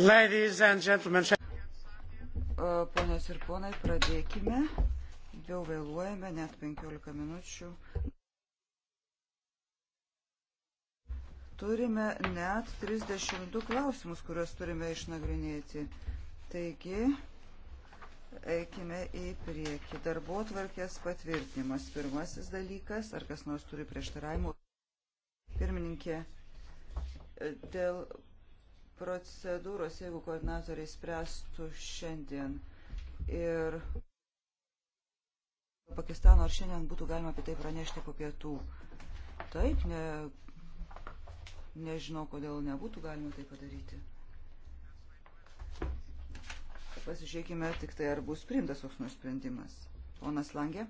Ponios ir ponai, pradėkime. Jau vėluojame net 15 minučių. Turime net 32 klausimus, kuriuos turime išnagrinėti. Taigi, eikime į priekį. Darbo tvarkės patvirtinimas. Pirmasis dalykas, ar kas nors turi prieštaravimų. Pirmininkė, dėl procedūros, jeigu koordinatoriai spręstų šiandien ir Pakistano, ar šiandien būtų galima apie tai pranešti po pietų? Taip, ne, nežinau, kodėl nebūtų galima tai padaryti. Pasižiūrėkime tik tai, ar bus priimtas koks nors sprendimas. Ponas Langė.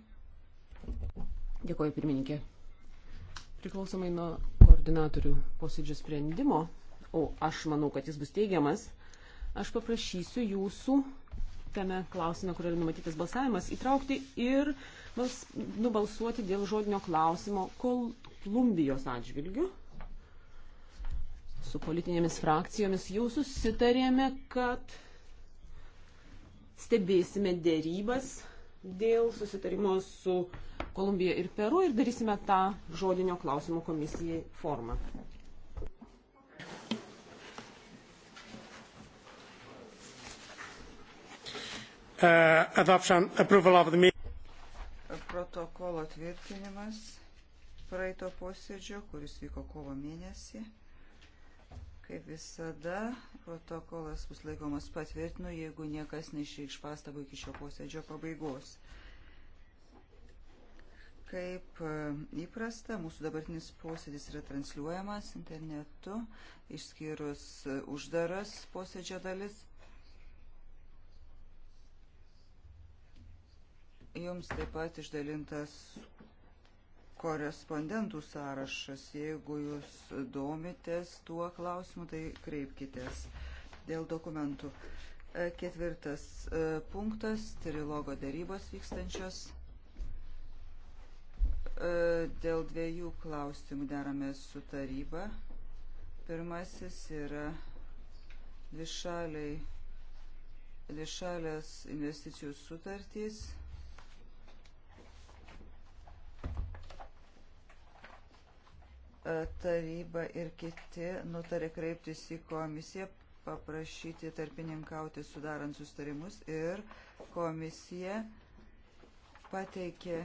Dėkuoju, pirmininkė. Priklausomai nuo koordinatorių posėdžio sprendimo, o aš manau, kad jis bus teigiamas, aš paprašysiu jūsų tame klausime, kur yra numatytas balsavimas, įtraukti ir bals, nubalsuoti dėl žodinio klausimo Kolumbijos atžvilgių. Su politinėmis frakcijomis jau susitarėme, kad stebėsime dėrybas dėl susitarimo su Kolumbija ir Peru ir darysime tą žodinio klausimo komisijai formą. uh, adoption, approval of the meeting. Protokolo tvirtinimas praeito posėdžio, kuris vyko kovo mėnesį. Kaip visada, protokolas bus laikomas patvirtinu, jeigu niekas neišreikš pastabų iki šio posėdžio pabaigos. Kaip uh, įprasta, mūsų dabartinis posėdis yra transliuojamas internetu, išskyrus uh, uždaras posėdžio dalis. Jums taip pat išdalintas korespondentų sąrašas. Jeigu jūs domitės tuo klausimu, tai kreipkitės dėl dokumentų. E, ketvirtas e, punktas - trilogo darybos vykstančios. E, dėl dviejų klausimų deramės su taryba. Pirmasis yra dvišaliai, dvišalės investicijų sutartys taryba ir kiti nutarė kreiptis į komisiją, paprašyti tarpininkauti sudarant sustarimus ir komisija pateikė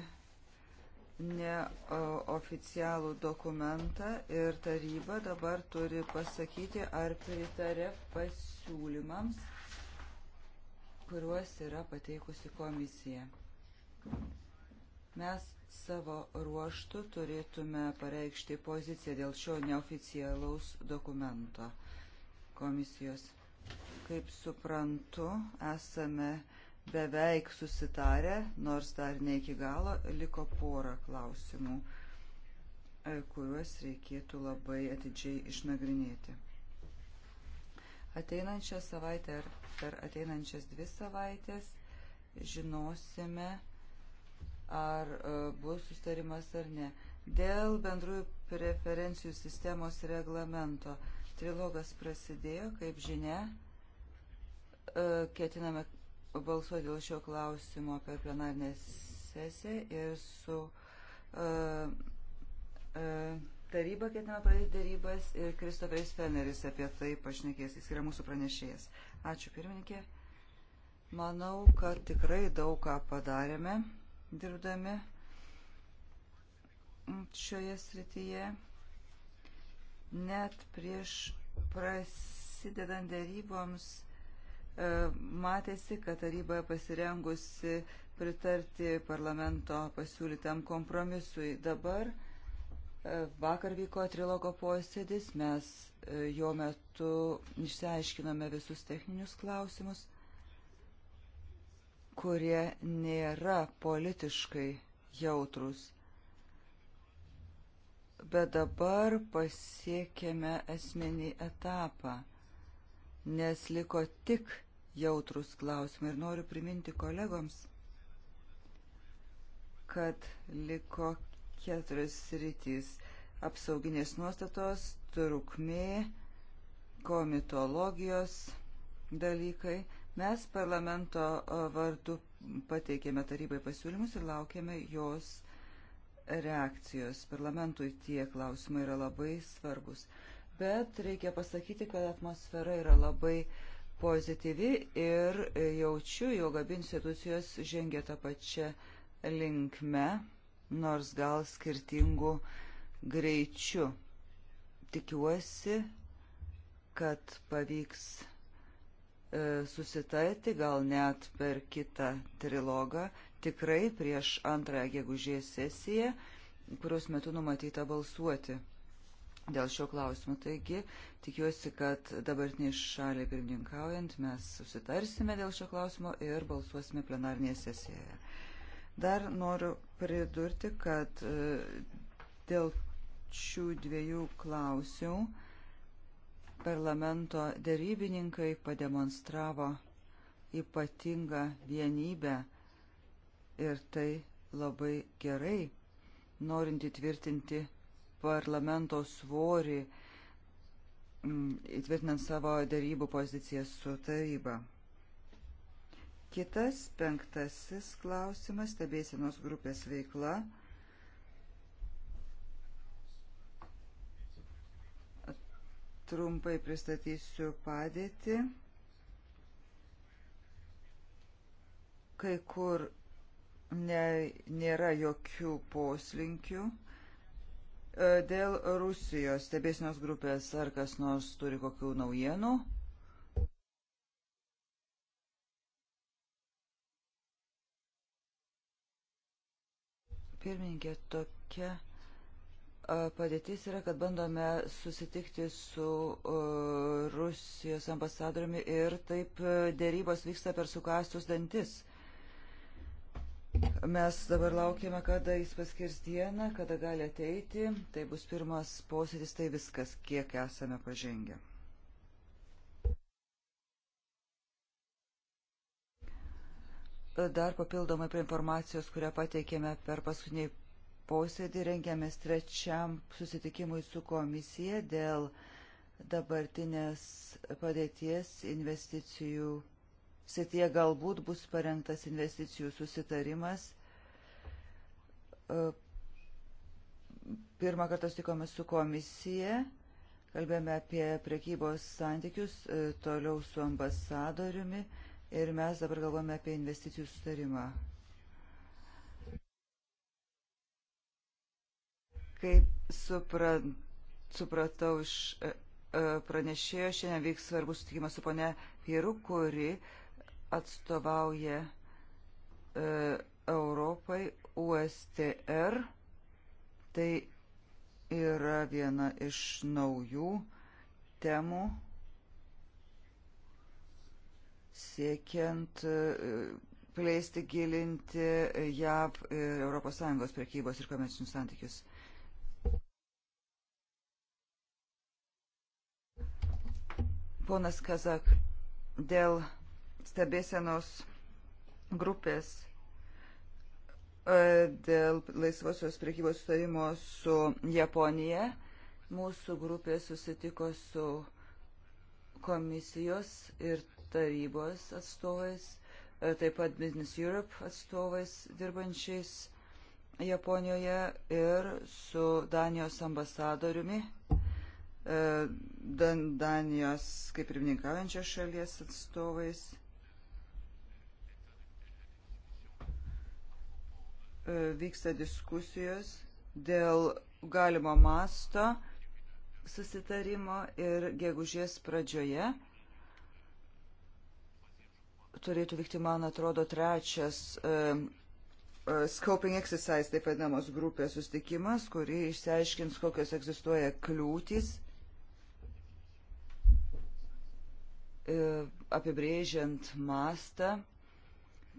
neoficialų dokumentą ir taryba dabar turi pasakyti, ar pritarė pasiūlymams, kuriuos yra pateikusi komisija. Mes Savo ruoštų turėtume pareikšti poziciją dėl šio neoficialaus dokumento komisijos. Kaip suprantu, esame beveik susitarę, nors dar ne iki galo, liko pora klausimų, e, kuriuos reikėtų labai atidžiai išnagrinėti. Ateinančią savaitę ar per ateinančias dvi savaitės žinosime, ar e, bus sustarimas ar ne. Dėl bendrųjų preferencijų sistemos reglamento trilogas prasidėjo, kaip žinia, e, ketiname balsuoti dėl šio klausimo per plenarnę sesiją ir su e, taryba ketiname pradėti darybas ir Kristoferis Feneris apie tai pašnekės, jis yra mūsų pranešėjas. Ačiū pirmininkė. Manau, kad tikrai daug ką padarėme dirbdami šioje srityje. Net prieš prasidedant daryboms e, matėsi, kad taryba pasirengusi pritarti parlamento pasiūlytam kompromisui. Dabar e, vakar vyko trilogo posėdis, mes e, jo metu išsiaiškinome visus techninius klausimus kurie nėra politiškai jautrus. Bet dabar pasiekėme esminį etapą, nes liko tik jautrus klausimai. Ir noriu priminti kolegoms, kad liko keturias rytis - apsauginės nuostatos, trukmė, komitologijos dalykai – Mes parlamento vardu pateikėme tarybai pasiūlymus ir laukėme jos reakcijos. Parlamentui tie klausimai yra labai svarbus. Bet reikia pasakyti, kad atmosfera yra labai pozityvi ir jaučiu, jog abi institucijos žengia tą pačią linkme, nors gal skirtingų greičių. Tikiuosi, kad pavyks E, susitarti, gal net per kitą trilogą, tikrai prieš antrąją gegužės sesiją, kurios metu numatyta balsuoti dėl šio klausimo. Taigi, tikiuosi, kad dabartiniai šaliai pirmininkaujant mes susitarsime dėl šio klausimo ir balsuosime plenarnėje sesijoje. Dar noriu pridurti, kad e, dėl šių dviejų klausimų parlamento dėrybininkai pademonstravo ypatingą vienybę ir tai labai gerai, norint įtvirtinti parlamento svorį, mm, įtvirtinant savo dėrybų poziciją su taryba. Kitas penktasis klausimas - stebėsienos grupės veikla. Trumpai pristatysiu padėtį. Kai kur ne, nėra jokių poslinkių. E, dėl Rusijos stebėsinos grupės ar kas nors turi kokių naujienų? Pirmininkė tokia Padėtis yra, kad bandome susitikti su Rusijos ambasadoriumi ir taip dėrybos vyksta per sukastus dantis. Mes dabar laukiame, kada jis paskirs dieną, kada gali ateiti. Tai bus pirmas posėdis, tai viskas, kiek esame pažengę. Dar papildomai prie informacijos, kurią pateikėme per paskutinį posėdį, rengiamės trečiam susitikimui su komisija dėl dabartinės padėties investicijų srityje galbūt bus parengtas investicijų susitarimas. Pirmą kartą sutikome su komisija, kalbėjome apie prekybos santykius, e, toliau su ambasadoriumi ir mes dabar galvome apie investicijų sutarimą. Kaip supra, supratau iš e, e, pranešėjo, šiandien vyks svarbus sutikimas su pone Pieru, kuri atstovauja e, Europai USTR. Tai yra viena iš naujų temų siekiant plėsti, gilinti JAV ir ES prekybos ir komercinius santykius. Ponas Kazak, dėl stebėsenos grupės, e, dėl laisvosios priekybos sutarimo su Japonija, mūsų grupė susitiko su komisijos ir tarybos atstovais, e, taip pat Business Europe atstovais dirbančiais Japonijoje ir su Danijos ambasadoriumi E, Danijos kaip ir mininkaujančios šalies atstovais. E, vyksta diskusijos dėl galimo masto susitarimo ir gegužės pradžioje turėtų vykti, man atrodo, trečias e, scoping exercise, taip vadinamos grupės sustikimas, kuri išsiaiškins, kokios egzistuoja kliūtis E, apibrėžiant mastą,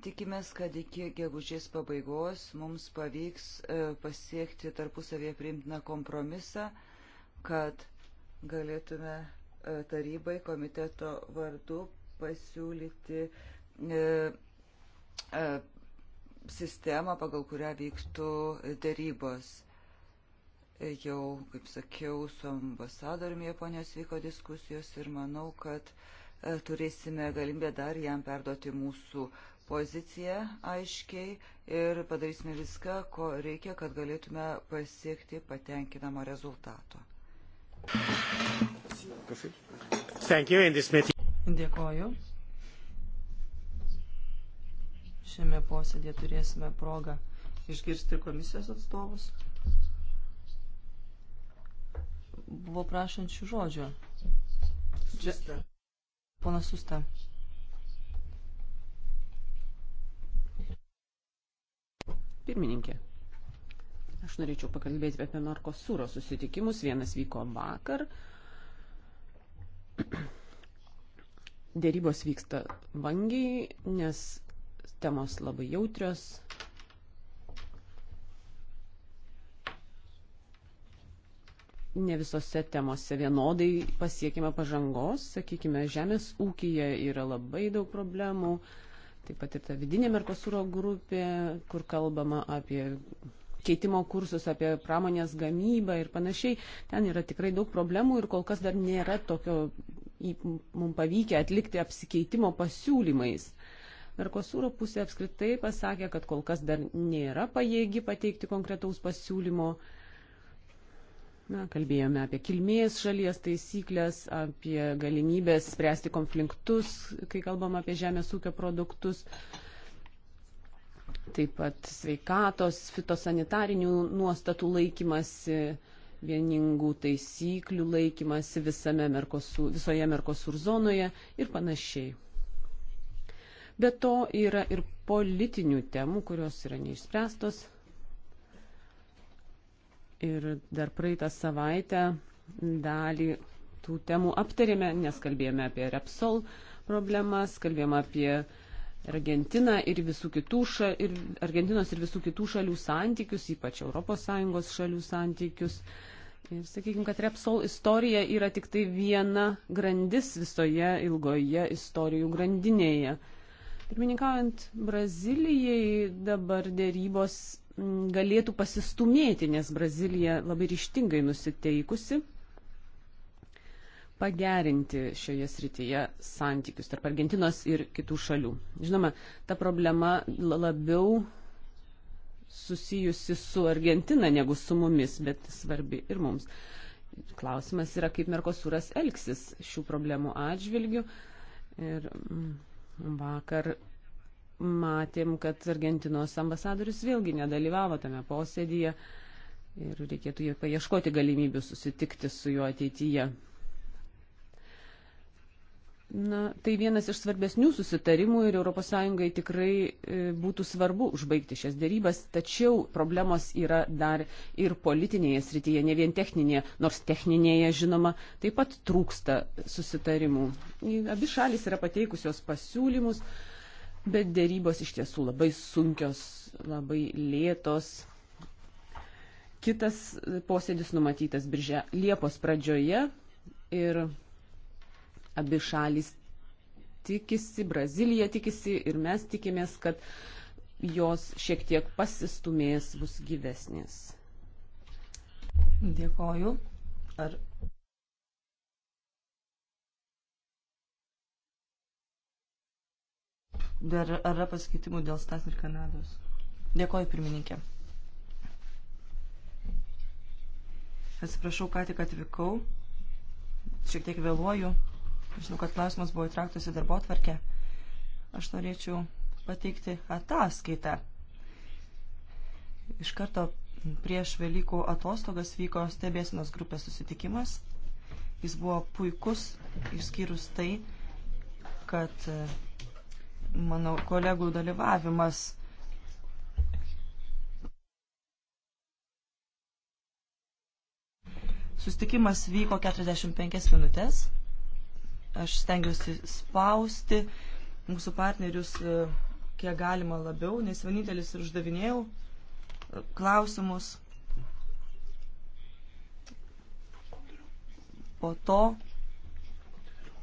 tikimės, kad iki gegužės pabaigos mums pavyks e, pasiekti tarpusavėje priimtiną kompromisą, kad galėtume e, tarybai komiteto vardu pasiūlyti sistemą, pagal kurią vyktų darybos. Jau, kaip sakiau, su ambasadoriumi Japonijos vyko diskusijos ir manau, kad uh, turėsime galimybę dar jam perduoti mūsų poziciją aiškiai ir padarysime viską, ko reikia, kad galėtume pasiekti patenkinamo rezultato. Dėkoju. Šiame posėdėje turėsime progą išgirsti komisijos atstovus. Buvo prašančių žodžio. Čia. Ponas Susta. Pirmininkė, aš norėčiau pakalbėti apie Merkosūro susitikimus. Vienas vyko vakar. Dėrybos vyksta vangiai, nes temos labai jautrios, ne visose temose vienodai pasiekime pažangos, sakykime, žemės ūkija yra labai daug problemų, taip pat ir ta vidinė Merkosūro grupė, kur kalbama apie keitimo kursus, apie pramonės gamybą ir panašiai, ten yra tikrai daug problemų ir kol kas dar nėra tokio mums pavykę atlikti apsikeitimo pasiūlymais. Merkosūro pusė apskritai pasakė, kad kol kas dar nėra pajėgi pateikti konkretaus pasiūlymo Na, kalbėjome apie kilmės šalies taisyklės, apie galimybės spręsti konfliktus, kai kalbam apie žemės ūkio produktus, taip pat sveikatos, fitosanitarinių nuostatų laikymasi, vieningų taisyklių laikymasi visame Merkosur, visoje Merkosur zonoje ir panašiai. Be to yra ir politinių temų, kurios yra neišspręstos ir dar praeitą savaitę dalį tų temų aptarėme, nes kalbėjome apie Repsol problemas, kalbėjome apie Argentiną ir, visų kitų ša, ir Argentinos ir visų kitų šalių santykius, ypač ES šalių santykius. Ir sakykime, kad Repsol istorija yra tik tai viena grandis visoje ilgoje istorijų grandinėje. Pirmininkaujant Brazilijai dabar dėrybos galėtų pasistumėti, nes Brazilija labai ryštingai nusiteikusi pagerinti šioje srityje santykius tarp Argentinos ir kitų šalių. Žinoma, ta problema labiau susijusi su Argentina negu su mumis, bet svarbi ir mums. Klausimas yra, kaip Merkosuras elgsis šių problemų atžvilgių. Ir mm, vakar matėm, kad Argentinos ambasadorius vėlgi nedalyvavo tame posėdyje ir reikėtų paieškoti galimybių susitikti su juo ateityje. Na, tai vienas iš svarbesnių susitarimų ir ES tikrai e, būtų svarbu užbaigti šias dėrybas, tačiau problemos yra dar ir politinėje srityje, ne vien techninėje, nors techninėje, žinoma, taip pat trūksta susitarimų. Abi šalis yra pateikusios pasiūlymus, uh, bet dėrybos iš tiesų labai sunkios, labai lėtos. Kitas posėdis numatytas biržė Liepos pradžioje ir abi šalys tikisi, Brazilija tikisi ir mes tikimės, kad jos šiek tiek pasistumės, bus gyvesnės. Dėkoju. Ar Dar ar yra pasikeitimų dėl Stas ir Kanados? Dėkoju, pirmininkė. Atsiprašau, ką tik atvykau. Šiek tiek vėluoju. Žinau, kad klausimas buvo įtrauktas į darbo tvarkę. Aš norėčiau pateikti ataskaitą. Iš karto prieš Velykų atostogas vyko stebėsinos grupės susitikimas. Jis buvo puikus, išskyrus tai, kad manau, kolegų dalyvavimas. Sustikimas vyko 45 minutės. Aš stengiuosi spausti mūsų partnerius e, kiek galima labiau, nes vienintelis ir uždavinėjau e, klausimus. Po to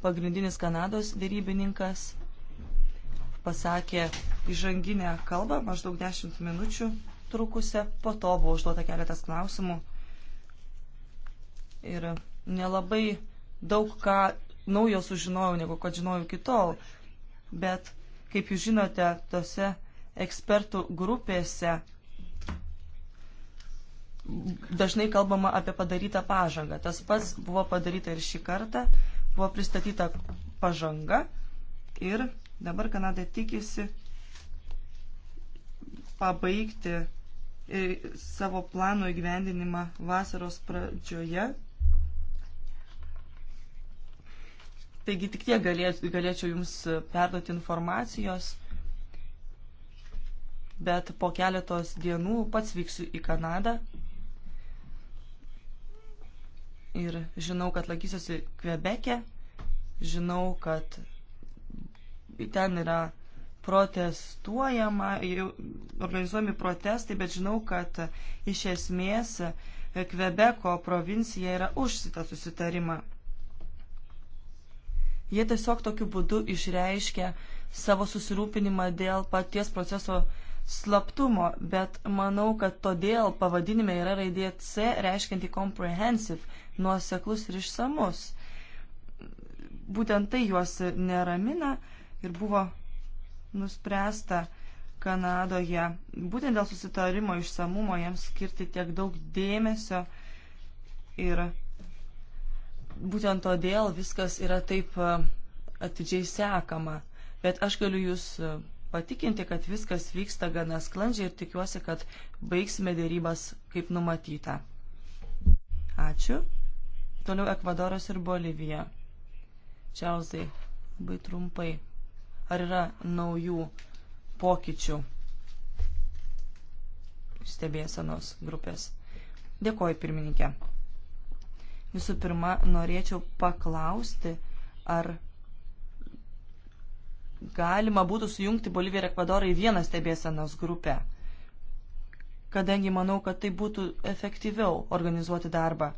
pagrindinis Kanados dėrybininkas pasakė įžanginę kalbą, maždaug 10 minučių trukusią. Po to buvo užduota keletas klausimų. Ir nelabai daug ką naujo sužinojau, negu kad žinojau kitol. Bet, kaip jūs žinote, tose ekspertų grupėse dažnai kalbama apie padarytą pažangą. Tas pats buvo padaryta ir šį kartą. Buvo pristatyta pažanga ir Dabar Kanada tikisi pabaigti e, savo plano įgyvendinimą vasaros pradžioje. Taigi tik tiek galėčiau Jums perduoti informacijos, bet po keletos dienų pats vyksiu į Kanadą ir žinau, kad lankysiuosi Kvebeke, žinau, kad ten yra protestuojama, organizuojami protestai, bet žinau, kad iš esmės Kvebeko provincija yra už šitą susitarimą. Jie tiesiog tokiu būdu išreiškia savo susirūpinimą dėl paties proceso slaptumo, bet manau, kad todėl pavadinime yra raidė C, reiškianti comprehensive, nuoseklus ir išsamus. Būtent tai juos neramina, ir buvo nuspręsta Kanadoje būtent dėl susitarimo išsamumo jiems skirti tiek daug dėmesio ir būtent todėl viskas yra taip e, atidžiai sekama. Bet aš galiu Jūs e, patikinti, kad viskas vyksta gana sklandžiai ir tikiuosi, kad baigsime dėrybas kaip numatyta. Ačiū. Toliau Ekvadoras ir Bolivija. Čiauzai, labai trumpai. Ar yra naujų pokyčių stebėsenos grupės? Dėkoju, pirmininkė. Visų pirma, norėčiau paklausti, ar galima būtų sujungti Boliviją ir Ekvadorą į vieną stebėsenos grupę, kadangi manau, kad tai būtų efektyviau organizuoti darbą.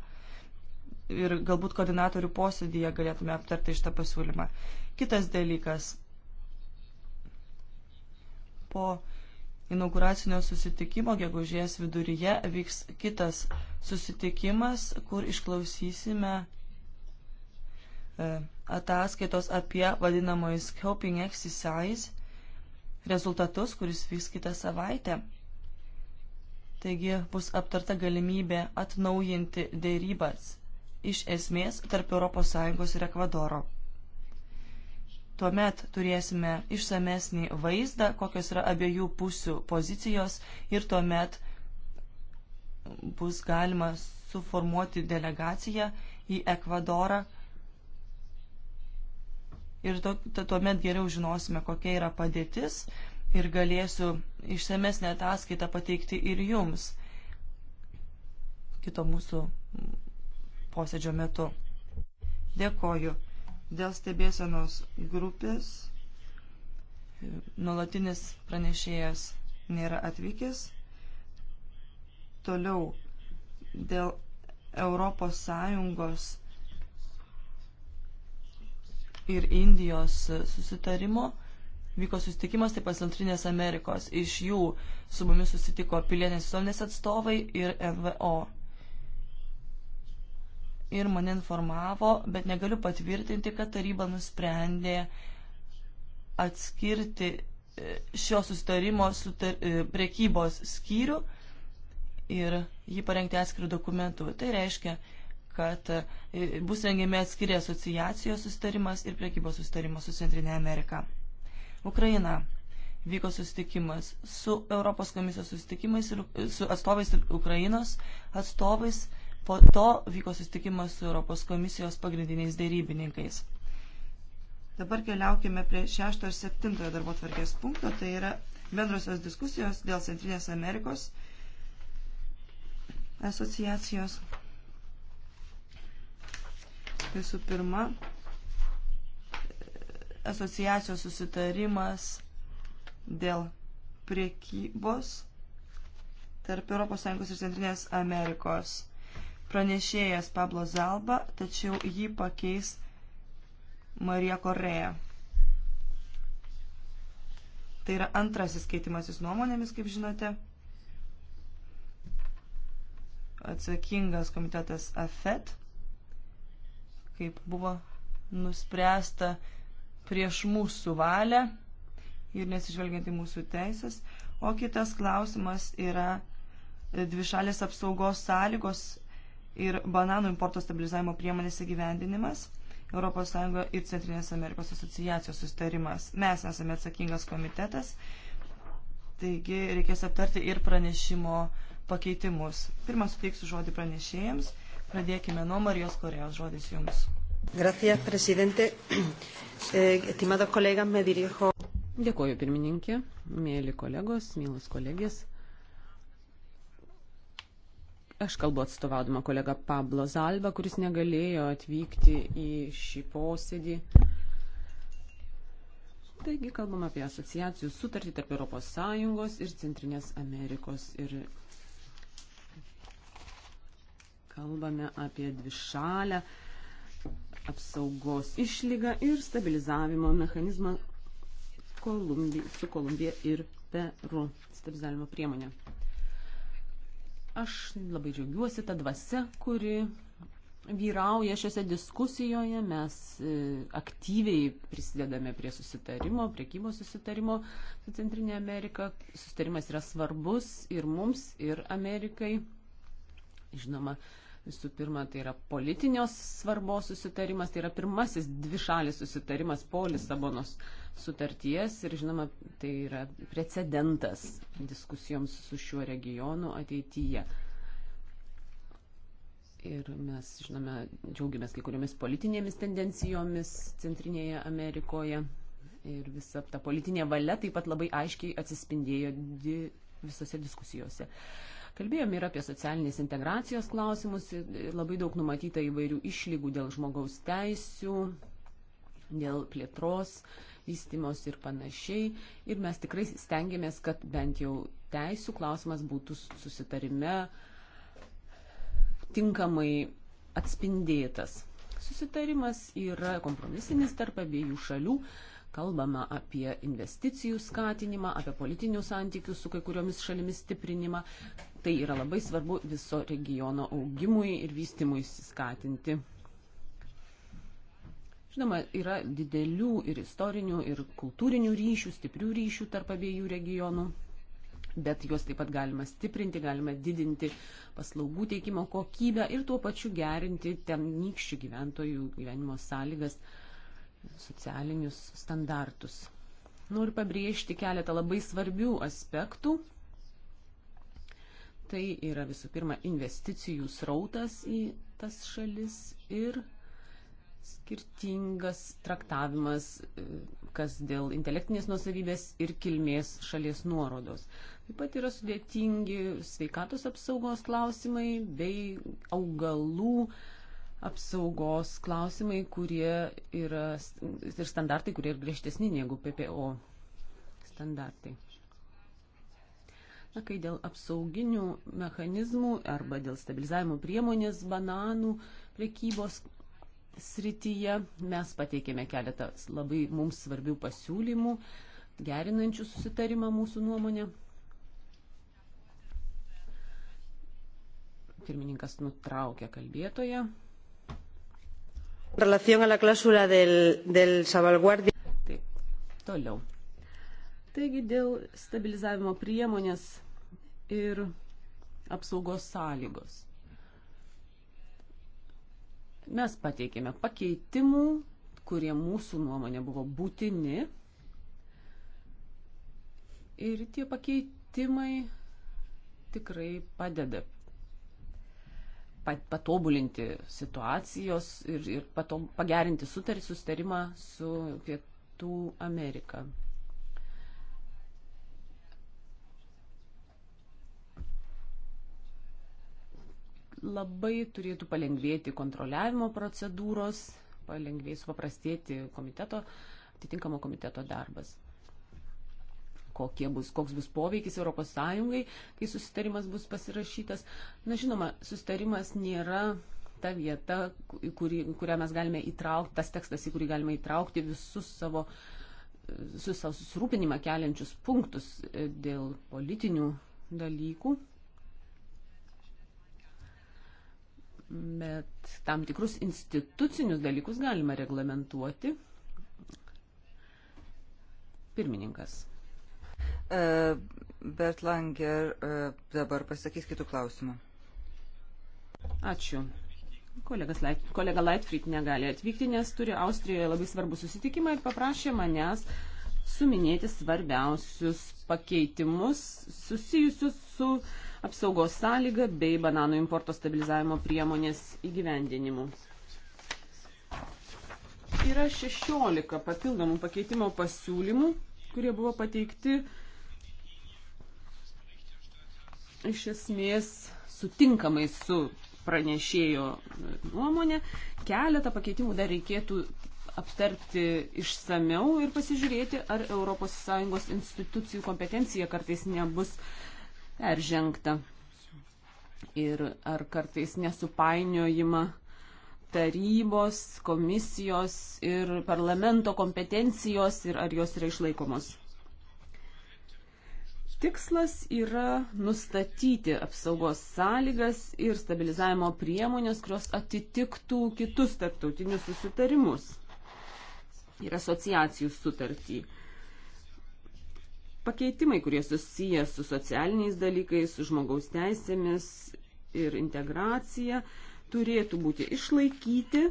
Ir galbūt koordinatorių posėdėje galėtume aptarti šitą pasiūlymą. Kitas dalykas po inauguracinio susitikimo gegužės viduryje vyks kitas susitikimas, kur išklausysime e, ataskaitos apie vadinamąjį scoping exercise rezultatus, kuris vyks kitą savaitę. Taigi bus aptarta galimybė atnaujinti dėrybas iš esmės tarp ES ir Ekvadoro. Tuomet turėsime išsamesnį vaizdą, kokios yra abiejų pusių pozicijos ir tuomet bus galima suformuoti delegaciją į Ekvadorą ir to, tuomet geriau žinosime, kokia yra padėtis ir galėsiu išsamesnę ataskaitą pateikti ir jums kito mūsų posėdžio metu. Dėkoju. Dėl stebėsenos grupės e, nuolatinis pranešėjas nėra atvykęs. Toliau dėl Europos Sąjungos ir Indijos susitarimo vyko susitikimas taip pat Centrinės Amerikos. Iš jų su mumis susitiko pilietinės visuomenės atstovai ir NVO ir mane informavo, bet negaliu patvirtinti, kad taryba nusprendė atskirti e, šio sustarimo sutar, e, prekybos skyrių ir jį parengti atskirų dokumentų. Tai reiškia, kad e, bus rengiami atskiri asociacijos sustarimas ir prekybos sustarimas su Centrinė Amerika. Ukraina vyko susitikimas su Europos komisijos susitikimais ir su atstovais ir Ukrainos atstovais Po to vyko susitikimas su Europos komisijos pagrindiniais dėrybininkais. Dabar keliaukime prie 6 ir 7 darbo tvarkės punkto, tai yra bendrosios diskusijos dėl Centrinės Amerikos asociacijos. Visų pirma, asociacijos susitarimas dėl priekybos tarp ES ir Centrinės Amerikos pranešėjas Pablo Zalba, tačiau jį pakeis Marija Koreja. Tai yra antrasis keitimasis nuomonėmis, kaip žinote. Atsakingas komitetas AFET, kaip buvo nuspręsta prieš mūsų valią ir nesižvelgiant į mūsų teisės. O kitas klausimas yra dvišalės apsaugos sąlygos ir bananų importo stabilizavimo priemonės įgyvendinimas, ES ir Centrinės Amerikos asociacijos sustarimas. Mes esame atsakingas komitetas, taigi reikės aptarti ir pranešimo pakeitimus. Pirmą suteiksiu žodį pranešėjams. Pradėkime nuo Marijos Korejos žodis jums. Gracias, presidente. Eh, estimados kolegas, me dirijo. Dėkuoju, pirmininkė, mėly kolegos, mylos kolegės. Aš kalbu atstovaudama kolega Pablo Zalba, kuris negalėjo atvykti į šį posėdį. Taigi kalbam apie asociacijų sutartį tarp ES ir Centrinės Amerikos. Ir kalbame apie dvišalę apsaugos išlygą ir stabilizavimo mechanizmą Kolumbi, su Kolumbija ir Peru. Stabilizavimo priemonė. Aš labai džiaugiuosi tą dvasę, kuri vyrauja šiose diskusijoje, mes e, aktyviai prisidedame prie susitarimo, priekybos susitarimo su Centrinė Amerika. Susitarimas yra svarbus ir mums, ir Amerikai. Žinoma, Visų pirma, tai yra politinios svarbos susitarimas, tai yra pirmasis dvišalis susitarimas po Lisabonos sutarties ir, žinoma, tai yra precedentas diskusijoms su šiuo regionu ateityje. Ir mes, žinome, džiaugiamės kai kuriomis politinėmis tendencijomis Centrinėje Amerikoje. Ir visa ta politinė valia taip pat labai aiškiai atsispindėjo di, visose diskusijose. Uh, Kalbėjom ir apie socialinės integracijos klausimus, labai daug numatyta įvairių išlygų dėl žmogaus teisių, dėl plėtros, vystimos ir panašiai. Ir mes tikrai stengiamės, kad bent jau teisų klausimas būtų susitarime tinkamai atspindėtas. Susitarimas yra kompromisinis tarp abiejų šalių kalbama apie investicijų skatinimą, apie politinių santykių su kai kuriomis šalimis stiprinimą. Tai yra labai svarbu viso regiono augimui ir vystimui skatinti. Žinoma, yra didelių ir istorinių, ir kultūrinių ryšių, stiprių ryšių tarp abiejų regionų, bet juos taip pat galima stiprinti, galima didinti paslaugų teikimo kokybę ir tuo pačiu gerinti ten nykščių gyventojų gyvenimo sąlygas. Uh, socialinius standartus. Noriu pabrėžti keletą labai svarbių aspektų. Tai yra visų pirma investicijų srautas į tas šalis ir skirtingas traktavimas, kas dėl intelektinės nusavybės ir kilmės šalies nuorodos. Taip pat yra sudėtingi sveikatos apsaugos klausimai bei augalų uh, apsaugos klausimai, kurie yra ir standartai, kurie yra griežtesni negu PPO standartai. Na, kai dėl apsauginių mechanizmų arba dėl stabilizavimo priemonės bananų prekybos srityje mes pateikėme keletą labai mums svarbių pasiūlymų, gerinančių susitarimą mūsų nuomonė. Pirmininkas nutraukė kalbėtoją. Taip, toliau. Taigi dėl stabilizavimo priemonės ir apsaugos sąlygos. Mes pateikėme pakeitimų, kurie mūsų nuomonė buvo būtini. Ir tie pakeitimai tikrai padeda patobulinti situacijos ir, ir patom, pagerinti sutarį, sustarimą su Pietų Amerika. Labai turėtų palengvėti kontroliavimo procedūros, palengvėjus paprastėti komiteto, atitinkamo komiteto darbas bus, koks bus poveikis ES, kai susitarimas bus pasirašytas. Na žinoma, susitarimas nėra ta vieta, kuri, kurią mes galime įtraukti, tas tekstas, į kurį galime įtraukti visus savo su savo susirūpinimą keliančius punktus e, dėl politinių dalykų. Bet tam tikrus institucinius dalykus galima reglamentuoti. Pirmininkas. E, bet Langer e, dabar pasakys kitų klausimų. Ačiū. Lait, kolega Lightfried negali atvykti, nes turi Austrijoje labai svarbų susitikimą ir paprašė manęs suminėti svarbiausius pakeitimus susijusius su apsaugos sąlyga bei bananų importo stabilizavimo priemonės įgyvendinimu. Yra 16 papildomų pakeitimo pasiūlymų, kurie buvo pateikti iš esmės sutinkamai su pranešėjo nuomonė. Keletą pakeitimų dar reikėtų aptarti išsameu ir pasižiūrėti, ar ES institucijų kompetencija kartais nebus peržengta ir ar kartais nesupainiojama tarybos, komisijos ir parlamento kompetencijos ir ar jos yra išlaikomos. Tikslas yra nustatyti apsaugos sąlygas ir stabilizavimo priemonės, kurios atitiktų kitus tarptautinius susitarimus ir asociacijų sutartį. Pakeitimai, kurie susiję su socialiniais dalykais, su žmogaus teisėmis ir integracija, turėtų būti išlaikyti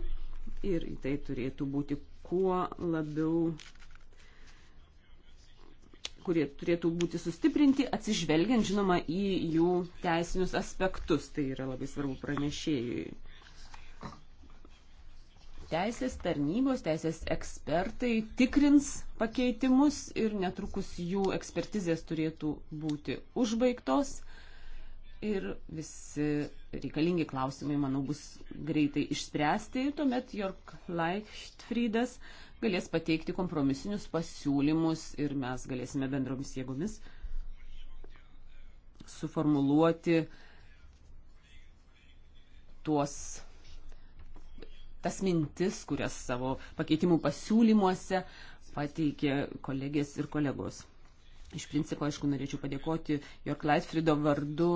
ir į tai turėtų būti kuo labiau kurie turėtų būti sustiprinti, atsižvelgiant, žinoma, į jų teisinius aspektus. Tai yra labai svarbu pranešėjui. Teisės tarnybos, teisės ekspertai tikrins pakeitimus ir netrukus jų ekspertizės turėtų būti užbaigtos. Ir visi reikalingi klausimai, manau, bus greitai išspręsti. Tuomet Jork Leichtfriedas. Like galės pateikti kompromisinius pasiūlymus ir mes galėsime bendromis jėgomis suformuluoti tuos tas mintis, kurias savo pakeitimų pasiūlymuose pateikė kolegės ir kolegos. Iš principo, aišku, norėčiau padėkoti Jork Leitfrido vardu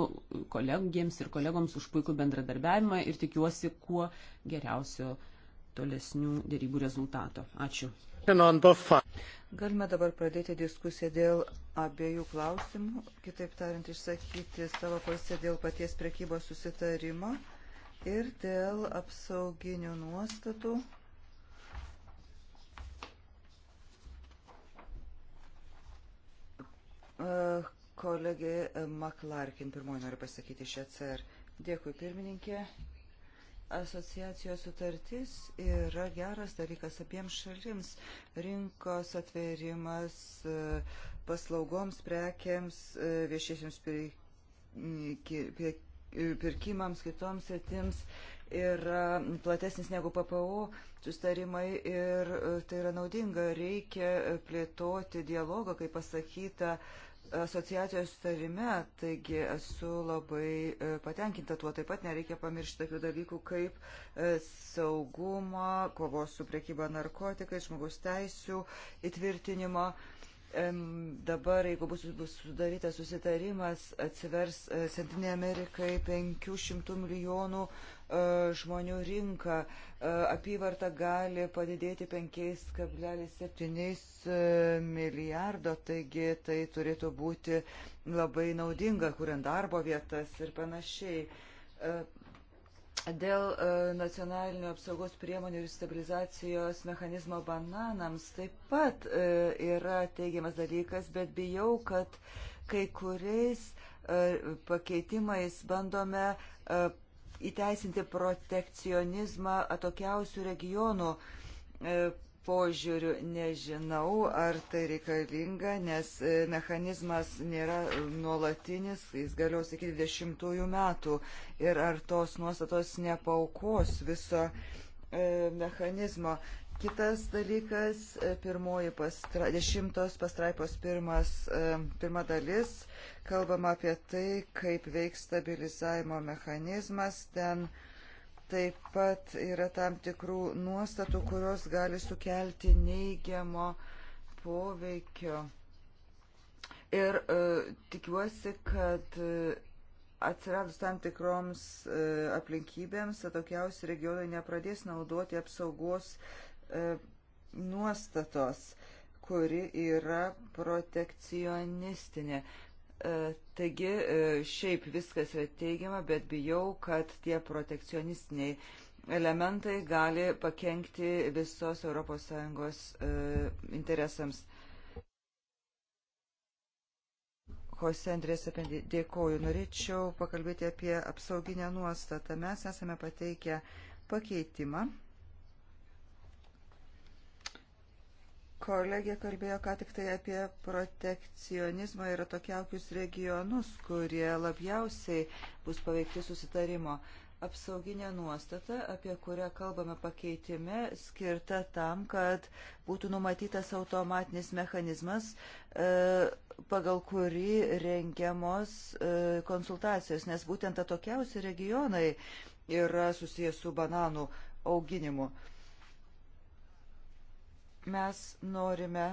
kolegiems ir kolegoms už puikų bendradarbiavimą ir tikiuosi kuo geriausio tolesnių dėrybų rezultato. Ačiū. Galime dabar pradėti diskusiją dėl abiejų klausimų, kitaip tariant, išsakyti savo poziciją dėl paties prekybos susitarimo ir dėl apsauginių nuostatų. Kolegė Maklarkin pirmoji nori pasakyti šią e CR. Dėkui pirmininkė, asociacijos sutartis yra geras dalykas abiems šalims. Rinkos atverimas e, paslaugoms, prekiams, e, viešiesiams e, pirkimams, kitoms sritims yra platesnis negu PPO sustarimai ir tai yra naudinga. Reikia plėtoti dialogą, kaip pasakyta, asociacijos tarime, taigi esu labai e, patenkinta tuo. Taip pat nereikia pamiršti tokių dalykų kaip e, saugumo, kovos su priekyba narkotikai, žmogus teisų įtvirtinimo. Dabar, jeigu bus, bus sudarytas susitarimas, atsivers e, Centrinė Amerikai 500 milijonų E, žmonių rinką. E, apyvarta gali padidėti 5,7 e, milijardo, taigi tai turėtų būti labai naudinga, kuriant darbo vietas ir panašiai. Dėl nacionalinio apsaugos priemonių ir stabilizacijos mechanizmo bananams taip pat yra teigiamas dalykas, bet bijau, kad kai kuriais pakeitimais bandome įteisinti protekcionizmą atokiausių regionų e, požiūrių. Nežinau, ar tai reikalinga, nes e, mechanizmas nėra e, nuolatinis, jis galios iki 20 metų ir ar tos nuostatos nepaukos viso mechanizmo. Kitas dalykas, e, pirmoji pastra, dešimtos pastraipos pirmas, e, pirma dalis, kalbama apie tai, kaip veiks stabilizavimo mechanizmas. Ten taip pat yra tam tikrų nuostatų, kurios gali sukelti neigiamo poveikio. Ir e, tikiuosi, kad e, atsiradus tam tikroms e, aplinkybėms, atokiausi regionai nepradės naudoti apsaugos E, nuostatos, kuri yra protekcionistinė. E, taigi e, šiaip viskas yra teigiama, bet bijau, kad tie protekcionistiniai elementai gali pakengti visos ES interesams. Jose Andrės apie dėkoju. Norėčiau pakalbėti apie apsauginę nuostatą. Mes esame pateikę pakeitimą Kolegė kalbėjo ką tik tai apie protekcionizmą ir tokiaukius regionus, kurie labiausiai bus paveikti susitarimo. Apsauginė nuostata, apie kurią kalbame pakeitime, skirta tam, kad būtų numatytas automatinis mechanizmas, e, pagal kurį rengiamos e, konsultacijos, nes būtent atokiausi regionai yra susijęs su bananų auginimu. Mes norime,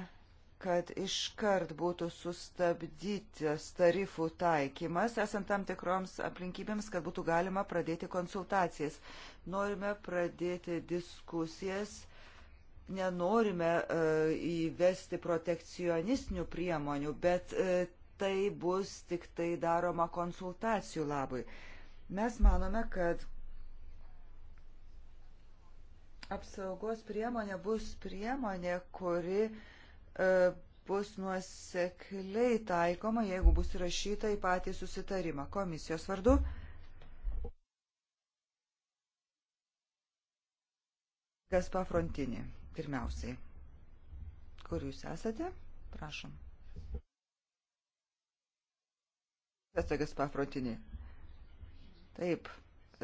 kad iškart būtų sustabdytas tarifų taikymas, esant tam tikroms aplinkybėms, kad būtų galima pradėti konsultacijas. Norime pradėti diskusijas nenorime uh, įvesti protekcionistinių priemonių, bet uh, tai bus tik tai daroma konsultacijų labui. Mes manome, kad apsaugos priemonė bus priemonė, kuri e, bus nuosekliai taikoma, jeigu bus įrašyta į patį susitarimą. Komisijos vardu. Gaspa Frontinį, pirmiausiai. Kur jūs esate? Prašom. Esate Gaspa Frontinį. Taip.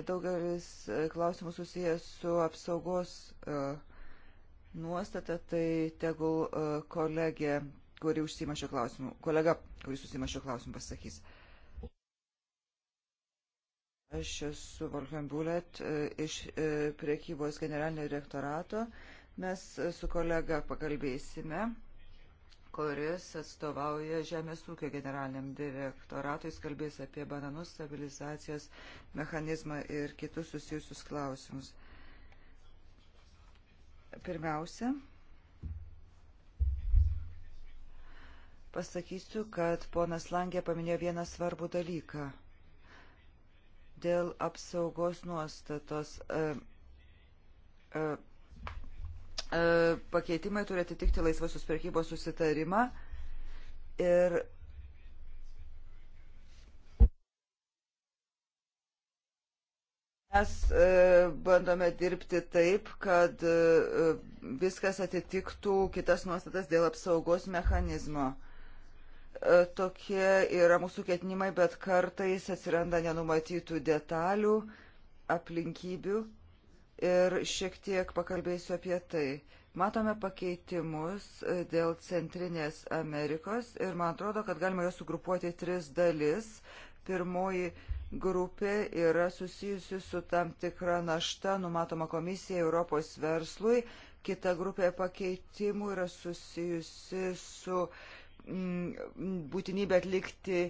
Daugelis e, klausimų susijęs su apsaugos e, nuostata, tai tegul e, kolegė, kuri užsima šio klausimu, kolega, kuris užsima šio klausimu, pasakys. Aš esu Volkan Bulet iš priekybos generalinio direktorato. Mes su kolega pakalbėsime kuris atstovauja Žemės ūkio generaliniam direktoratui, jis kalbės apie bananus, stabilizacijos mechanizmą ir kitus susijusius klausimus. Pirmiausia, pasakysiu, kad ponas Langė paminėjo vieną svarbų dalyką dėl apsaugos nuostatos. Uh, uh, E, pakeitimai turi atitikti laisvosios prekybos susitarimą ir mes e, bandome dirbti taip, kad e, viskas atitiktų kitas nuostatas dėl apsaugos mechanizmo. Tokie yra mūsų ketinimai, bet kartais atsiranda nenumatytų detalių, aplinkybių ir šiek tiek pakalbėsiu apie tai. Matome pakeitimus e, dėl Centrinės Amerikos ir man atrodo, kad galima juos sugrupuoti į tris dalis. Pirmoji grupė yra susijusi su tam tikra našta numatoma komisija Europos verslui. Kita grupė pakeitimų yra susijusi su mm, būtinybė atlikti e,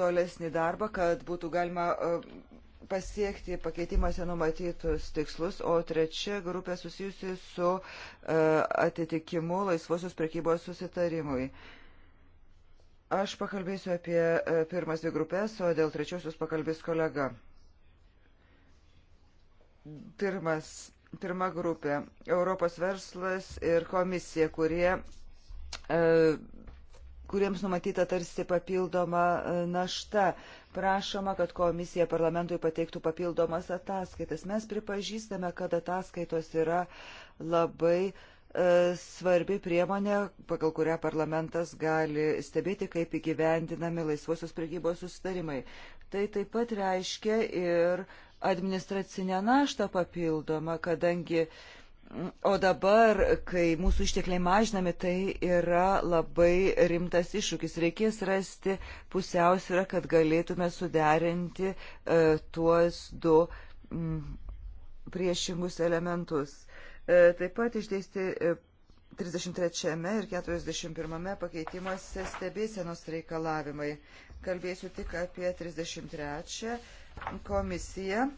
tolesnį darbą, kad būtų galima e, pasiekti pakeitimuose numatytus tikslus, o trečia grupė susijusi su e, atitikimu laisvosios prekybos susitarimui. Aš pakalbėsiu apie e, pirmas dvi grupės, o dėl trečiosios pakalbės kolega. Pirmas, pirma grupė - Europos verslas ir komisija, kurie e, kuriems numatyta tarsi papildoma e, našta. Prašoma, kad komisija parlamentui pateiktų papildomas ataskaitas. Mes pripažįstame, kad ataskaitos yra labai e, svarbi priemonė, pagal kurią parlamentas gali stebėti, kaip įgyvendinami laisvosios prekybos sustarimai. Tai taip pat reiškia ir administracinę naštą papildomą, kadangi uh, O dabar, kai mūsų ištekliai mažinami, tai yra labai rimtas iššūkis. Reikės rasti pusiausvyrą, kad galėtume suderinti e, tuos du m, priešingus elementus. E, taip pat išdėsti e, 33 ir 41 pakeitimuose stebėsenos reikalavimai. Kalbėsiu tik apie 33 komisiją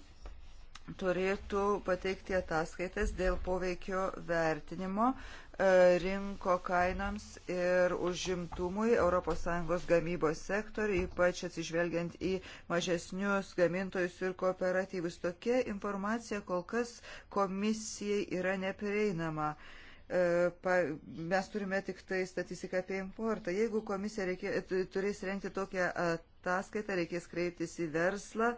turėtų pateikti ataskaitas dėl poveikio vertinimo e, rinko kainoms ir užimtumui ES gamybos sektoriui, ypač atsižvelgiant į mažesnius gamintojus ir kooperatyvus. Tokia informacija kol kas komisijai yra neprieinama e, mes turime tik tai statistiką apie importą. Jeigu komisija reikė, turės renkti tokią ataskaitą, reikės kreiptis į verslą,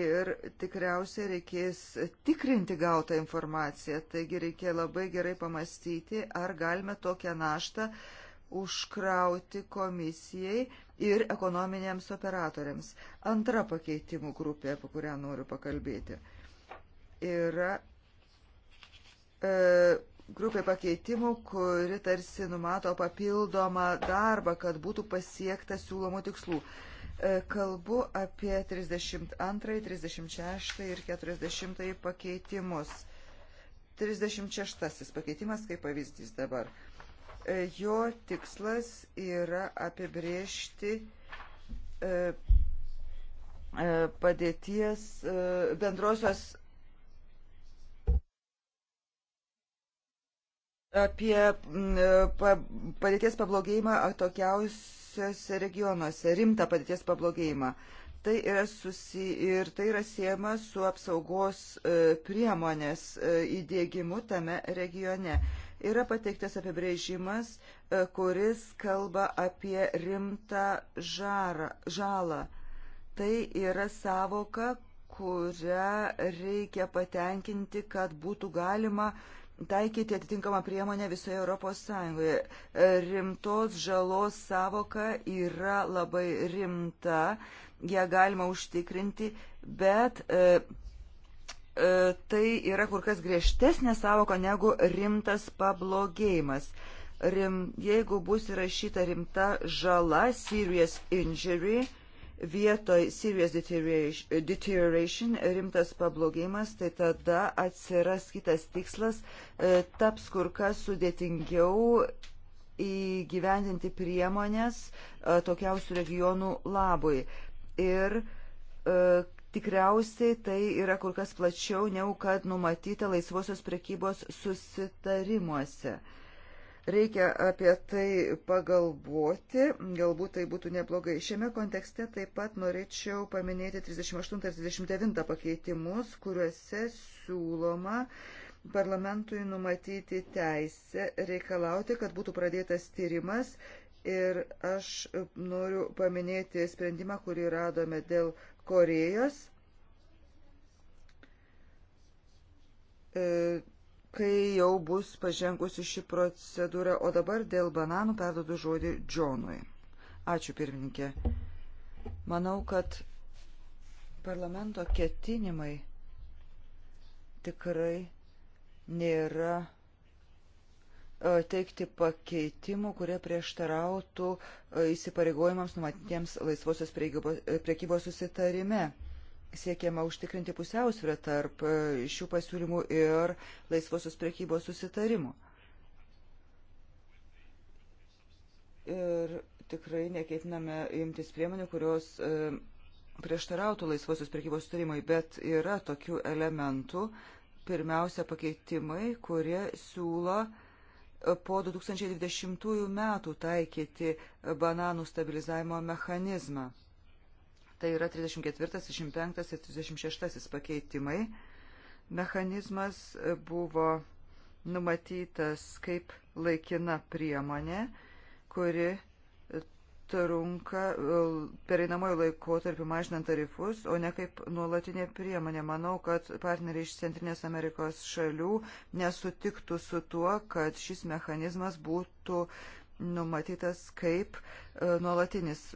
ir tikriausiai reikės tikrinti gautą informaciją. Taigi reikia labai gerai pamastyti, ar galime tokią naštą užkrauti komisijai ir ekonominiams operatoriams. Antra pakeitimų grupė, apie kurią noriu pakalbėti, yra e, grupė pakeitimų, kuri tarsi numato papildomą darbą, kad būtų pasiekta siūlomų tikslų. E, E, kalbu apie 32, 36 ir 40 pakeitimus. 36 pakeitimas kaip pavyzdys dabar. E, jo tikslas yra apibriežti e, padėties bendrosios apie padėties pablogėjimą atokiausių įvairiausiose regionuose rimtą padėties pablogėjimą. Tai yra susi, ir tai yra siema su apsaugos e, priemonės e, įdėgymu tame regione. Yra pateiktas apibrėžimas, e, kuris kalba apie rimtą žarą, žalą. Tai yra savoka, kurią reikia patenkinti, kad būtų galima uh, taikyti atitinkamą priemonę visoje Europos Sąjungoje. Rimtos žalos savoka yra labai rimta, ją galima užtikrinti, bet e, e, tai yra kur kas griežtesnė savoka negu rimtas pablogėjimas. Rim, jeigu bus įrašyta rimta žala, serious injury, e, vietoj serious deterioration, rimtas pablogėjimas, tai tada atsiras kitas tikslas, e, taps kur kas sudėtingiau įgyvendinti priemonės e, tokiausių regionų labui. Ir e, tikriausiai tai yra kur kas plačiau, negu kad numatyta laisvosios prekybos susitarimuose. Uh, Reikia apie tai pagalvoti, galbūt tai būtų neblogai. Šiame kontekste taip pat norėčiau paminėti 38-39 pakeitimus, kuriuose siūloma parlamentui numatyti teisę reikalauti, kad būtų pradėtas tyrimas ir aš noriu paminėti sprendimą, kurį radome dėl Korejos. E, kai jau bus pažengusi ši procedūra. O dabar dėl bananų perdodu žodį Džonui. Ačiū pirmininkė. Manau, kad parlamento ketinimai tikrai nėra e, teikti pakeitimų, kurie prieštarautų e, įsipareigojimams numatytiems laisvosios e, priekybos susitarime siekiama užtikrinti pusiausvyrą tarp e, šių pasiūlymų ir laisvosios prekybos susitarimų. Ir tikrai nekeitiname imtis priemonių, kurios e, prieštarautų laisvosios prekybos sutarimai, bet yra tokių elementų, pirmiausia pakeitimai, kurie siūlo e, po 2020 metų taikyti bananų stabilizavimo mechanizmą. Tai yra 34, 35 ir 36 pakeitimai. Mechanizmas e, buvo numatytas kaip laikina priemonė, kuri e, trunka e, pereinamojo laiko tarp mažinant tarifus, o ne kaip nuolatinė priemonė. Manau, kad partneriai iš Centrinės Amerikos šalių nesutiktų su tuo, kad šis mechanizmas būtų numatytas kaip nuolatinis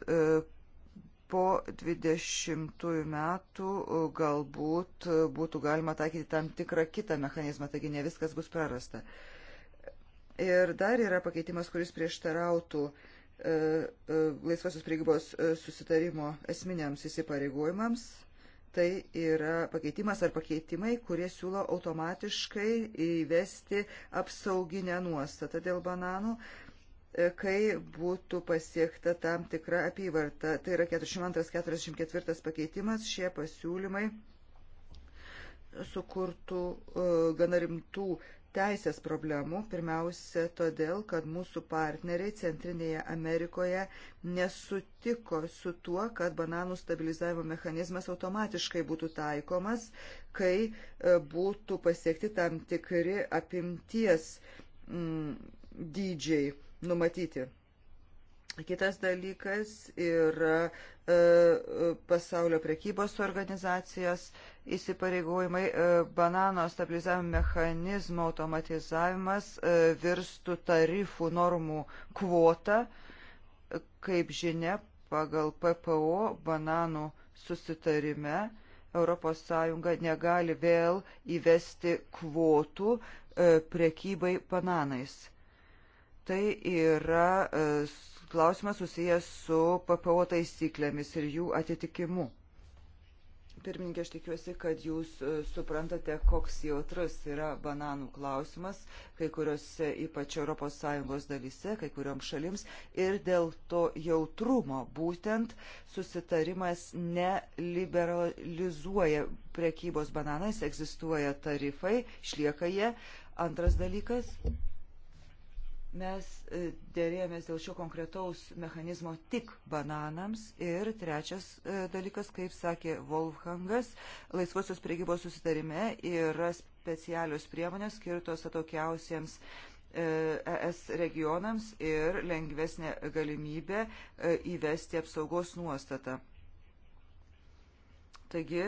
po 20 metų e, galbūt e, būtų galima taikyti tam tikrą kitą mechanizmą, taigi ne viskas bus prarasta. Ir dar yra pakeitimas, kuris prieštarautų e, e, laisvasios prieigybos e, susitarimo esminiams įsipareigojimams. Tai yra pakeitimas ar pakeitimai, kurie siūlo automatiškai įvesti apsauginę nuostatą dėl bananų. E, kai būtų pasiekta tam tikra apyvarta. Tai yra 42-44 pakeitimas, šie pasiūlymai sukurtų e, gana rimtų teisės problemų, pirmiausia todėl, kad mūsų partneriai Centrinėje Amerikoje nesutiko su tuo, kad bananų stabilizavimo mechanizmas automatiškai būtų taikomas, kai e, būtų pasiekti tam tikri apimties mm, dydžiai numatyti. Kitas dalykas yra e, e, pasaulio prekybos organizacijos įsipareigojimai, e, banano stabilizavimo mechanizmo automatizavimas e, virstų tarifų normų kvotą. Kaip žinia, pagal PPO bananų susitarime ES negali vėl įvesti kvotų e, prekybai bananais Tai yra e, klausimas susijęs su PPO taisyklėmis ir jų atitikimu. Pirmininkė, aš tikiuosi, kad jūs e, suprantate, koks jautrus yra bananų klausimas, kai kuriuose, ypač ES dalyse, kai kurioms šalims. Ir dėl to jautrumo būtent susitarimas neliberalizuoja prekybos bananais, egzistuoja tarifai, išlieka jie. Antras dalykas. Mes e, dėrėjomės dėl šio konkretaus mechanizmo tik bananams. Ir trečias e, dalykas, kaip sakė Wolfgangas, laisvosios priegybos susitarime yra specialios priemonės skirtos atokiausiems ES e regionams ir lengvesnė galimybė įvesti apsaugos nuostatą. Taigi e,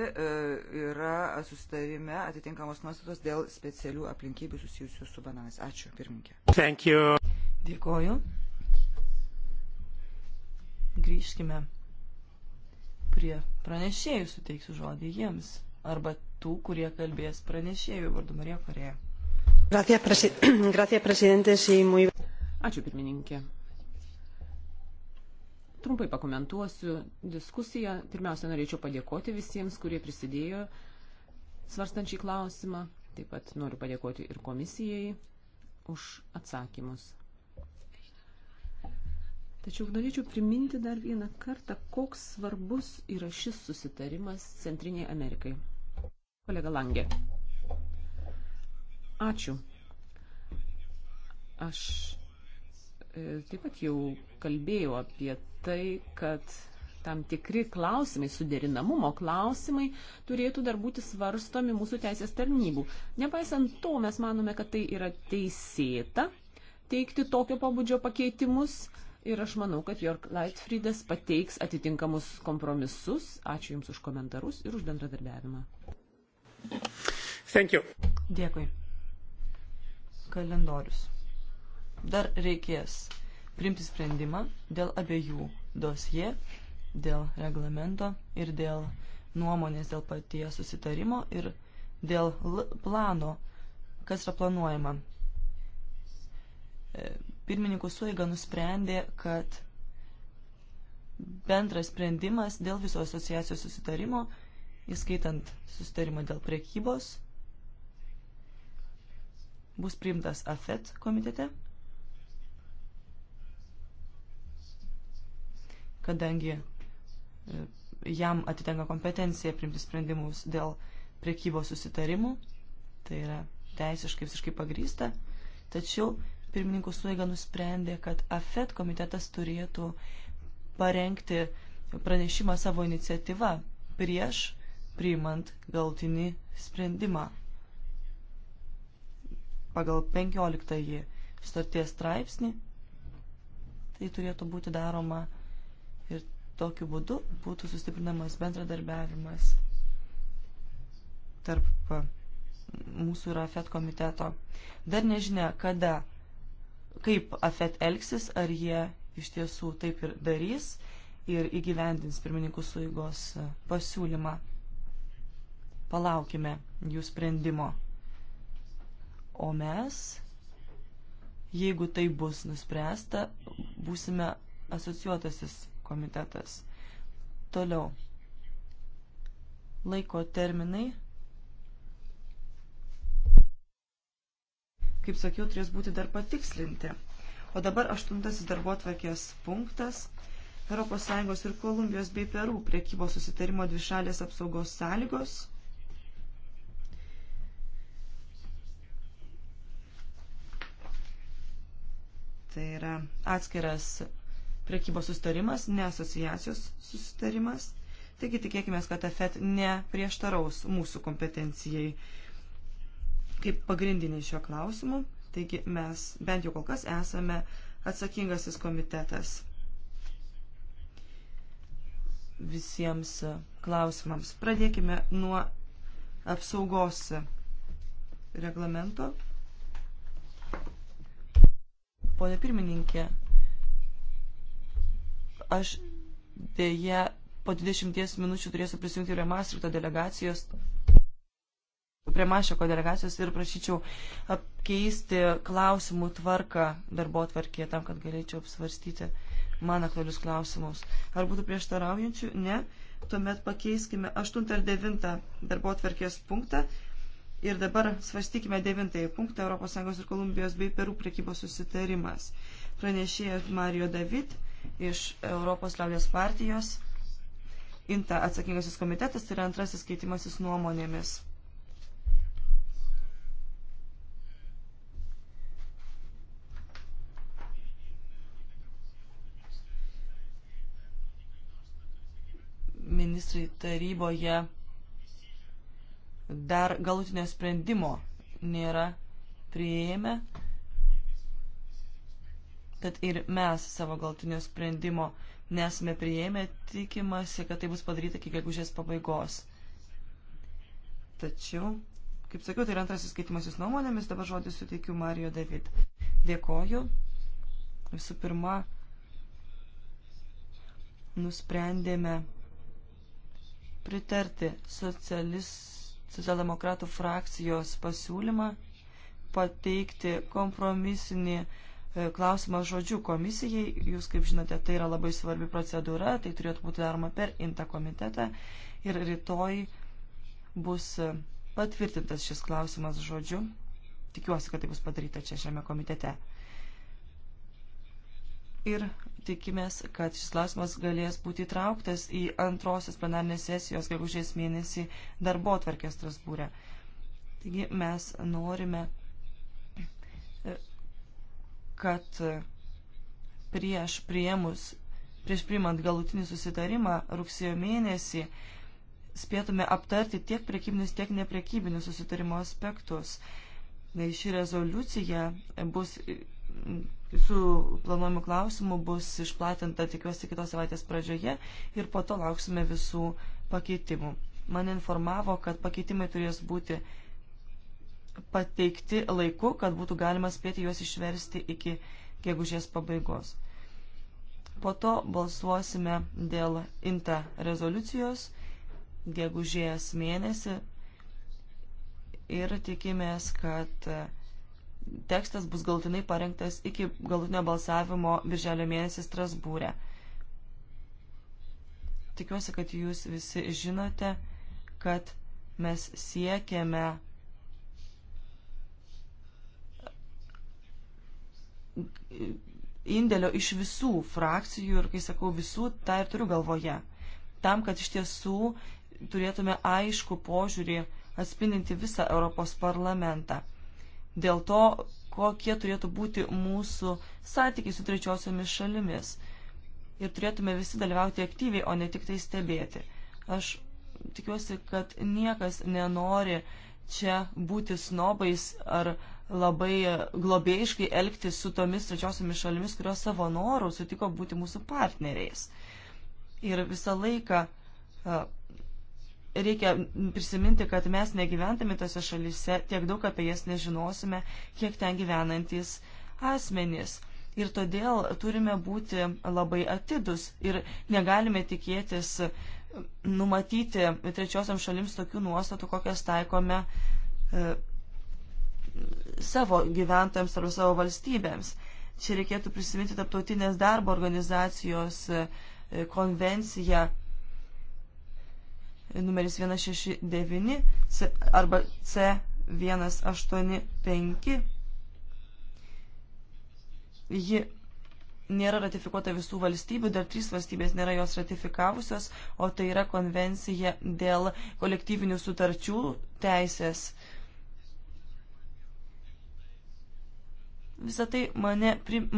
yra susitarime atitinkamos nuostatos dėl specialių aplinkybių susijusių su bananais. Ačiū, pirmininkė. Thank you. Dėkoju. Grįžkime prie pranešėjų, suteiksiu žodį jiems. Arba tų, kurie kalbės pranešėjų vardu Marija Korėja. Gracias, presi Gracias, presidente. Sí, muy... Ačiū, pirmininkė. Trumpai pakomentuosiu diskusiją. Pirmiausia, norėčiau padėkoti visiems, kurie prisidėjo svarstant šį klausimą. Taip pat noriu padėkoti ir komisijai už atsakymus. Tačiau norėčiau priminti dar vieną kartą, koks svarbus yra šis susitarimas Centriniai Amerikai. Kolega Langė. Ačiū. Aš E, taip pat jau kalbėjau apie tai, kad tam tikri klausimai, suderinamumo klausimai turėtų dar būti svarstomi mūsų teisės tarnybų. Nepaisant to, mes manome, kad tai yra teisėta teikti tokio pobūdžio pakeitimus ir aš manau, kad Jork Lightfriedas pateiks atitinkamus kompromisus. Ačiū Jums už komentarus ir už bendradarbiavimą. Dėkui. Kalendorius dar reikės priimti sprendimą dėl abiejų dosie, dėl reglamento ir dėl nuomonės dėl paties susitarimo ir dėl plano, kas yra planuojama. E, pirmininkų suiga nusprendė, kad bendras sprendimas dėl viso asociacijos susitarimo, įskaitant susitarimą dėl priekybos, bus priimtas AFET komitete kadangi e, jam atitenka kompetencija priimti sprendimus dėl priekybos susitarimų, tai yra teisiškai visiškai pagrysta, tačiau pirmininkų suėga nusprendė, kad AFET komitetas turėtų parengti pranešimą savo iniciatyvą prieš priimant galtinį sprendimą. Pagal 15 starties straipsnį tai turėtų būti daroma Ir tokiu būdu būtų sustiprinamas bendradarbiavimas tarp mūsų ir AFET komiteto. Dar nežinia, kada, kaip AFET elgsis, ar jie iš tiesų taip ir darys ir įgyvendins pirmininkų suigos e, pasiūlymą. Palaukime jų sprendimo. O mes, jeigu tai bus nuspręsta, būsime asociuotasis komitetas. Toliau. Laiko terminai. Kaip sakiau, turės būti dar patikslinti. O dabar aštuntasis darbo atvarkės punktas. ES ir Kolumbijos bei Perų priekybos susitarimo dvišalės apsaugos sąlygos. Tai yra atskiras prekybos sustarimas, ne asociacijos sustarimas. Taigi tikėkime, kad EFET neprieštaraus mūsų kompetencijai kaip pagrindiniai šiuo klausimu. Taigi mes bent jau kol kas esame atsakingasis komitetas visiems klausimams. Pradėkime nuo apsaugos reglamento. Pone pirmininkė, Aš dėje po 20 minučių turėsiu prisijungti prie Mastrikto delegacijos prie Mašeko delegacijos ir prašyčiau apkeisti klausimų tvarką darbo tvarkė tam, kad galėčiau apsvarstyti man aktualius klausimus. Ar būtų prieštaraujančių? Ne. Tuomet pakeiskime 8 ar 9 darbo tvarkės punktą ir dabar svarstykime 9 punktą ES ir Kolumbijos bei Perų prekybos susitarimas. Pranešėjas Mario David iš Europos liaudės partijos. Inta atsakingasis komitetas tai yra antrasis keitimasis nuomonėmis. Ministrai taryboje dar galutinio sprendimo nėra prieėmę, Tad ir mes savo galtinio sprendimo nesame prieėmę, tikimasi, kad tai bus padaryta iki gegužės pabaigos. Tačiau, kaip sakiau, tai yra antrasis skaitimasis nuomonėmis, dabar žodį suteikiu Mario David. Dėkoju. Visų pirma, nusprendėme pritarti socialdemokratų frakcijos pasiūlymą pateikti kompromisinį uh, E, klausimas žodžiu komisijai. Jūs, kaip žinote, tai yra labai svarbi procedūra, tai turėtų būti daroma per INTA komitetą ir rytoj bus e, patvirtintas šis klausimas žodžiu. Tikiuosi, kad tai bus padaryta čia šiame komitete. Ir tikimės, kad šis klausimas galės būti įtrauktas į antrosios plenarnės sesijos, gegužės mėnesį, darbo atvarkės Strasbūrė. Taigi mes norime e, kad prieš priėmus, prieš priimant galutinį susitarimą rugsėjo mėnesį spėtume aptarti tiek prekybinius, tiek neprekybinius susitarimo aspektus. Ši rezoliucija bus su planuojamu klausimu bus išplatinta, tikiuosi, kitos savaitės pradžioje ir po to lauksime visų pakeitimų. Mane informavo, kad pakeitimai turės būti pateikti laiku, kad būtų galima spėti juos išversti iki gegužės pabaigos. Po to balsuosime dėl INTA rezoliucijos gegužės mėnesį ir tikimės, kad tekstas bus galtinai parengtas iki galutinio balsavimo birželio mėnesį Strasbūrė. Tikiuosi, kad jūs visi žinote, kad mes siekiame indėlio iš visų frakcijų ir kai sakau visų, tą ir turiu galvoje. Tam, kad iš tiesų turėtume aišku požiūrį atspindinti visą Europos parlamentą. Dėl to, kokie turėtų būti mūsų santykiai su trečiosiomis šalimis. Ir turėtume visi dalyvauti aktyviai, o ne tik tai stebėti. Aš tikiuosi, kad niekas nenori čia būti snobais ar uh, labai globėjiškai elgtis su tomis trečiosiomis šalimis, kurios savo norų sutiko būti mūsų partneriais. Ir visą laiką reikia prisiminti, kad mes negyventami tose šalise tiek daug apie jas nežinosime, kiek ten gyvenantis asmenys. Ir todėl turime būti labai atidus ir negalime tikėtis numatyti trečiosiam šalims tokių nuostatų, kokias taikome savo gyventojams arba savo valstybėms. Čia reikėtų prisiminti Tarptautinės darbo organizacijos e, konvenciją e, numeris 169 arba C185. Ji nėra ratifikuota visų valstybių, dar trys valstybės nėra jos ratifikavusios, o tai yra konvencija dėl kolektyvinių sutarčių teisės. Uh, Visą tai mane,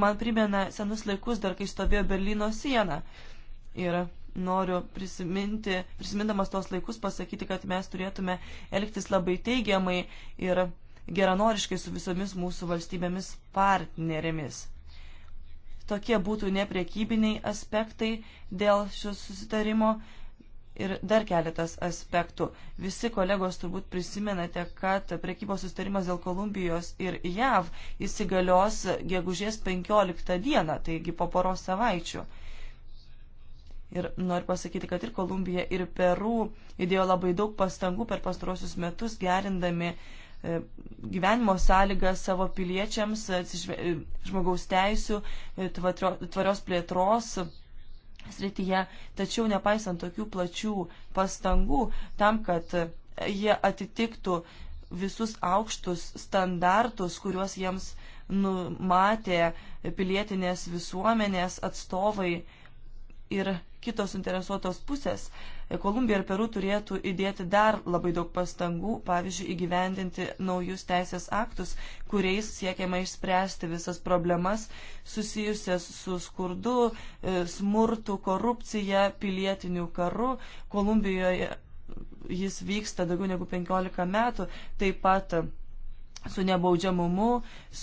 man primena senus laikus, dar kai stovėjo Berlyno siena. Ir noriu prisiminti, prisimindamas tos laikus, pasakyti, kad mes turėtume elgtis labai teigiamai ir geranoriškai su visomis mūsų valstybėmis partnerėmis. Tokie būtų neprekybiniai aspektai dėl šio susitarimo. Ir dar keletas aspektų. Visi kolegos turbūt prisimenate, kad prekybos sustarimas dėl Kolumbijos ir JAV įsigalios gegužės 15 dieną, taigi po poros savaičių. Ir noriu pasakyti, kad ir Kolumbija, ir Peru įdėjo labai daug pastangų per pastarosius metus gerindami e, gyvenimo sąlygas savo piliečiams, e, žmogaus teisų, e, tvarios plėtros srityje, tačiau nepaisant tokių plačių pastangų tam, kad jie atitiktų visus aukštus standartus, kuriuos jiems numatė pilietinės visuomenės atstovai ir kitos interesuotos pusės, Kolumbija ir Peru turėtų įdėti dar labai daug pastangų, pavyzdžiui, įgyvendinti naujus teisės aktus, kuriais siekiama išspręsti visas problemas susijusias su skurdu, e, smurtu, korupcija, pilietiniu karu. Kolumbijoje jis vyksta daugiau negu 15 metų, taip pat su nebaudžiamumu,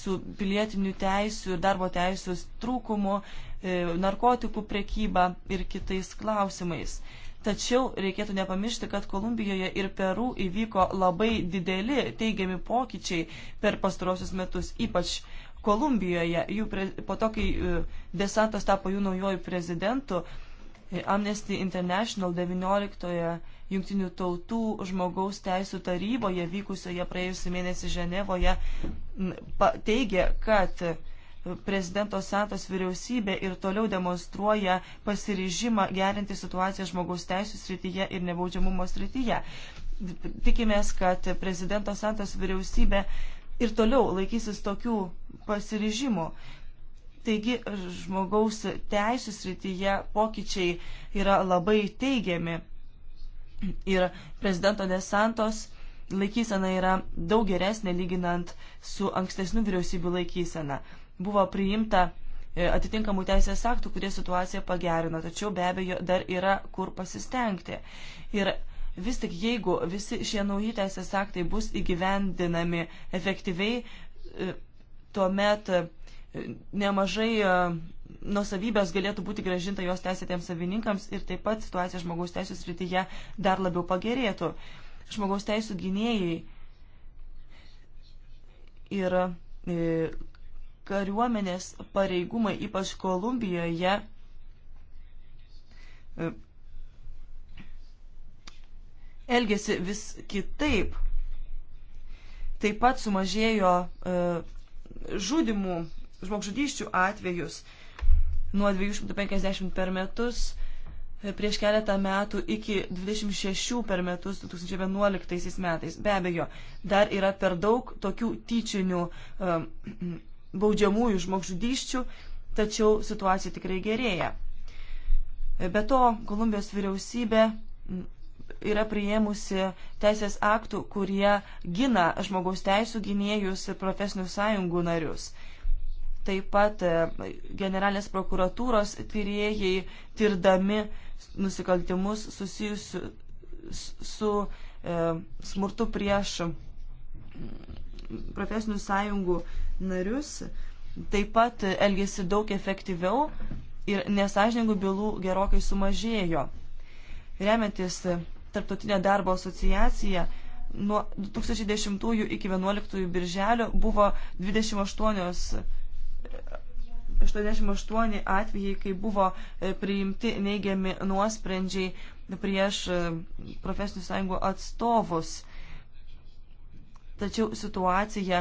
su pilietinių teisų ir darbo teisų trūkumu, E, narkotikų prekyba ir kitais klausimais. Tačiau reikėtų nepamiršti, kad Kolumbijoje ir Peru įvyko labai dideli teigiami pokyčiai per pastarosius metus, ypač Kolumbijoje. Jų pre, po to, kai e, Desantos tapo jų naujojų prezidentu, e, Amnesty International 19-oje Junktinių tautų žmogaus teisų taryboje vykusioje praėjusią mėnesį Ženevoje teigė, kad prezidento Santos vyriausybė ir toliau demonstruoja pasiryžimą gerinti situaciją žmogaus teisų srityje ir nebaudžiamumo srityje. Tikimės, kad prezidento Santos vyriausybė ir toliau laikysis tokių pasiryžimų. Taigi žmogaus teisų srityje pokyčiai yra labai teigiami. Ir prezidento Desantos Santos laikysena yra daug geresnė lyginant su ankstesnių vyriausybių laikysena. Buvo priimta e, atitinkamų teisės aktų, kurie situaciją pagerino, tačiau be abejo dar yra kur pasistengti. Ir vis tik jeigu visi šie nauji teisės aktai bus įgyvendinami efektyviai, e, tuomet e, nemažai nusavybės galėtų būti gražinta jos teisėtiems savininkams ir taip pat situacija žmogaus teisės rytyje dar labiau pagerėtų žmogaus teisų gynėjai ir e, kariuomenės pareigūnai, ypač Kolumbijoje, e, elgėsi vis kitaip. Taip pat sumažėjo e, žudimų, žmogžudyščių atvejus nuo 250 per metus prieš keletą metų iki 26 per metus 2011 metais. Be abejo, dar yra per daug tokių tyčinių um, baudžiamųjų žmogžudyščių, tačiau situacija tikrai gerėja. Be to, Kolumbijos vyriausybė yra priėmusi teisės aktų, kurie gina žmogaus teisų gynėjus ir profesinių sąjungų narius taip pat e, generalinės prokuratūros tyrėjai tirdami nusikaltimus susijusiu su e, smurtu prieš profesinių sąjungų narius, taip pat elgėsi daug efektyviau ir nesažiningų bylų gerokai sumažėjo. Remiantis Tarptautinė darbo asociacija, nuo 2010 iki 2011 birželio buvo 28 88 atvejai, kai buvo e, priimti neigiami nuosprendžiai prieš e, profesinių sąjungų atstovus. Tačiau situacija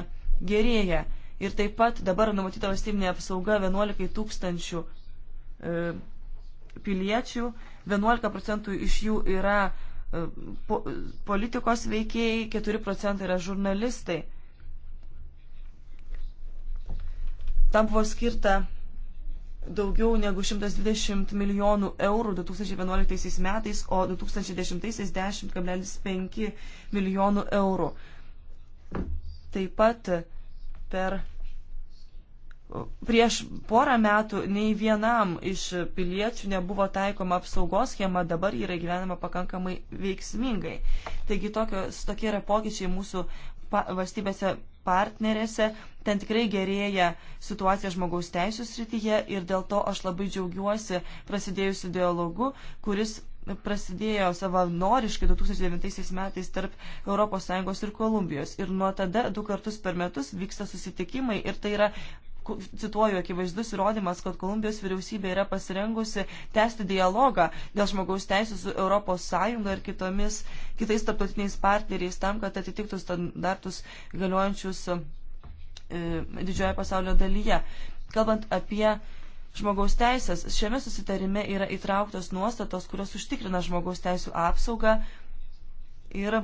gerėja. Ir taip pat dabar numatyta valstybinė apsauga 11 tūkstančių e, piliečių, 11 procentų iš jų yra e, po, politikos veikėjai, 4 procentai yra žurnalistai. Tam buvo skirta daugiau negu 120 milijonų eurų 2011 metais, o 2010 10,5 milijonų eurų. Taip pat per prieš porą metų nei vienam iš piliečių nebuvo taikoma apsaugos schema, dabar yra gyvenama pakankamai veiksmingai. Taigi tokios, tokie yra pokyčiai mūsų valstybėse partnerėse. Ten tikrai gerėja situacija žmogaus teisų srityje ir dėl to aš labai džiaugiuosi prasidėjusiu dialogu, kuris prasidėjo savanoriškai 2009 metais tarp ES ir Kolumbijos. Ir nuo tada du kartus per metus vyksta susitikimai ir tai yra cituoju, akivaizdus įrodymas, kad Kolumbijos vyriausybė yra pasirengusi tęsti dialogą dėl žmogaus teisų su ES ir kitomis, kitais tarptautiniais partneriais tam, kad atitiktų standartus galiojančius e, didžiojo pasaulio dalyje. Kalbant apie žmogaus teisės, šiame susitarime yra įtrauktos nuostatos, kurios užtikrina žmogaus teisų apsaugą ir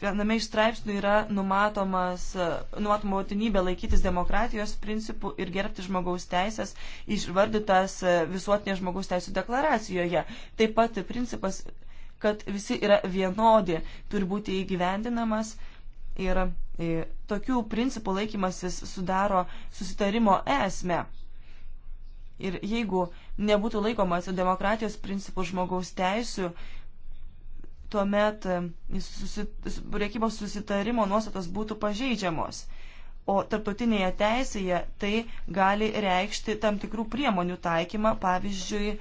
viename iš straipsnių yra numatomas, e, numatoma būtinybė laikytis demokratijos principų ir gerbti žmogaus teisės, išvardytas e, visuotinė žmogaus teisų deklaracijoje. Taip pat principas, kad visi yra vienodi, turi būti įgyvendinamas ir e, tokių principų laikymasis sudaro susitarimo esmę. Ir jeigu nebūtų laikomasi demokratijos principų žmogaus teisų, tuomet susi, priekybos susitarimo nuostatos būtų pažeidžiamos. O tarptautinėje teisėje tai gali reikšti tam tikrų priemonių taikymą, pavyzdžiui,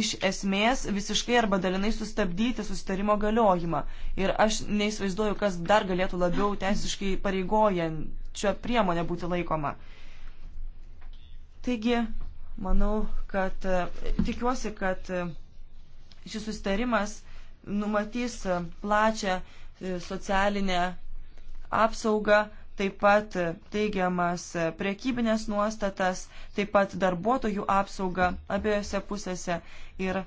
iš esmės visiškai arba dalinai sustabdyti susitarimo galiojimą. Ir aš neįsivaizduoju, kas dar galėtų labiau teisiškai pareigojančią priemonę būti laikoma. Taigi, manau, kad tikiuosi, kad šis sustarimas numatys plačią e, socialinę apsaugą, taip pat teigiamas priekybinės nuostatas, taip pat darbuotojų apsaugą abiejose pusėse ir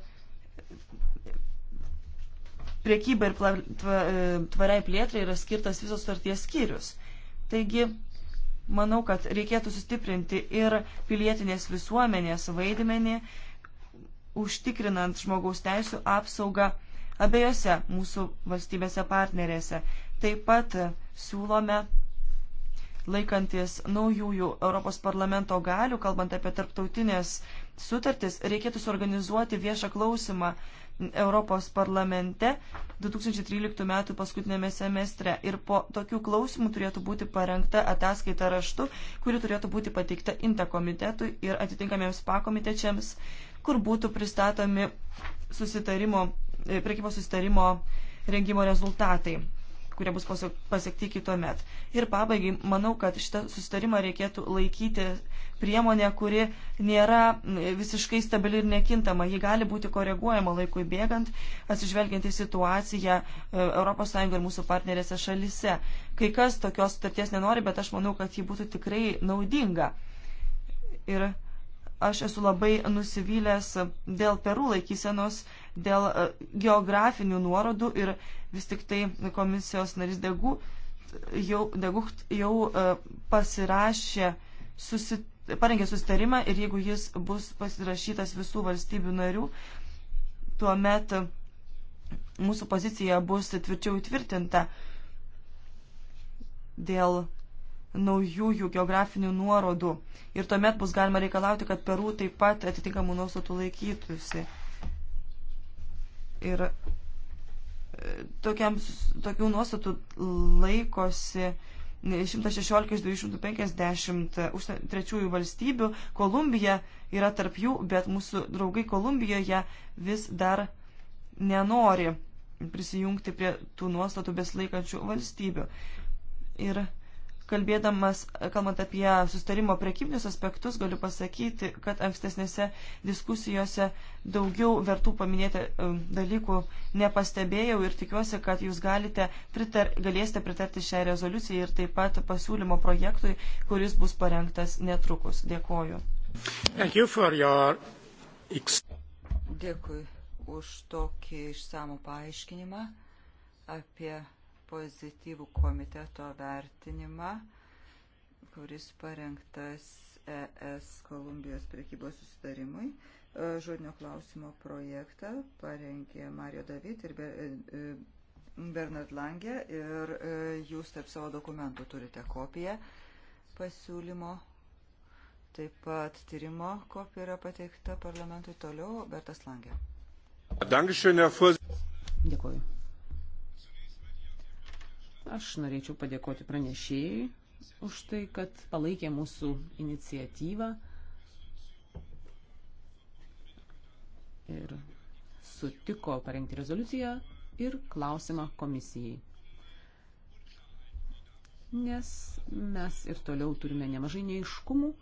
priekyba ir e, tvariai plėtrai yra skirtas visos starties skyrius. Taigi, manau, kad reikėtų sustiprinti ir pilietinės visuomenės vaidmenį, užtikrinant žmogaus teisų apsaugą abiejose mūsų valstybėse partnerėse. Taip pat siūlome laikantis naujųjų Europos parlamento galių, kalbant apie tarptautinės sutartis, reikėtų suorganizuoti viešą klausimą Europos parlamente 2013 metų paskutinėme semestre. Ir po tokių klausimų turėtų būti parengta ataskaita raštu, kuri turėtų būti pateikta INTA komitetui ir atitinkamiems pakomitečiams kur būtų pristatomi susitarimo, e, prekybos susitarimo rengimo rezultatai kurie bus pasiekti kito met. Ir pabaigai, manau, kad šitą susitarimą reikėtų laikyti priemonė, kuri nėra visiškai stabili ir nekintama. Ji gali būti koreguojama laikui bėgant, atsižvelgiant į situaciją ES ir mūsų partnerėse šalise. Kai kas tokios sutarties nenori, bet aš manau, kad ji būtų tikrai naudinga. Ir aš esu labai nusivylęs dėl Perų laikysenos, dėl e, geografinių nuorodų ir vis tik tai komisijos narys Degu jau, Degu, jau e, pasirašė, susit, parengė susitarimą ir jeigu jis bus pasirašytas visų valstybių narių, tuomet mūsų pozicija bus tvirčiau įtvirtinta dėl naujųjų geografinių nuorodų ir tuomet bus galima reikalauti, kad Peru taip pat atitinkamų nuostatų laikytųsi. Ir e, tokiams, tokių nuostatų laikosi 116 iš 250 e, trečiųjų valstybių. Kolumbija yra tarp jų, bet mūsų draugai Kolumbijoje vis dar nenori prisijungti prie tų nuostatų beslaikančių valstybių. Ir kalbėdamas, kalbant apie sustarimo prekybinius aspektus, galiu pasakyti, kad ankstesnėse diskusijose daugiau vertų paminėti um, dalykų nepastebėjau ir tikiuosi, kad jūs galite pritar, galėsite pritarti šią rezoliuciją ir taip pat pasiūlymo projektui, kuris bus parengtas netrukus. Dėkoju. You your... Dėkui už tokį išsamų paaiškinimą apie pozityvų komiteto vertinimą, kuris parengtas ES Kolumbijos prekybos susitarimui. E, žodinio klausimo projektą parengė Mario David ir e, e, Bernard Langė ir jūs taip savo dokumentų turite kopiją pasiūlymo. Taip pat tyrimo kopija yra pateikta parlamentui toliau. Bertas Langė. Dėkuoju. Aš norėčiau padėkoti pranešėjai už tai, kad palaikė mūsų iniciatyvą ir sutiko parengti rezoliuciją ir klausimą komisijai. Nes mes ir toliau turime nemažai neiškumų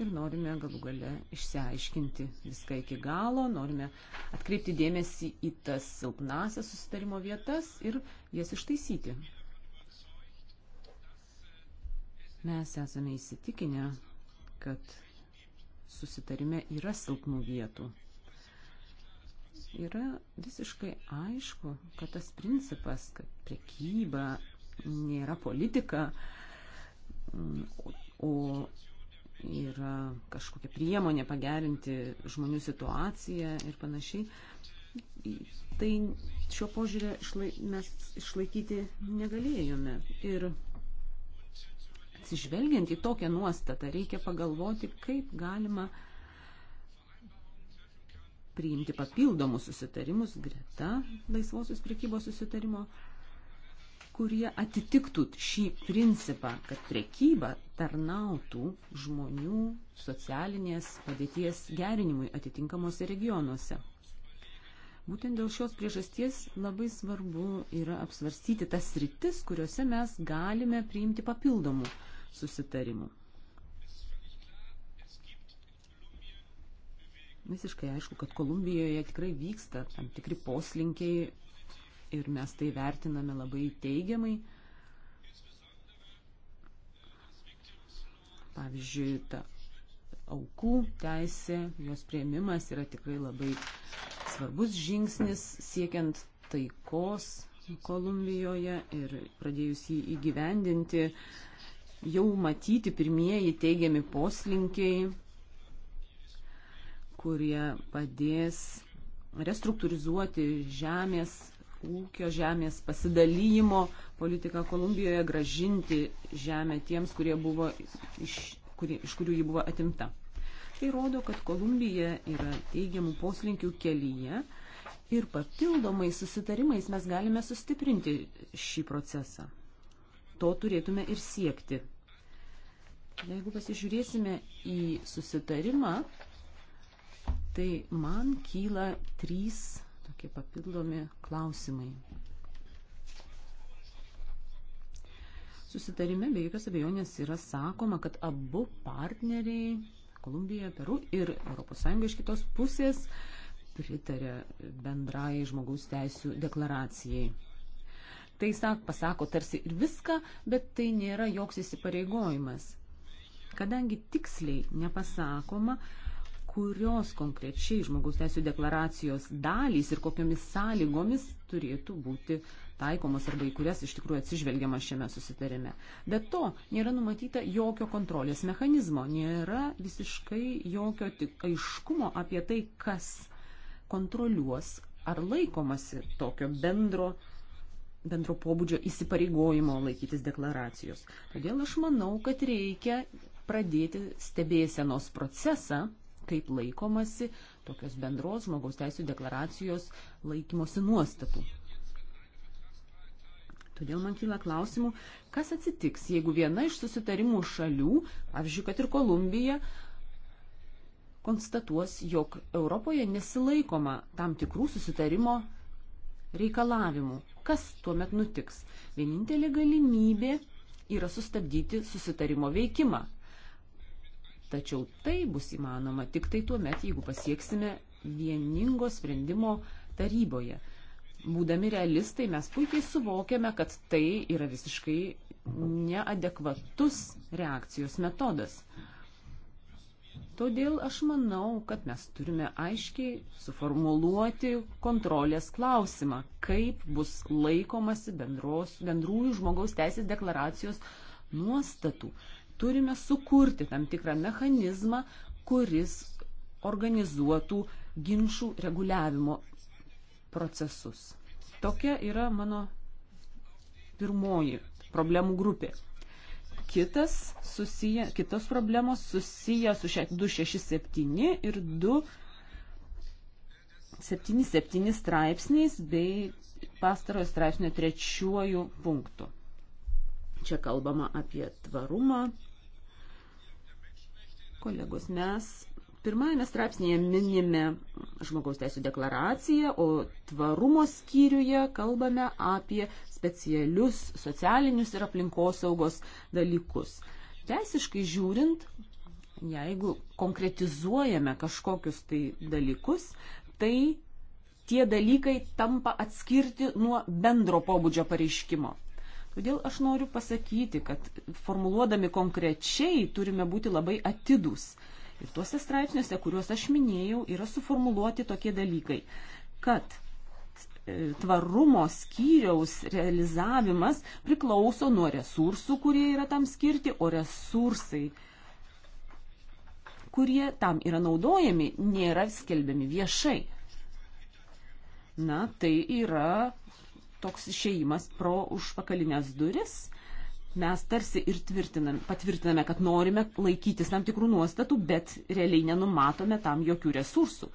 ir norime galų gale išsiaiškinti viską iki galo, norime atkreipti dėmesį į tas silpnasias susitarimo vietas ir jas ištaisyti. Mes esame įsitikinę, kad susitarime yra silpnų vietų. Yra visiškai aišku, kad tas principas, kad prekyba nėra politika, mm, o yra kažkokia priemonė pagerinti žmonių situaciją ir panašiai. Tai šio požiūrio išlaik, mes išlaikyti negalėjome. Ir atsižvelgiant į tokią nuostatą, reikia pagalvoti, kaip galima priimti papildomus susitarimus greta laisvosios prekybos susitarimo, kurie atitiktų šį principą, kad prekyba tarnautų žmonių socialinės padėties gerinimui atitinkamuose regionuose. Būtent dėl šios priežasties labai svarbu yra apsvarstyti tas rytis, kuriuose mes galime priimti papildomų susitarimų. Visiškai aišku, kad Kolumbijoje tikrai vyksta tam tikri poslinkiai ir mes tai vertiname labai teigiamai. Pavyzdžiui, ta aukų teisė, jos prieimimas yra tikrai labai svarbus žingsnis siekiant taikos Kolumbijoje ir pradėjus jį įgyvendinti, jau matyti pirmieji teigiami poslinkiai, kurie padės restruktūrizuoti žemės ūkio žemės pasidalymo politiką Kolumbijoje, gražinti žemę tiems, kurie buvo iš, kurie, iš kurių ji buvo atimta. Tai rodo, kad Kolumbija yra teigiamų poslinkių kelyje ir papildomai susitarimais mes galime sustiprinti šį procesą. To turėtume ir siekti. Jeigu pasižiūrėsime į susitarimą, tai man kyla trys tokie papildomi klausimai. Susitarime be jokios abejonės yra sakoma, kad abu partneriai Kolumbija, Peru ir ES iš kitos pusės pritarė bendrai žmogaus teisų deklaracijai. Tai sak, pasako tarsi ir viską, bet tai nėra joks įsipareigojimas. Kadangi tiksliai nepasakoma, kurios konkrečiai žmogaus teisų deklaracijos dalys ir kokiomis sąlygomis turėtų būti taikomos arba į kurias iš tikrųjų atsižvelgiama šiame susitarime. Be to, nėra numatyta jokio kontrolės mechanizmo, nėra visiškai jokio tik aiškumo apie tai, kas kontroliuos ar laikomasi tokio bendro bendro pobūdžio įsipareigojimo laikytis deklaracijos. Todėl aš manau, kad reikia pradėti stebėsenos procesą kaip laikomasi tokios bendros žmogaus teisų deklaracijos laikymosi nuostatų. Todėl man kyla klausimų, kas atsitiks, jeigu viena iš susitarimų šalių, pavyzdžiui, kad ir Kolumbija, konstatuos, jog Europoje nesilaikoma tam tikrų susitarimo reikalavimų. Kas tuomet nutiks? Vienintelė galimybė yra sustabdyti susitarimo veikimą. Tačiau tai bus įmanoma tik tai tuo met, jeigu pasieksime vieningo sprendimo taryboje. Būdami realistai, mes puikiai suvokiame, kad tai yra visiškai neadekvatus reakcijos metodas. Todėl aš manau, kad mes turime aiškiai suformuluoti kontrolės klausimą, kaip bus laikomasi bendros, bendrųjų žmogaus teisės deklaracijos nuostatų turime sukurti tam tikrą mechanizmą, kuris organizuotų ginčių reguliavimo procesus. Tokia yra mano pirmoji problemų grupė. Kitas susiję, kitos problemos susiję su 267 ir 277 straipsniais bei pastarojo straipsnio trečiuoju punktu. Čia kalbama apie tvarumą, Kolegos, mes pirmajame straipsnėje minime žmogaus teisų deklaraciją, o tvarumo skyriuje kalbame apie specialius socialinius ir aplinkosaugos dalykus. Teisiškai žiūrint, jeigu konkretizuojame kažkokius tai dalykus, tai tie dalykai tampa atskirti nuo bendro pobūdžio pareiškimo. Todėl aš noriu pasakyti, kad formuluodami konkrečiai turime būti labai atidus. Ir tuose straipsniuose, kuriuos aš minėjau, yra suformuluoti tokie dalykai, kad e, tvarumo skyriaus realizavimas priklauso nuo resursų, kurie yra tam skirti, o resursai, kurie tam yra naudojami, nėra skelbiami viešai. Na, tai yra toks išeimas pro užpakalinės duris. Mes tarsi ir tvirtinam, patvirtiname, kad norime laikytis tam tikrų nuostatų, bet realiai nenumatome tam jokių resursų.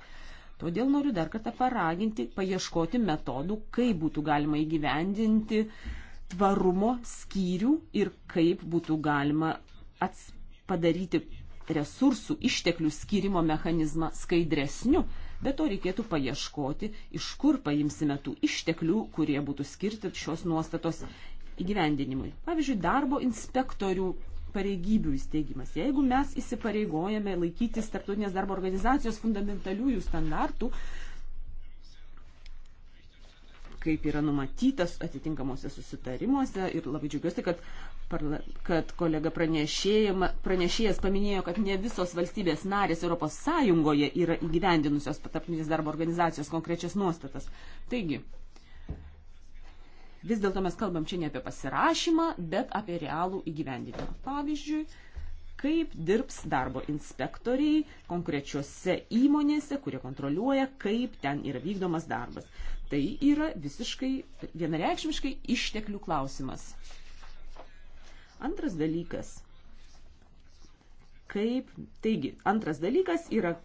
Todėl noriu dar kartą paraginti, paieškoti metodų, kaip būtų galima įgyvendinti tvarumo skyrių ir kaip būtų galima padaryti resursų išteklių skirimo mechanizmą skaidresniu, Bet to reikėtų paieškoti, iš kur paimsime tų išteklių, kurie būtų skirti šios nuostatos įgyvendinimui. Pavyzdžiui, darbo inspektorių pareigybių įsteigimas. Jeigu mes įsipareigojame laikytis tarptautinės darbo organizacijos fundamentaliųjų standartų, kaip yra numatytas atitinkamuose susitarimuose ir labai džiugiuosi, kad kad kolega pranešėjas paminėjo, kad ne visos valstybės narės ES yra įgyvendinusios tarptautinės darbo organizacijos konkrečias nuostatas. Taigi, vis dėlto mes kalbam čia ne apie pasirašymą, bet apie realų įgyvendinimą. Pavyzdžiui, kaip dirbs darbo inspektoriai konkrečiose įmonėse, kurie kontroliuoja, kaip ten yra vykdomas darbas. Tai yra visiškai vienareikšmiškai išteklių klausimas. Antras dalykas. Kaip, taigi, antras dalykas yra,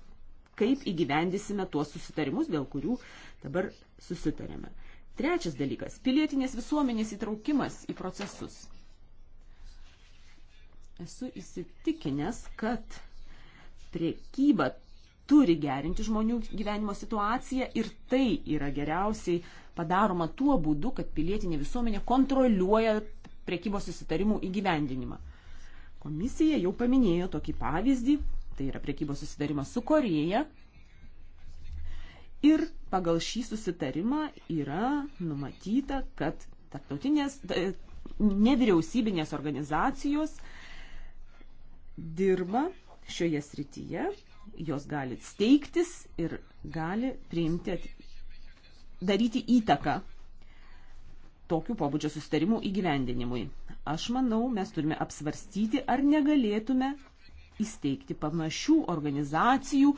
kaip įgyvendysime tuos susitarimus, dėl kurių dabar susitarėme. Trečias dalykas - pilietinės visuomenės įtraukimas į procesus. Esu įsitikinęs, kad priekyba turi gerinti žmonių gyvenimo situaciją ir tai yra geriausiai padaroma tuo būdu, kad pilietinė visuomenė kontroliuoja priekybos susitarimų įgyvendinimą. Komisija jau paminėjo tokį pavyzdį, tai yra priekybos susitarimas su Koreja. Ir pagal šį susitarimą yra numatyta, kad tarptautinės nevyriausybinės organizacijos dirba šioje srityje, jos gali steigtis ir gali priimti, daryti įtaką tokių pobūdžio sustarimų įgyvendinimui. Aš manau, mes turime apsvarstyti, ar negalėtume įsteigti panašių organizacijų,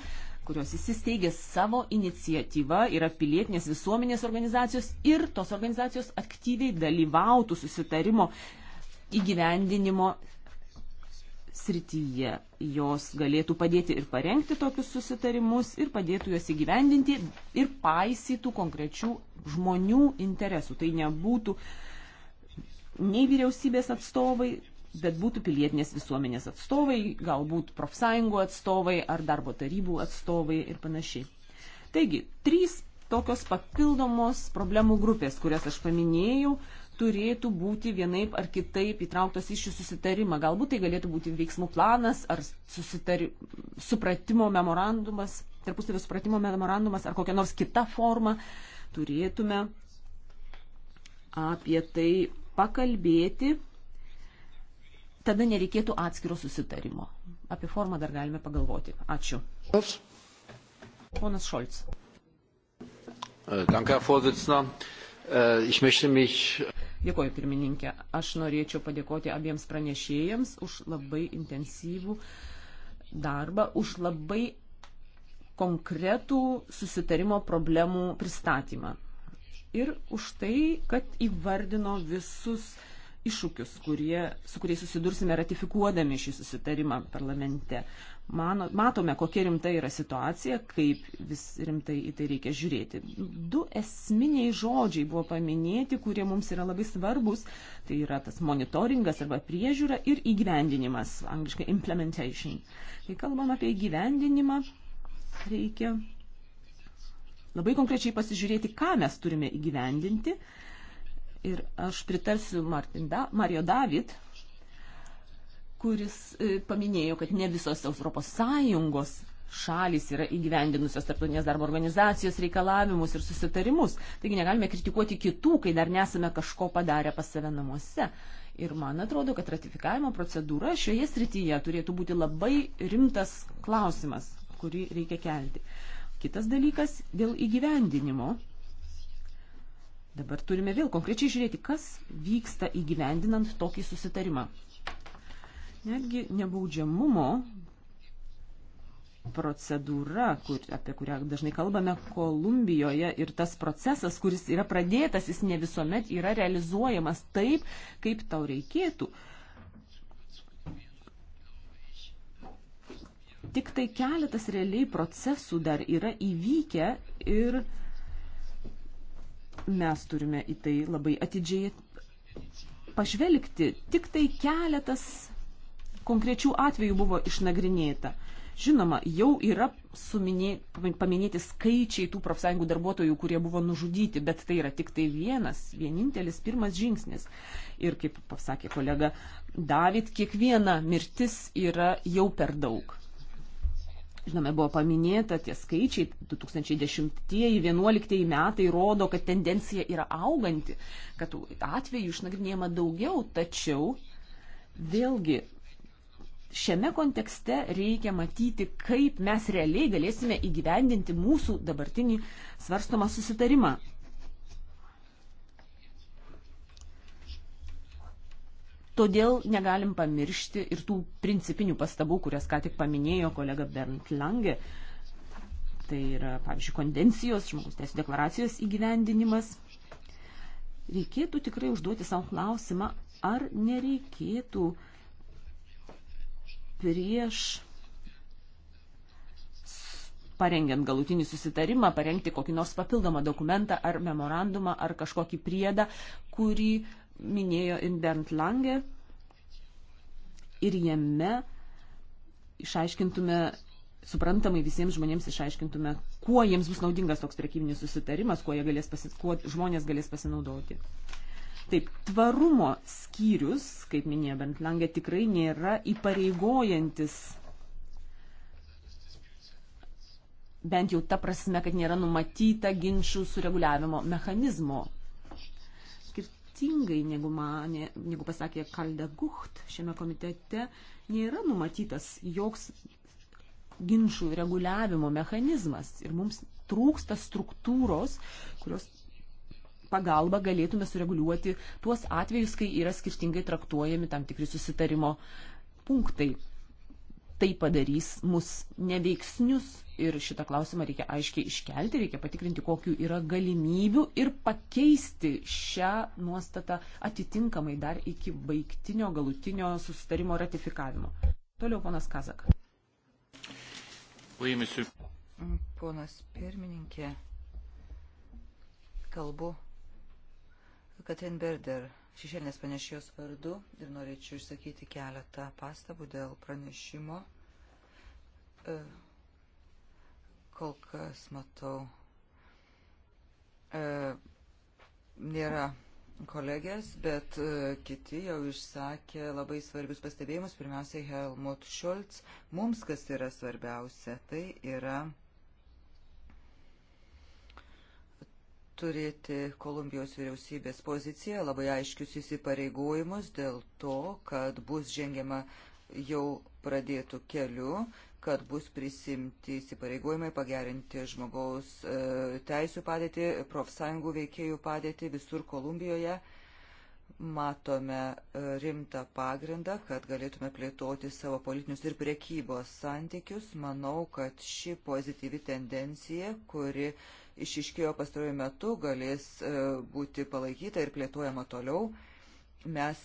kurios įsisteigė savo iniciatyvą, yra pilietinės visuomenės organizacijos ir tos organizacijos aktyviai dalyvautų susitarimo įgyvendinimo srityje. Jos galėtų padėti ir parengti tokius susitarimus, ir padėtų juos įgyvendinti, ir paisytų konkrečių žmonių interesų. Tai nebūtų nei vyriausybės atstovai, bet būtų pilietinės visuomenės atstovai, galbūt profsąjungų atstovai ar darbo tarybų atstovai ir panašiai. Taigi, trys tokios papildomos problemų grupės, kurias aš paminėjau, turėtų būti vienaip ar kitaip įtrauktos į šį susitarimą. Galbūt tai galėtų būti veiksmų planas ar susitari... supratimo memorandumas, tarpusavio supratimo memorandumas ar kokia nors kita forma. Turėtume apie tai pakalbėti. Tada nereikėtų atskiro susitarimo. Apie formą dar galime pagalvoti. Ačiū. Ponas Šolts. Danke, Herr Vorsitzender. Äh, ich möchte mich. Dėkuoju, pirmininkė. Aš norėčiau padėkoti abiems pranešėjams už labai intensyvų darbą, už labai konkretų susitarimo problemų pristatymą. Ir už tai, kad įvardino visus iššūkius, kurie, su kuriais susidursime ratifikuodami šį susitarimą parlamente mano, matome, kokia rimta yra situacija, kaip vis rimtai į tai reikia žiūrėti. Du esminiai žodžiai buvo paminėti, kurie mums yra labai svarbus. Tai yra tas monitoringas arba priežiūra ir įgyvendinimas, angliškai implementation. Kai kalbam apie įgyvendinimą, reikia labai konkrečiai pasižiūrėti, ką mes turime įgyvendinti. Ir aš pritarsiu Martin da, Mario David, kuris e, paminėjo, kad ne visos ES šalis yra įgyvendinusios tarptautinės darbo organizacijos reikalavimus ir susitarimus. Taigi negalime kritikuoti kitų, kai dar nesame kažko padarę pas save namuose. Ir man atrodo, kad ratifikavimo procedūra šioje srityje turėtų būti labai rimtas klausimas, kurį reikia kelti. Kitas dalykas - dėl įgyvendinimo. Dabar turime vėl konkrečiai žiūrėti, kas vyksta įgyvendinant tokį susitarimą. Netgi nebaudžiamumo procedūra, kur, apie kurią dažnai kalbame Kolumbijoje ir tas procesas, kuris yra pradėtas, jis ne visuomet yra realizuojamas taip, kaip tau reikėtų. Tik tai keletas realiai procesų dar yra įvykę ir mes turime į tai labai atidžiai pažvelgti. Tik tai keletas konkrečių atvejų buvo išnagrinėta. Žinoma, jau yra suminė, paminėti skaičiai tų profsąjungų darbuotojų, kurie buvo nužudyti, bet tai yra tik tai vienas, vienintelis pirmas žingsnis. Ir kaip pasakė kolega David, kiekviena mirtis yra jau per daug. Žinome, buvo paminėta tie skaičiai 2010-2011 metai rodo, kad tendencija yra auganti, kad atvejų išnagrinėjama daugiau, tačiau vėlgi šiame kontekste reikia matyti, kaip mes realiai galėsime įgyvendinti mūsų dabartinį svarstomą susitarimą. Todėl negalim pamiršti ir tų principinių pastabų, kurias ką tik paminėjo kolega Bernd Lange. Tai yra, pavyzdžiui, konvencijos, žmogus teisų deklaracijos įgyvendinimas. Reikėtų tikrai užduoti savo klausimą, ar nereikėtų uh, prieš parengiant galutinį susitarimą, parengti kokį nors papildomą dokumentą ar memorandumą ar kažkokį priedą, kurį minėjo Inbent Lange. Ir jame išaiškintume, suprantamai visiems žmonėms išaiškintume, kuo jiems bus naudingas toks prekybinis susitarimas, kuo, galės pasi, kuo žmonės galės pasinaudoti. Taip, tvarumo skyrius, kaip minėjo Bentlangė, tikrai nėra įpareigojantis. Bent jau ta prasme, kad nėra numatyta ginčių sureguliavimo mechanizmo. Skirtingai negu, manė, negu pasakė Kalde Gucht šiame komitete, nėra numatytas joks ginčių reguliavimo mechanizmas ir mums trūksta struktūros, kurios pagalba galėtume sureguliuoti tuos atvejus, kai yra skirtingai traktuojami tam tikri susitarimo punktai. Tai padarys mus neveiksnius ir šitą klausimą reikia aiškiai iškelti, reikia patikrinti, kokiu yra galimybių ir pakeisti šią nuostatą atitinkamai dar iki baigtinio galutinio susitarimo ratifikavimo. Toliau ponas Kazak. Ponas pirmininkė, kalbu Katrin Berder, šešėlinės panešėjos vardu ir norėčiau išsakyti keletą pastabų dėl pranešimo. E, kol kas matau, e, nėra kolegės, bet e, kiti jau išsakė labai svarbius pastebėjimus. Pirmiausiai Helmut Scholz. Mums kas yra svarbiausia, tai yra turėti Kolumbijos vyriausybės poziciją, labai aiškius įsipareigojimus dėl to, kad bus žengiama jau pradėtų keliu, kad bus prisimti įsipareigojimai pagerinti žmogaus e, teisų padėtį, profsąjungų veikėjų padėtį visur Kolumbijoje. Matome e, rimtą pagrindą, kad galėtume plėtoti savo politinius ir priekybos santykius. Manau, kad ši pozityvi tendencija, kuri uh, išiškėjo pastaruoju metu, galės e, būti palaikyta ir plėtojama toliau. Mes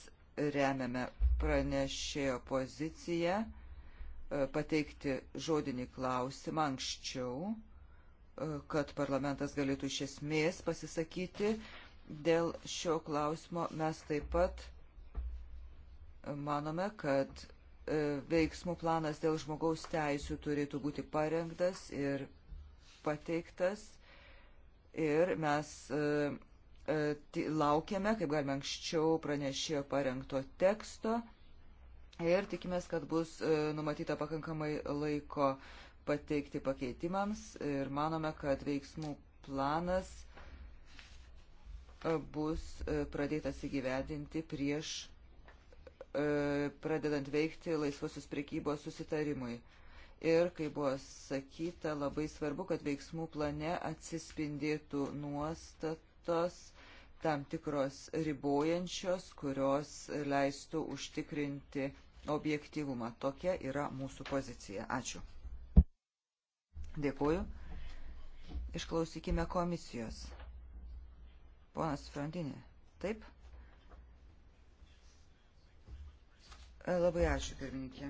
remiame pranešėjo poziciją e, pateikti žodinį klausimą anksčiau, e, kad parlamentas galėtų iš esmės pasisakyti. Dėl šio klausimo mes taip pat manome, kad veiksmų planas dėl žmogaus teisų turėtų būti parengtas ir pateiktas ir mes e, e, laukiame, kaip galime anksčiau pranešėjo parengto teksto ir tikimės, kad bus e, numatyta pakankamai laiko pateikti pakeitimams ir manome, kad veiksmų planas bus pradėtas įgyvedinti prieš pradedant veikti laisvosios prekybos susitarimui. Ir, kaip buvo sakyta, labai svarbu, kad veiksmų plane atsispindėtų nuostatos tam tikros ribojančios, kurios leistų užtikrinti objektyvumą. Tokia yra mūsų pozicija. Ačiū. Dėkuoju. Išklausykime komisijos. Ponas Frontinė. Taip? Labai ačiū, pirmininkė.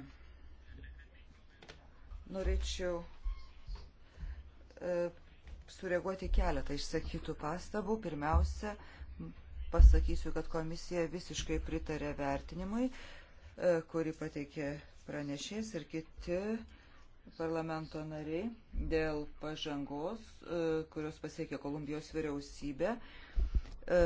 Norėčiau e, sureaguoti keletą išsakytų pastabų. Pirmiausia, pasakysiu, kad komisija visiškai pritarė vertinimui, e, kurį pateikė pranešės ir kiti parlamento nariai dėl pažangos, e, kurios pasiekė Kolumbijos vyriausybė. E,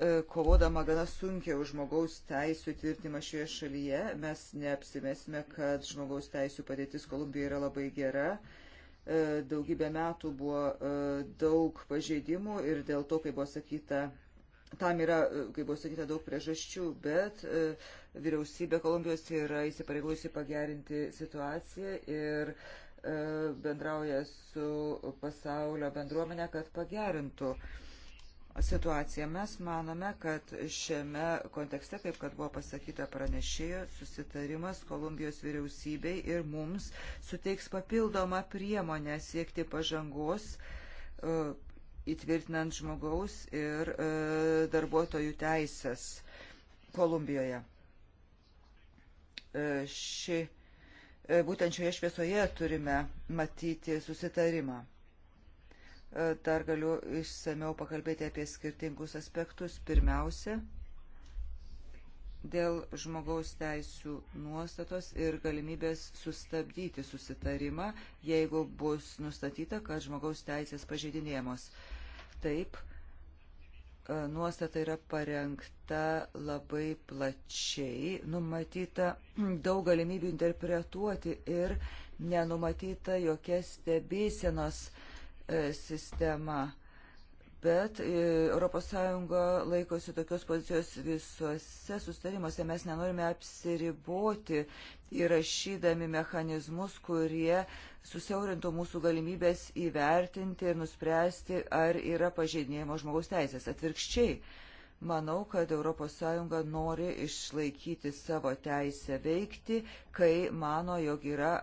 E, kovodama gana sunkiai už žmogaus teisų tvirtimą šioje šalyje. Mes neapsimesime, kad žmogaus teisų padėtis Kolumbijoje yra labai gera. E, daugybę metų buvo e, daug pažeidimų ir dėl to, kaip buvo sakyta, tam yra, kaip buvo sakyta, daug priežasčių, bet vyriausybė Kolumbijos yra įsipareigojusi pagerinti situaciją ir bendrauja su pasaulio bendruomenė, kad pagerintų uh, situaciją. Mes manome, kad šiame kontekste, kaip kad buvo pasakyta pranešėjo, susitarimas Kolumbijos vyriausybei ir mums suteiks papildomą priemonę siekti pažangos e, įtvirtinant žmogaus ir e, darbuotojų teisės Kolumbijoje. E, ši, būtent šioje šviesoje turime matyti susitarimą dar galiu išsameu pakalbėti apie skirtingus aspektus. Pirmiausia, dėl žmogaus teisų nuostatos ir galimybės sustabdyti susitarimą, jeigu bus nustatyta, kad žmogaus teisės pažeidinėjamos. Taip, e, nuostata yra parengta labai plačiai, numatyta daug galimybių interpretuoti ir nenumatyta jokia stebėsenos uh, E, sistema. Bet ES laikosi tokios pozicijos visuose sustarimuose. Mes nenorime apsiriboti įrašydami mechanizmus, kurie susiaurintų mūsų galimybės įvertinti ir nuspręsti, ar yra pažeidinėjimo žmogaus teisės. Atvirkščiai, manau, kad ES nori išlaikyti savo teisę veikti, kai mano, jog yra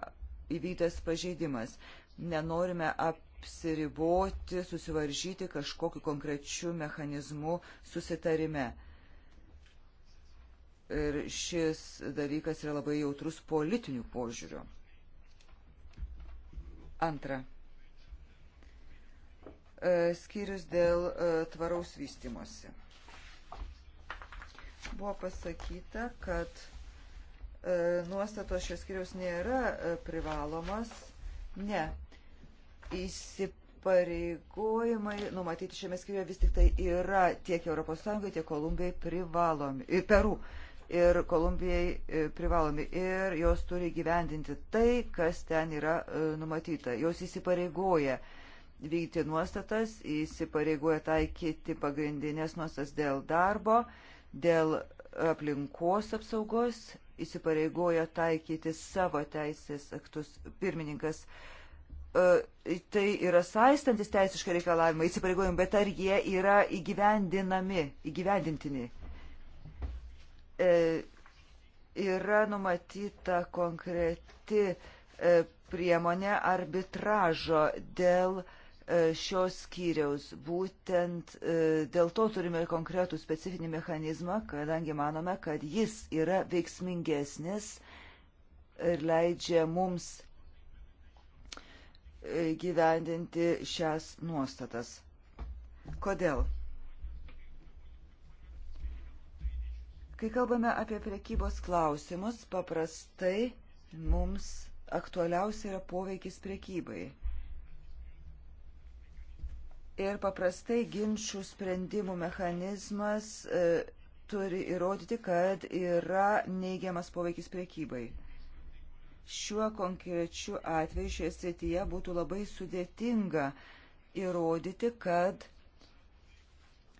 įvyktas pažeidimas nenorime ap, apsiriboti, susivaržyti kažkokiu konkrečiu mechanizmu susitarime. Ir šis dalykas yra labai jautrus politinių požiūrių. Antra. E, skyrius dėl e, tvaraus vystimosi. Buvo pasakyta, kad e, nuostatos šios skyrius nėra privalomas. Ne, įsipareigojimai numatyti šiame skyriuje vis tik tai yra tiek ES, tiek Kolumbijai privalomi, ir Peru, ir Kolumbijai e, privalomi, ir jos turi gyvendinti tai, kas ten yra e, numatyta. Jos įsipareigoja vykti nuostatas, įsipareigoja taikyti pagrindinės nuostatas dėl darbo, dėl aplinkos apsaugos, įsipareigoja taikyti savo teisės aktus. Pirmininkas uh, E, tai yra saistantis teisiškai reikalavimai, įsipareigojimai, bet ar jie yra įgyvendinami, įgyvendintini? E, yra numatyta konkreti e, priemonė arbitražo dėl e, šios skyriaus. Būtent e, dėl to turime konkretų specifinį mechanizmą, kadangi manome, kad jis yra veiksmingesnis ir leidžia mums gyvendinti šias nuostatas. Kodėl? Kai kalbame apie prekybos klausimus, paprastai mums aktualiausia yra poveikis prekybai. Ir paprastai ginčių sprendimų mechanizmas e, turi įrodyti, kad yra neigiamas poveikis prekybai. Šiuo konkrečiu atveju šioje srityje būtų labai sudėtinga įrodyti, kad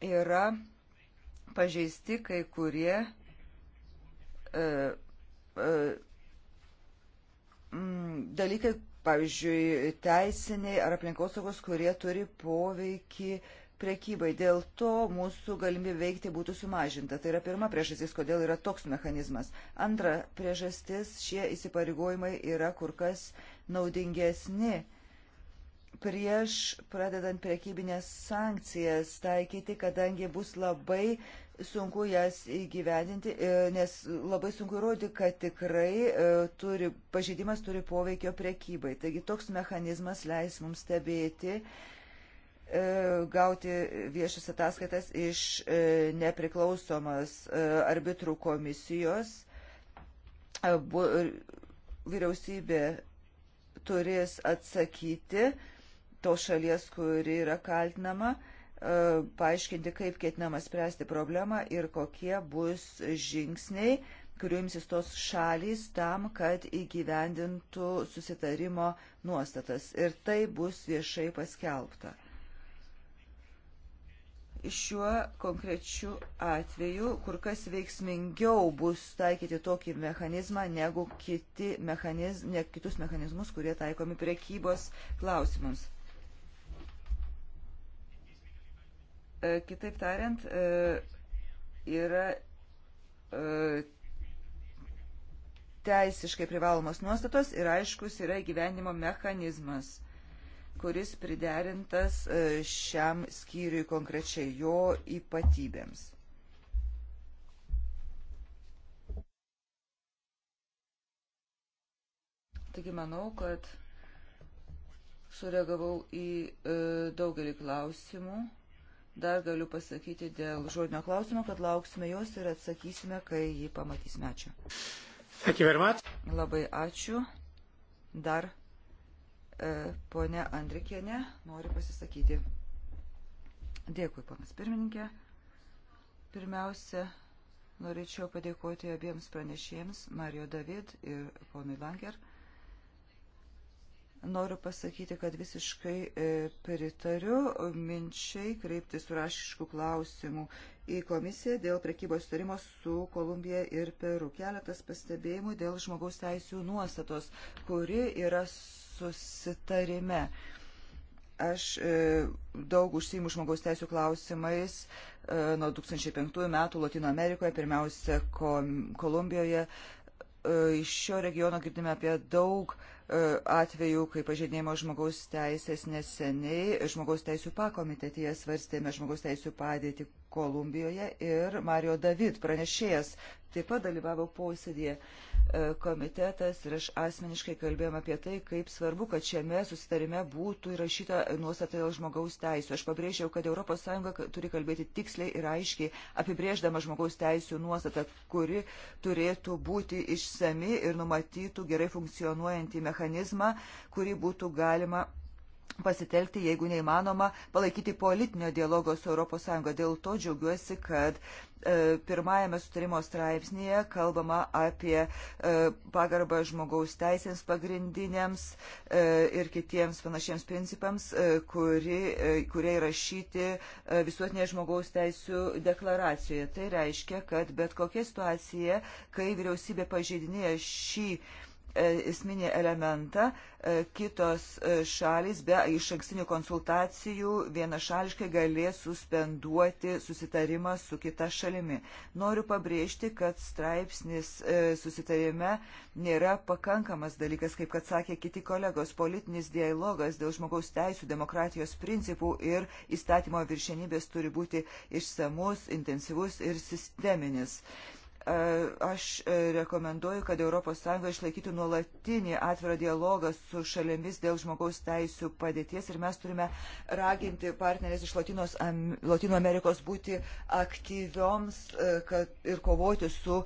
yra pažeisti kai kurie e, e, dalykai, pavyzdžiui, teisiniai ar aplinkosaugos, kurie turi poveikį e, prekybai. Dėl to mūsų galimybė veikti būtų sumažinta. Tai yra pirma priežastis, kodėl yra toks mechanizmas. Antra priežastis, šie įsipareigojimai yra kur kas naudingesni prieš pradedant prekybinės sankcijas taikyti, kadangi bus labai sunku jas įgyvendinti, e, nes labai sunku įrodyti, kad tikrai e, turi, pažeidimas turi poveikio prekybai. Taigi toks mechanizmas leis mums stebėti E, gauti viešas ataskaitas iš e, nepriklausomas e, arbitrų komisijos. Vyriausybė turės atsakyti tos šalies, kuri yra kaltinama, paaiškinti, kaip ketinama spręsti problemą ir kokie bus žingsniai, kuriuo imsis tos šalys tam, kad įgyvendintų susitarimo nuostatas. Ir tai bus viešai paskelbta šiuo konkrečiu atveju kur kas veiksmingiau bus taikyti tokį mechanizmą negu kiti mechaniz, ne, kitus mechanizmus, kurie taikomi priekybos klausimams. E, kitaip tariant, e, yra e, teisiškai privalomos nuostatos ir aiškus yra gyvenimo mechanizmas kuris priderintas e, šiam skyriui konkrečiai jo ypatybėms. Taigi manau, kad sureagavau į e, daugelį klausimų. Dar galiu pasakyti dėl žodinio klausimo, kad lauksime jos ir atsakysime, kai jį pamatysime. Ačiū. Ačiū. Labai ačiū. Dar E, Pone Andrikienė, noriu pasisakyti. Dėkui, panas pirmininkė. Pirmiausia, norėčiau padėkoti abiems pranešėjams, Mario David ir ponui Langer. Noriu pasakyti, kad visiškai e, pritariu minčiai kreiptis rašiškų klausimų į komisiją dėl prekybos sutarimo su Kolumbija ir Peru. Keletas pastebėjimų dėl žmogaus teisų nuostatos, kuri yra susitarime. Aš e, daug užsiimu žmogaus teisų klausimais e, nuo 2005 metų Latino Amerikoje, pirmiausia Kolumbijoje. E, iš šio regiono girdime apie daug atvejų, kai pažeidėjimo žmogaus teisės neseniai žmogaus teisų pakomitetyje svarstėme žmogaus teisų padėtį Kolumbijoje ir Mario David pranešėjas taip pat dalyvavo posėdėje. E, komitetas ir aš asmeniškai kalbėjom apie tai, kaip svarbu, kad šiame susitarime būtų įrašyta nuostata dėl žmogaus teisų. Aš pabrėžiau, kad ES turi kalbėti tiksliai ir aiškiai apibrėždama žmogaus teisų nuostatą, kuri turėtų būti išsami ir numatytų gerai funkcionuojantį mechanizmą, kurį būtų galima pasitelkti, jeigu neįmanoma, palaikyti politinio dialogo su ES. Dėl to džiaugiuosi, kad e, pirmajame sutarimo straipsnėje kalbama apie e, pagarbą žmogaus teisėms pagrindinėms e, ir kitiems panašiems principams, e, kuri, e, kurie įrašyti e, visuotinėje žmogaus teisų deklaracijoje. Tai reiškia, kad bet kokia situacija, kai vyriausybė pažeidinėja šį e, E, esminį elementą. E, kitos e, šalis be iš ankstinių konsultacijų vienašališkai galės suspenduoti susitarimą su kita šalimi. Noriu pabrėžti, kad straipsnis susitarime nėra pakankamas dalykas, kaip kad sakė kiti kolegos. Politinis dialogas dėl žmogaus teisų, demokratijos principų ir įstatymo viršenybės turi būti išsamus, intensyvus ir sisteminis. Uh, E, aš e, rekomenduoju, kad ES išlaikytų nuolatinį atvirą dialogą su šalimis dėl žmogaus teisų padėties ir mes turime raginti partnerės iš Latinos, Latino Amerikos būti aktyvioms e, kad, ir kovoti su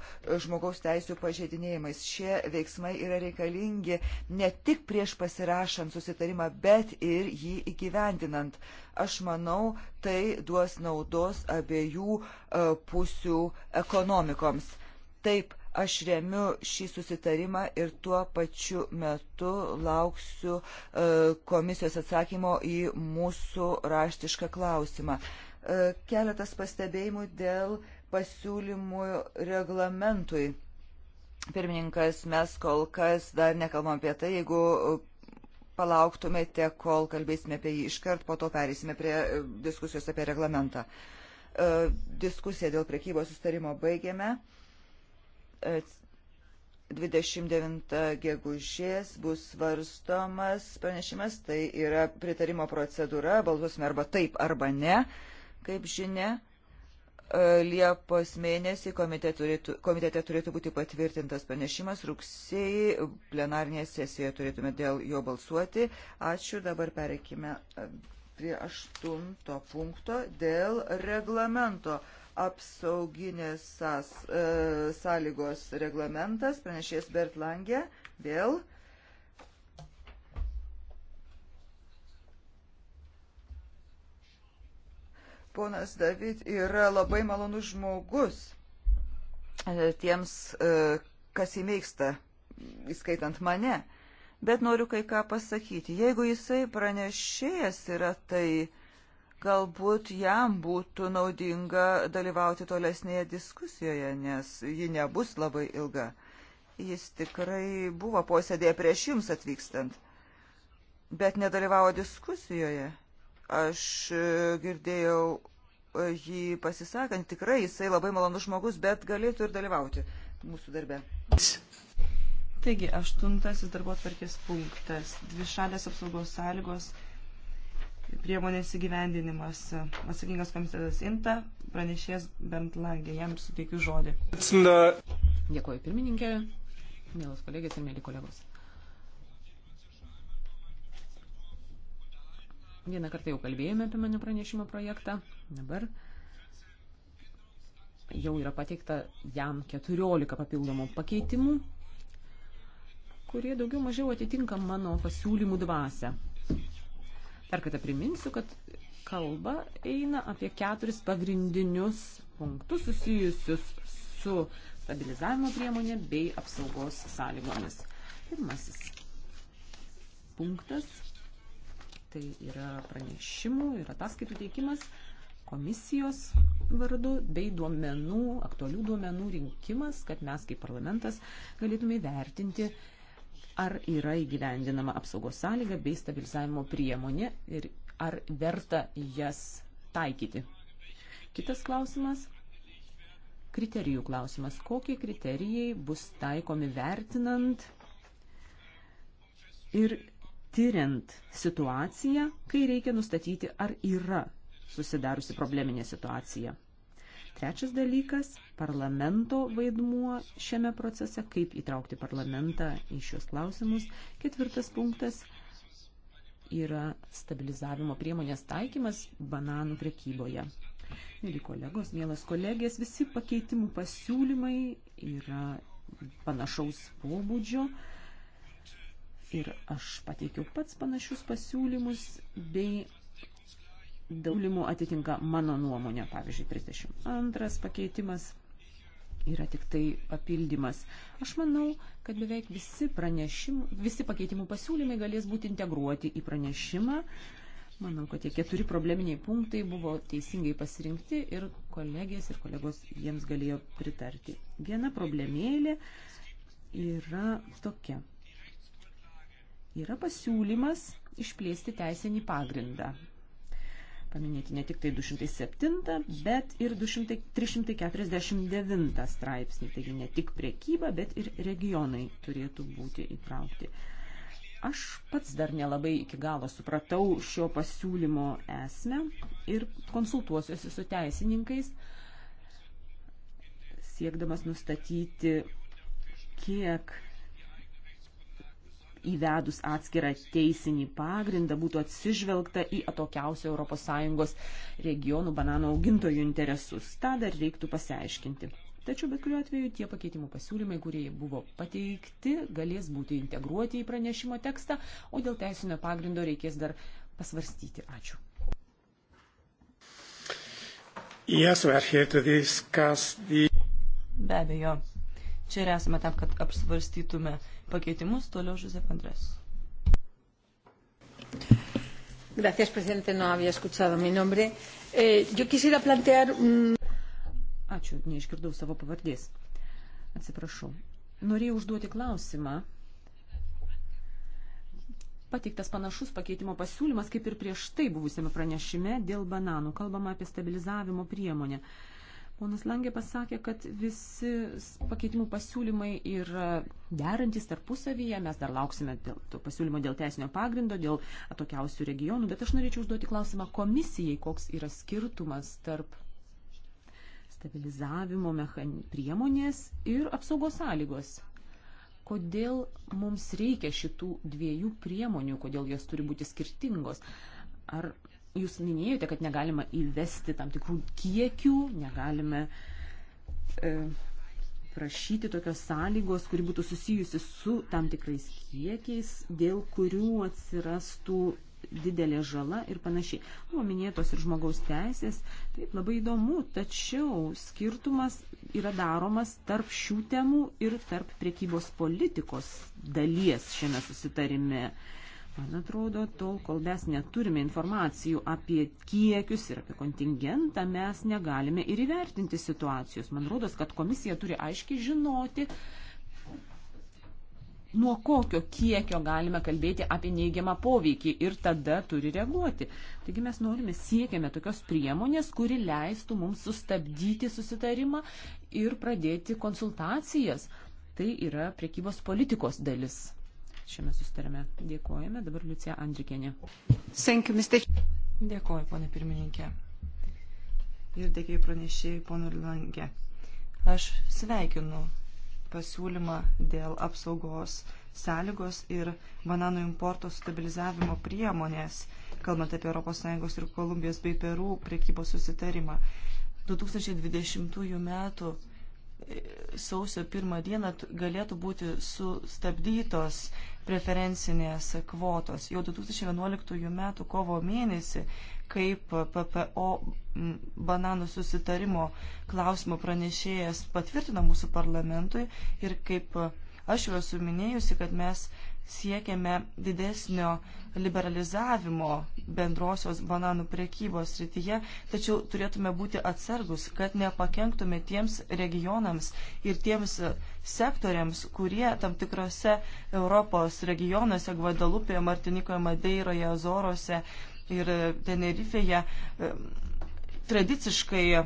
žmogaus teisų pažeidinėjimais. Šie veiksmai yra reikalingi ne tik prieš pasirašant susitarimą, bet ir jį įgyvendinant. Aš manau, tai duos naudos abiejų e, pusių ekonomikoms. Taip, aš remiu šį susitarimą ir tuo pačiu metu lauksiu e, komisijos atsakymo į mūsų raštišką klausimą. E, keletas pastebėjimų dėl pasiūlymų reglamentui pirmininkas, mes kol kas dar nekalbam apie tai, jeigu palauktumėte, kol kalbėsime apie jį iškart, po to perėsime prie e, diskusijos apie reglamentą. E, diskusiją dėl prekybos sustarimo baigėme. 29 e, gegužės bus svarstomas pranešimas, tai yra pritarimo procedūra, balsuosime arba taip, arba ne, kaip žinia. Liepos mėnesį komitete turėtų, komitete turėtų būti patvirtintas pranešimas, rugsėjai plenarnėje sesijoje turėtume dėl jo balsuoti. Ačiū, dabar pereikime e, prie aštunto punkto dėl reglamento apsauginės sąs, e, sąlygos reglamentas, pranešės Bertlangė, vėl. E, Ponas David yra labai malonus žmogus e, tiems, e, kas įmeiksta, įskaitant mane. Bet noriu kai ką pasakyti. Jeigu jisai pranešėjas yra, tai galbūt jam būtų naudinga dalyvauti tolesnėje diskusijoje, nes ji nebus labai ilga. Jis tikrai buvo posėdėje prieš jums atvykstant, bet nedalyvavo diskusijoje. Aš e, girdėjau e, jį pasisakant, tikrai jisai labai malonus žmogus, bet galėtų ir dalyvauti mūsų darbe. Taigi, aštuntasis darbo atvarkės punktas. Dvi šalės apsaugos sąlygos priemonės įgyvendinimas. Atsakingas komitetas Inta, pranešės Bent Langė, jam suteikiu žodį. Dėkuoju pirmininkė, mielos kolegės ir mėly kolegos. Vieną kartą jau kalbėjome apie mano pranešimo projektą. Dabar jau yra pateikta jam 14 papildomų pakeitimų, kurie daugiau mažiau atitinka mano pasiūlymų dvasę. Dar kartą priminsiu, kad kalba eina apie keturis pagrindinius punktus susijusius su stabilizavimo priemonė bei apsaugos sąlygomis. Pirmasis punktas Tai yra pranešimų ir ataskaitų teikimas komisijos vardu bei duomenų, aktualių duomenų rinkimas, kad mes kaip parlamentas galėtume įvertinti, ar yra įgyvendinama apsaugos sąlyga bei stabilizavimo priemonė ir ar verta jas taikyti. Kitas klausimas - kriterijų klausimas. Kokie kriterijai bus taikomi vertinant ir tyriant situaciją, kai reikia nustatyti, ar yra susidariusi probleminė situacija. Trečias dalykas - parlamento vaidmuo šiame procese, kaip įtraukti parlamentą į šios klausimus. Ketvirtas punktas yra stabilizavimo priemonės taikymas bananų prekyboje. Mėly kolegos, mielas kolegės, visi pakeitimų pasiūlymai yra panašaus pobūdžio. Ir aš pateikiau pats panašius pasiūlymus bei daulimų atitinka mano nuomonė. Pavyzdžiui, 32 pakeitimas yra tik tai papildymas. Aš manau, kad beveik visi, visi pakeitimų pasiūlymai galės būti integruoti į pranešimą. Manau, kad tie keturi probleminiai punktai buvo teisingai pasirinkti ir kolegės ir kolegos jiems galėjo pritarti. Viena problemėlė yra tokia yra pasiūlymas išplėsti teisinį pagrindą. Paminėti ne tik tai 207, bet ir 200, 349 straipsnį. Taigi ne tik priekyba, bet ir regionai turėtų būti įtraukti. Aš pats dar nelabai iki galo supratau šio pasiūlymo esmę ir konsultuosiuosi su teisininkais, siekdamas nustatyti, kiek įvedus atskirą teisinį pagrindą būtų atsižvelgta į atokiausių ES regionų banano augintojų interesus. Ta dar reiktų pasiaiškinti. Tačiau bet kuriuo atveju tie pakeitimų pasiūlymai, kurie buvo pateikti, galės būti integruoti į pranešimo tekstą, o dėl teisinio pagrindo reikės dar pasvarstyti. Ačiū. Yes, er the... Be abejo, čia ir esame tam, kad apsvarstytume pakeitimus. Toliau Žuzef Andres. Gracias, presidente. No había escuchado mi nombre. Eh, yo quisiera plantear un. Ačiū, neišgirdau savo pavardės. Atsiprašau. Norėjau užduoti klausimą. Pateiktas panašus pakeitimo pasiūlymas, kaip ir prieš tai buvusiame pranešime dėl bananų. Kalbama apie stabilizavimo priemonę. Uh, Ponas Langė pasakė, kad visi pakeitimų pasiūlymai yra derantis tarpusavyje, mes dar lauksime dėl to pasiūlymo dėl teisinio pagrindo, dėl atokiausių regionų, bet aš norėčiau užduoti klausimą komisijai, koks yra skirtumas tarp stabilizavimo priemonės ir apsaugos sąlygos. Kodėl mums reikia šitų dviejų priemonių, kodėl jos turi būti skirtingos? Ar Jūs minėjote, kad negalima įvesti tam tikrų kiekių, negalime e, prašyti tokios sąlygos, kuri būtų susijusi su tam tikrais kiekiais, dėl kurių atsirastų didelė žala ir panašiai. Buvo minėtos ir žmogaus teisės, taip labai įdomu, tačiau skirtumas yra daromas tarp šių temų ir tarp priekybos politikos dalies šiame susitarime. E, Man atrodo, tol, kol mes neturime informacijų apie kiekius ir apie kontingentą, mes negalime ir įvertinti situacijos. Man rodos, kad komisija turi aiškiai žinoti, nuo kokio kiekio galime kalbėti apie neigiamą poveikį ir tada turi reaguoti. Taigi mes norime, siekiame tokios priemonės, kuri leistų mums sustabdyti susitarimą ir pradėti konsultacijas. Tai yra priekybos politikos dalis šiame sustarime. Dėkojame. Dabar Liucija Andrikienė. Dėkoju, ponė pirmininkė. Ir dėkiai pranešėjai, ponų Langė. Aš sveikinu pasiūlymą dėl apsaugos sąlygos ir bananų importo stabilizavimo priemonės, kalbant apie ES ir Kolumbijos bei Perų priekybos susitarimą. 2020 m sausio pirmą dieną galėtų būti sustabdytos preferencinės kvotos. Jau 2011 m. kovo mėnesį, kaip PPO bananų susitarimo klausimo pranešėjas patvirtino mūsų parlamentui ir kaip aš jau esu minėjusi, kad mes uh, siekiame didesnio liberalizavimo bendrosios bananų priekybos rytyje, tačiau turėtume būti atsargus, kad nepakenktume tiems regionams ir tiems sektoriams, kurie tam tikrose Europos regionuose, Guadalupėje, Martinikoje, Madeiroje, Azorose ir Tenerifeje tradiciškai e,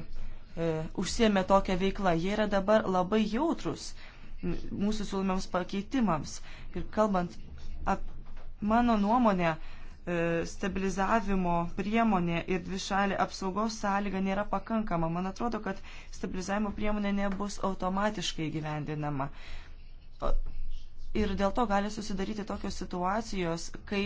užsiemė tokią veiklą. Jie yra dabar labai jautrus mūsų siūlymiams pakeitimams. Ir kalbant, ap, mano nuomonė, e, stabilizavimo priemonė ir dvišalė apsaugos sąlyga nėra pakankama. Man atrodo, kad stabilizavimo priemonė nebus automatiškai gyvendinama ir dėl to gali susidaryti tokios situacijos, kai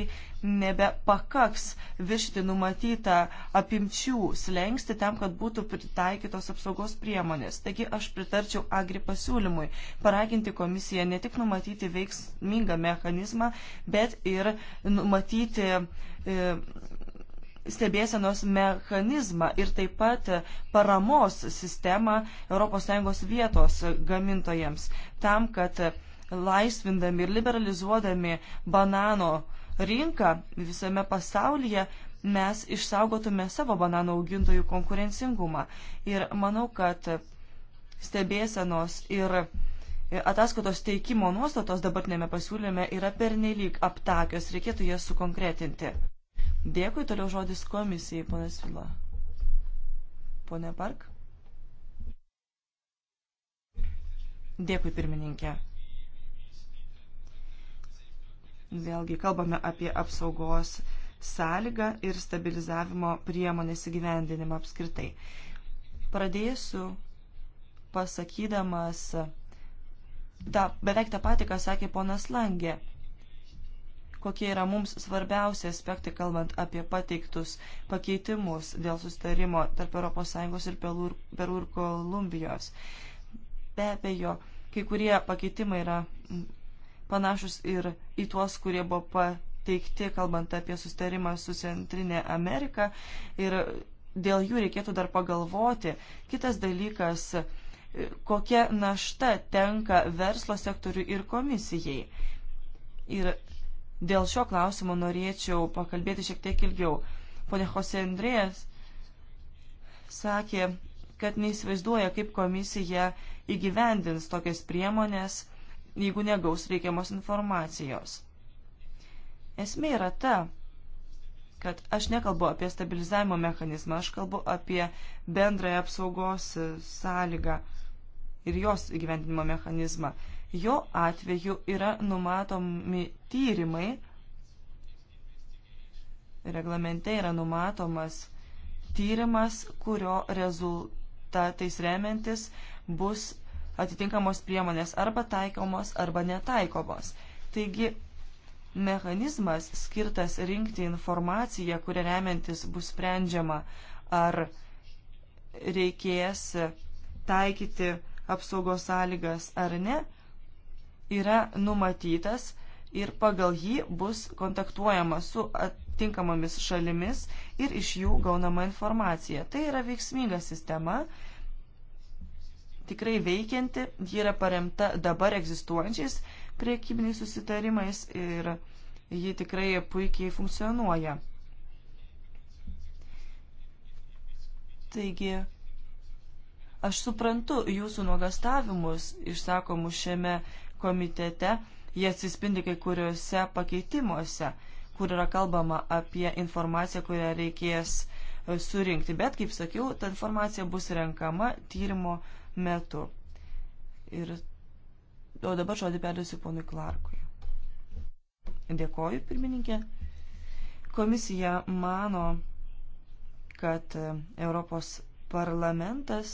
nebepakaks viršti numatytą apimčių slengsti tam, kad būtų pritaikytos apsaugos priemonės. Taigi aš pritarčiau agri pasiūlymui paraginti komisiją ne tik numatyti veiksmingą mechanizmą, bet ir numatyti. E, stebėsenos mechanizmą ir taip pat paramos sistemą ES vietos gamintojams tam, kad laisvindami ir liberalizuodami banano rinką visame pasaulyje, mes išsaugotume savo bananų augintojų konkurencingumą. Ir manau, kad stebėsenos ir ataskaitos teikimo nuostatos dabartinėme pasiūlyme yra pernelyg aptakios, reikėtų jas sukonkretinti. Dėkui, toliau žodis komisijai, ponas Vila. Pone Park. Dėkui, pirmininkė. Vėlgi kalbame apie apsaugos sąlygą ir stabilizavimo priemonės įgyvendinimą apskritai. Pradėsiu pasakydamas tą, beveik tą patį, ką sakė ponas Langė kokie yra mums svarbiausi aspektai, kalbant apie pateiktus pakeitimus dėl sustarimo tarp ES ir Peru ir Kolumbijos. Be abejo, kai kurie pakeitimai yra panašus ir į tuos, kurie buvo pateikti, kalbant apie sustarimą su Centrinė Amerika. Ir dėl jų reikėtų dar pagalvoti. Kitas dalykas, kokia našta tenka verslo sektoriui ir komisijai. Ir dėl šio klausimo norėčiau pakalbėti šiek tiek ilgiau. Pone Jose Andrėjas sakė, kad neįsivaizduoja, kaip komisija įgyvendins tokias priemonės jeigu negaus reikiamos informacijos. Esmė yra ta, kad aš nekalbu apie stabilizavimo mechanizmą, aš kalbu apie bendrąją apsaugos sąlygą ir jos įgyvendinimo mechanizmą. Jo atveju yra numatomi tyrimai, reglamente yra numatomas tyrimas, kurio rezultatais remiantis bus atitinkamos priemonės arba taikomos arba netaikomos. Taigi mechanizmas skirtas rinkti informaciją, kuria remiantis bus sprendžiama, ar reikės taikyti apsaugos sąlygas ar ne, yra numatytas ir pagal jį bus kontaktuojama su tinkamomis šalimis ir iš jų gaunama informacija. Tai yra veiksminga sistema tikrai veikianti, ji yra paremta dabar egzistuojančiais priekybiniais susitarimais ir ji tikrai puikiai funkcionuoja. Taigi, aš suprantu jūsų nuogastavimus išsakomus šiame komitete, jie atsispindi kai kuriuose pakeitimuose, kur yra kalbama apie informaciją, kurią reikės surinkti. Bet, kaip sakiau, ta informacija bus renkama tyrimo metu metu. Ir, o dabar žodį perduosiu ponui Klarkui. Dėkoju, pirmininkė. Komisija mano, kad Europos parlamentas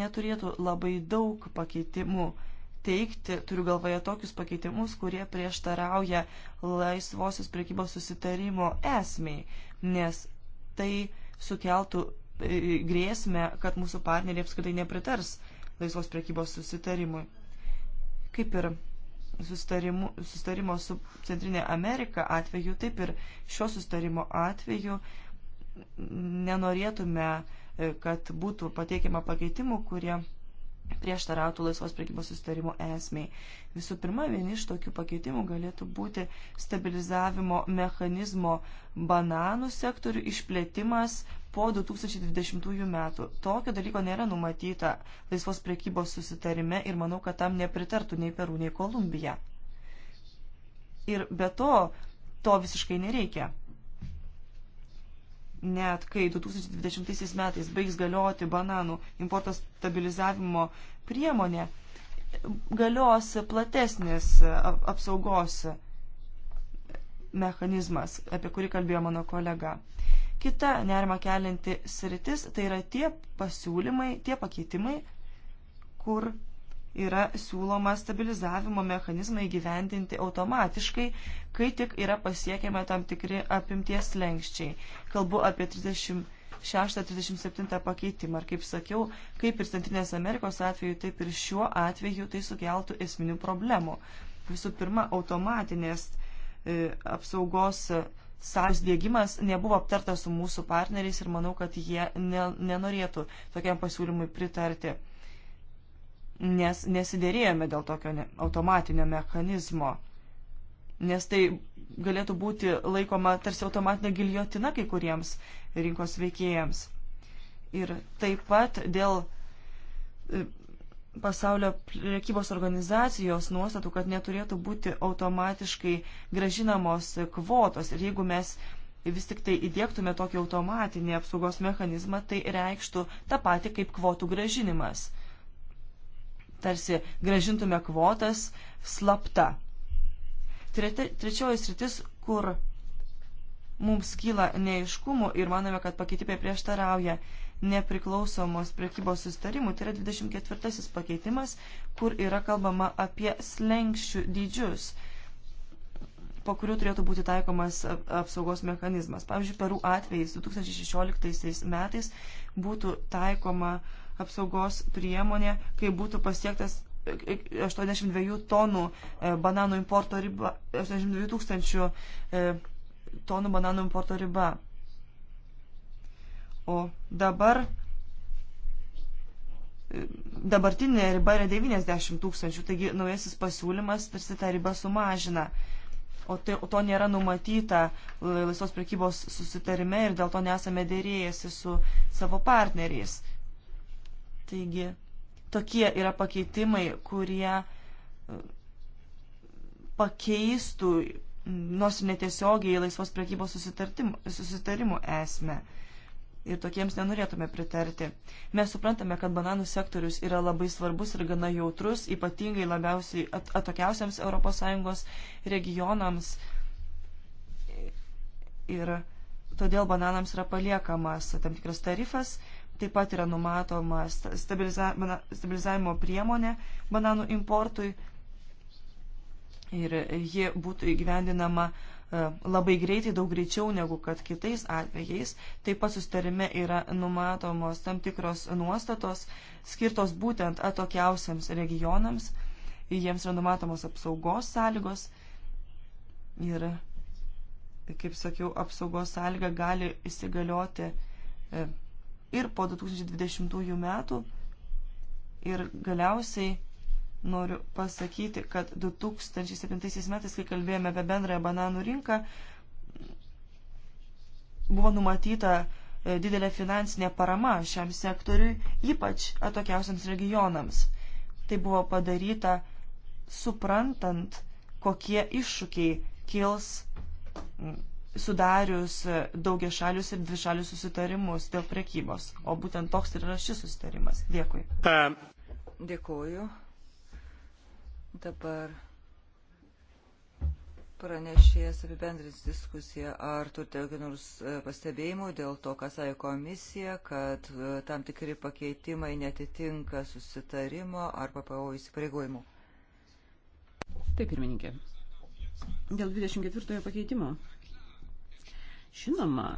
neturėtų labai daug pakeitimų teikti, turiu galvoje tokius pakeitimus, kurie prieštarauja laisvosios priekybos susitarimo esmiai, nes tai sukeltų grėsmę, kad mūsų partneriai apskritai nepritars laisvos prekybos susitarimui. Kaip ir susitarimo su Centrinė Amerika atveju, taip ir šio susitarimo atveju nenorėtume, e, kad būtų pateikiama pakeitimų, kurie prieštarautų laisvos prekybos susitarimo esmiai. Visų pirma, vieni iš tokių pakeitimų galėtų būti stabilizavimo mechanizmo bananų sektorių išplėtimas po 2020 metų. Tokio dalyko nėra numatyta laisvos priekybos susitarime ir manau, kad tam nepritartų nei Peru, nei Kolumbija. Ir be to, to visiškai nereikia. Net kai 2020 metais baigs galioti bananų importo stabilizavimo priemonė, galios platesnis apsaugos mechanizmas, apie kurį kalbėjo mano kolega. Kita nerima kelinti sritis tai yra tie pasiūlymai, tie pakeitimai, kur yra siūloma stabilizavimo mechanizmai gyvendinti automatiškai, kai tik yra pasiekiama tam tikri apimties lenkščiai. Kalbu apie 36-37 pakeitimą. Ir kaip sakiau, kaip ir Centrinės Amerikos atveju, taip ir šiuo atveju tai sukeltų esminių problemų. Visų pirma, automatinės e, apsaugos. E, sąjus dėgymas nebuvo aptartas su mūsų partneriais ir manau, kad jie ne, nenorėtų tokiam pasiūlymui pritarti, nes nesidėrėjome dėl tokio ne, automatinio mechanizmo, nes tai galėtų būti laikoma tarsi automatinė giljotina kai kuriems rinkos veikėjams. Ir taip pat dėl pasaulio priekybos organizacijos nuostatų, kad neturėtų būti automatiškai gražinamos kvotos. Ir jeigu mes vis tik tai įdėktume tokį automatinį apsaugos mechanizmą, tai reikštų tą patį kaip kvotų gražinimas. Tarsi gražintume kvotas slapta. Treti, trečioji sritis, kur mums kyla neiškumų ir manome, kad pakeitimai prieštarauja nepriklausomos priekybos sustarimų, tai yra 24 pakeitimas, kur yra kalbama apie slengščių dydžius, po kurių turėtų būti taikomas apsaugos mechanizmas. Pavyzdžiui, Perų atvejais 2016 metais būtų taikoma apsaugos priemonė, kai būtų pasiektas 82 e, e, e, tonų bananų importo riba, 82 tūkstančių tonų bananų importo riba. O dabar dabartinė riba yra 90 tūkstančių, taigi naujasis pasiūlymas tarsi tą ribą sumažina. O, tai, o to nėra numatyta laisvos prekybos susitarime ir dėl to nesame dėrėjęsi su savo partneriais. Taigi, tokie yra pakeitimai, kurie e, pakeistų, nors netiesiogiai, laisvos prekybos susitarimų esmę ir tokiems nenorėtume pritarti. Mes suprantame, kad bananų sektorius yra labai svarbus ir gana jautrus, ypatingai labiausiai at atokiausiams ES regionams. Ir todėl bananams yra paliekamas tam tikras tarifas, taip pat yra numatoma stabiliza stabilizavimo priemonė bananų importui ir ji būtų įgyvendinama uh, E, labai greitai, daug greičiau negu kad kitais atvejais. Taip pat sustarime yra numatomos tam tikros nuostatos skirtos būtent atokiausiams regionams, jiems yra numatomos apsaugos sąlygos ir, kaip sakiau, apsaugos sąlyga gali įsigalioti e, ir po 2020 metų ir galiausiai noriu pasakyti, kad 2007 metais, kai kalbėjome apie bendrąją bananų rinką, buvo numatyta e, didelė finansinė parama šiam sektoriui, ypač atokiausiams regionams. Tai buvo padaryta suprantant, kokie iššūkiai kils sudarius e, daugia šalius ir dvi šalius susitarimus dėl prekybos. O būtent toks ir yra šis susitarimas. Dėkui. Dėkuoju. Dabar pranešėjas apibendrins diskusiją, ar turite kokių nors e, pastebėjimų dėl to, ką sąjo komisija, kad e, tam tikri pakeitimai netitinka susitarimo ar PPO įsipareigojimų. Taip, pirmininkė. Dėl 24 pakeitimo. Žinoma,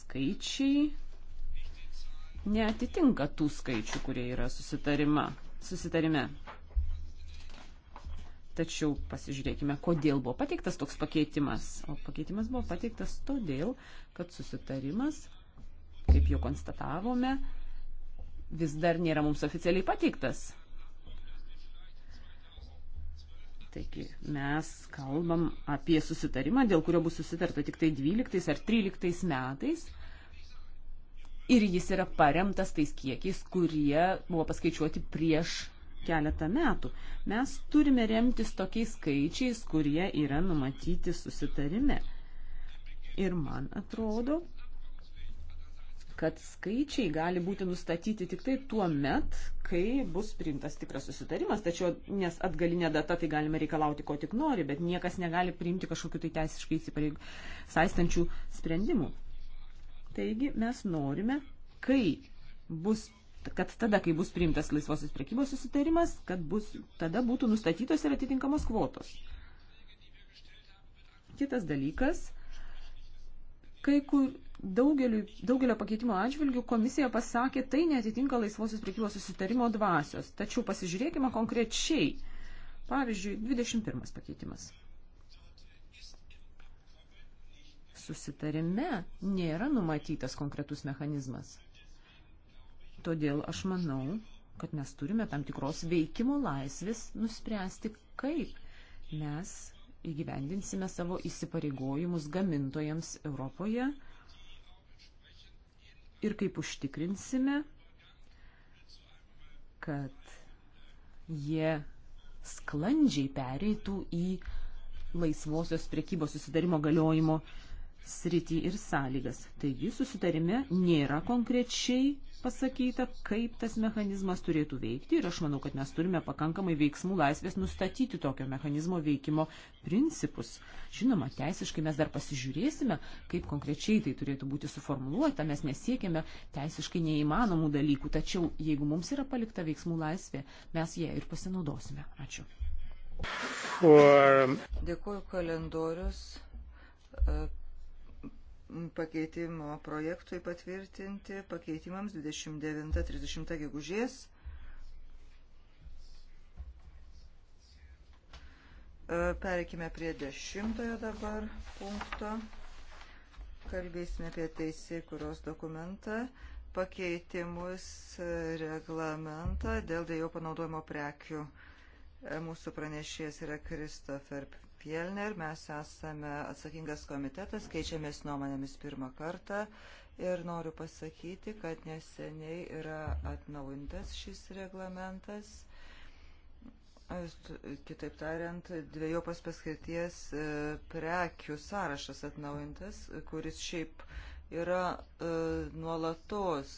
skaičiai neatitinka tų skaičių, kurie yra susitarime. Tačiau pasižiūrėkime, kodėl buvo pateiktas toks pakeitimas. O pakeitimas buvo pateiktas todėl, kad susitarimas, kaip jau konstatavome, vis dar nėra mums oficialiai pateiktas. Taigi mes kalbam apie susitarimą, dėl kurio bus susitarta tik tai 12 ar 13 metais. Ir jis yra paremtas tais kiekiais, kurie buvo paskaičiuoti prieš keletą metų. Mes turime remtis tokiais skaičiais, kurie yra numatyti susitarime. Ir man atrodo, kad skaičiai gali būti nustatyti tik tai tuo met, kai bus priimtas tikras susitarimas, tačiau nes atgalinė data tai galime reikalauti ko tik nori, bet niekas negali priimti kažkokiu tai teisiškai įsipareig saistančių sprendimų. Taigi mes norime, kai bus kad tada, kai bus priimtas laisvosios prekybos susitarimas, kad bus, tada būtų nustatytos ir atitinkamos kvotos. Kitas dalykas, kai kur daugeliu, daugelio pakeitimo atžvilgių komisija pasakė, tai netitinka laisvosios prekybos susitarimo dvasios. Tačiau pasižiūrėkime konkrečiai. Pavyzdžiui, 21 pakeitimas. Susitarime nėra numatytas konkretus mechanizmas Todėl aš manau, kad mes turime tam tikros veikimo laisvės nuspręsti, kaip mes įgyvendinsime savo įsipareigojimus gamintojams Europoje ir kaip užtikrinsime, kad jie sklandžiai pereitų į laisvosios priekybos susidarimo galiojimo sritį ir sąlygas. Taigi susitarime nėra konkrečiai pasakyta, kaip tas mechanizmas turėtų veikti ir aš manau, kad mes turime pakankamai veiksmų laisvės nustatyti tokio mechanizmo veikimo principus. Žinoma, teisiškai mes dar pasižiūrėsime, kaip konkrečiai tai turėtų būti suformuluota, mes nesiekime teisiškai neįmanomų dalykų, tačiau jeigu mums yra palikta veiksmų laisvė, mes ją ir pasinaudosime. Ačiū. For... Dėkuoju kalendorius. Uh pakeitimo projektui patvirtinti pakeitimams 29-30 gegužės. E, pereikime prie dešimtojo dabar punkto. Kalbėsime apie teisė, kurios dokumentą pakeitimus e, reglamentą dėl dėjų panaudojimo prekių. E, mūsų pranešėjas yra Kristofer Pielner, mes esame atsakingas komitetas, keičiamės nuomonėmis pirmą kartą ir noriu pasakyti, kad neseniai yra atnaujintas šis reglamentas. Kitaip tariant, dviejopas paskirties e, prekių sąrašas atnaujintas, kuris šiaip yra e, nuolatos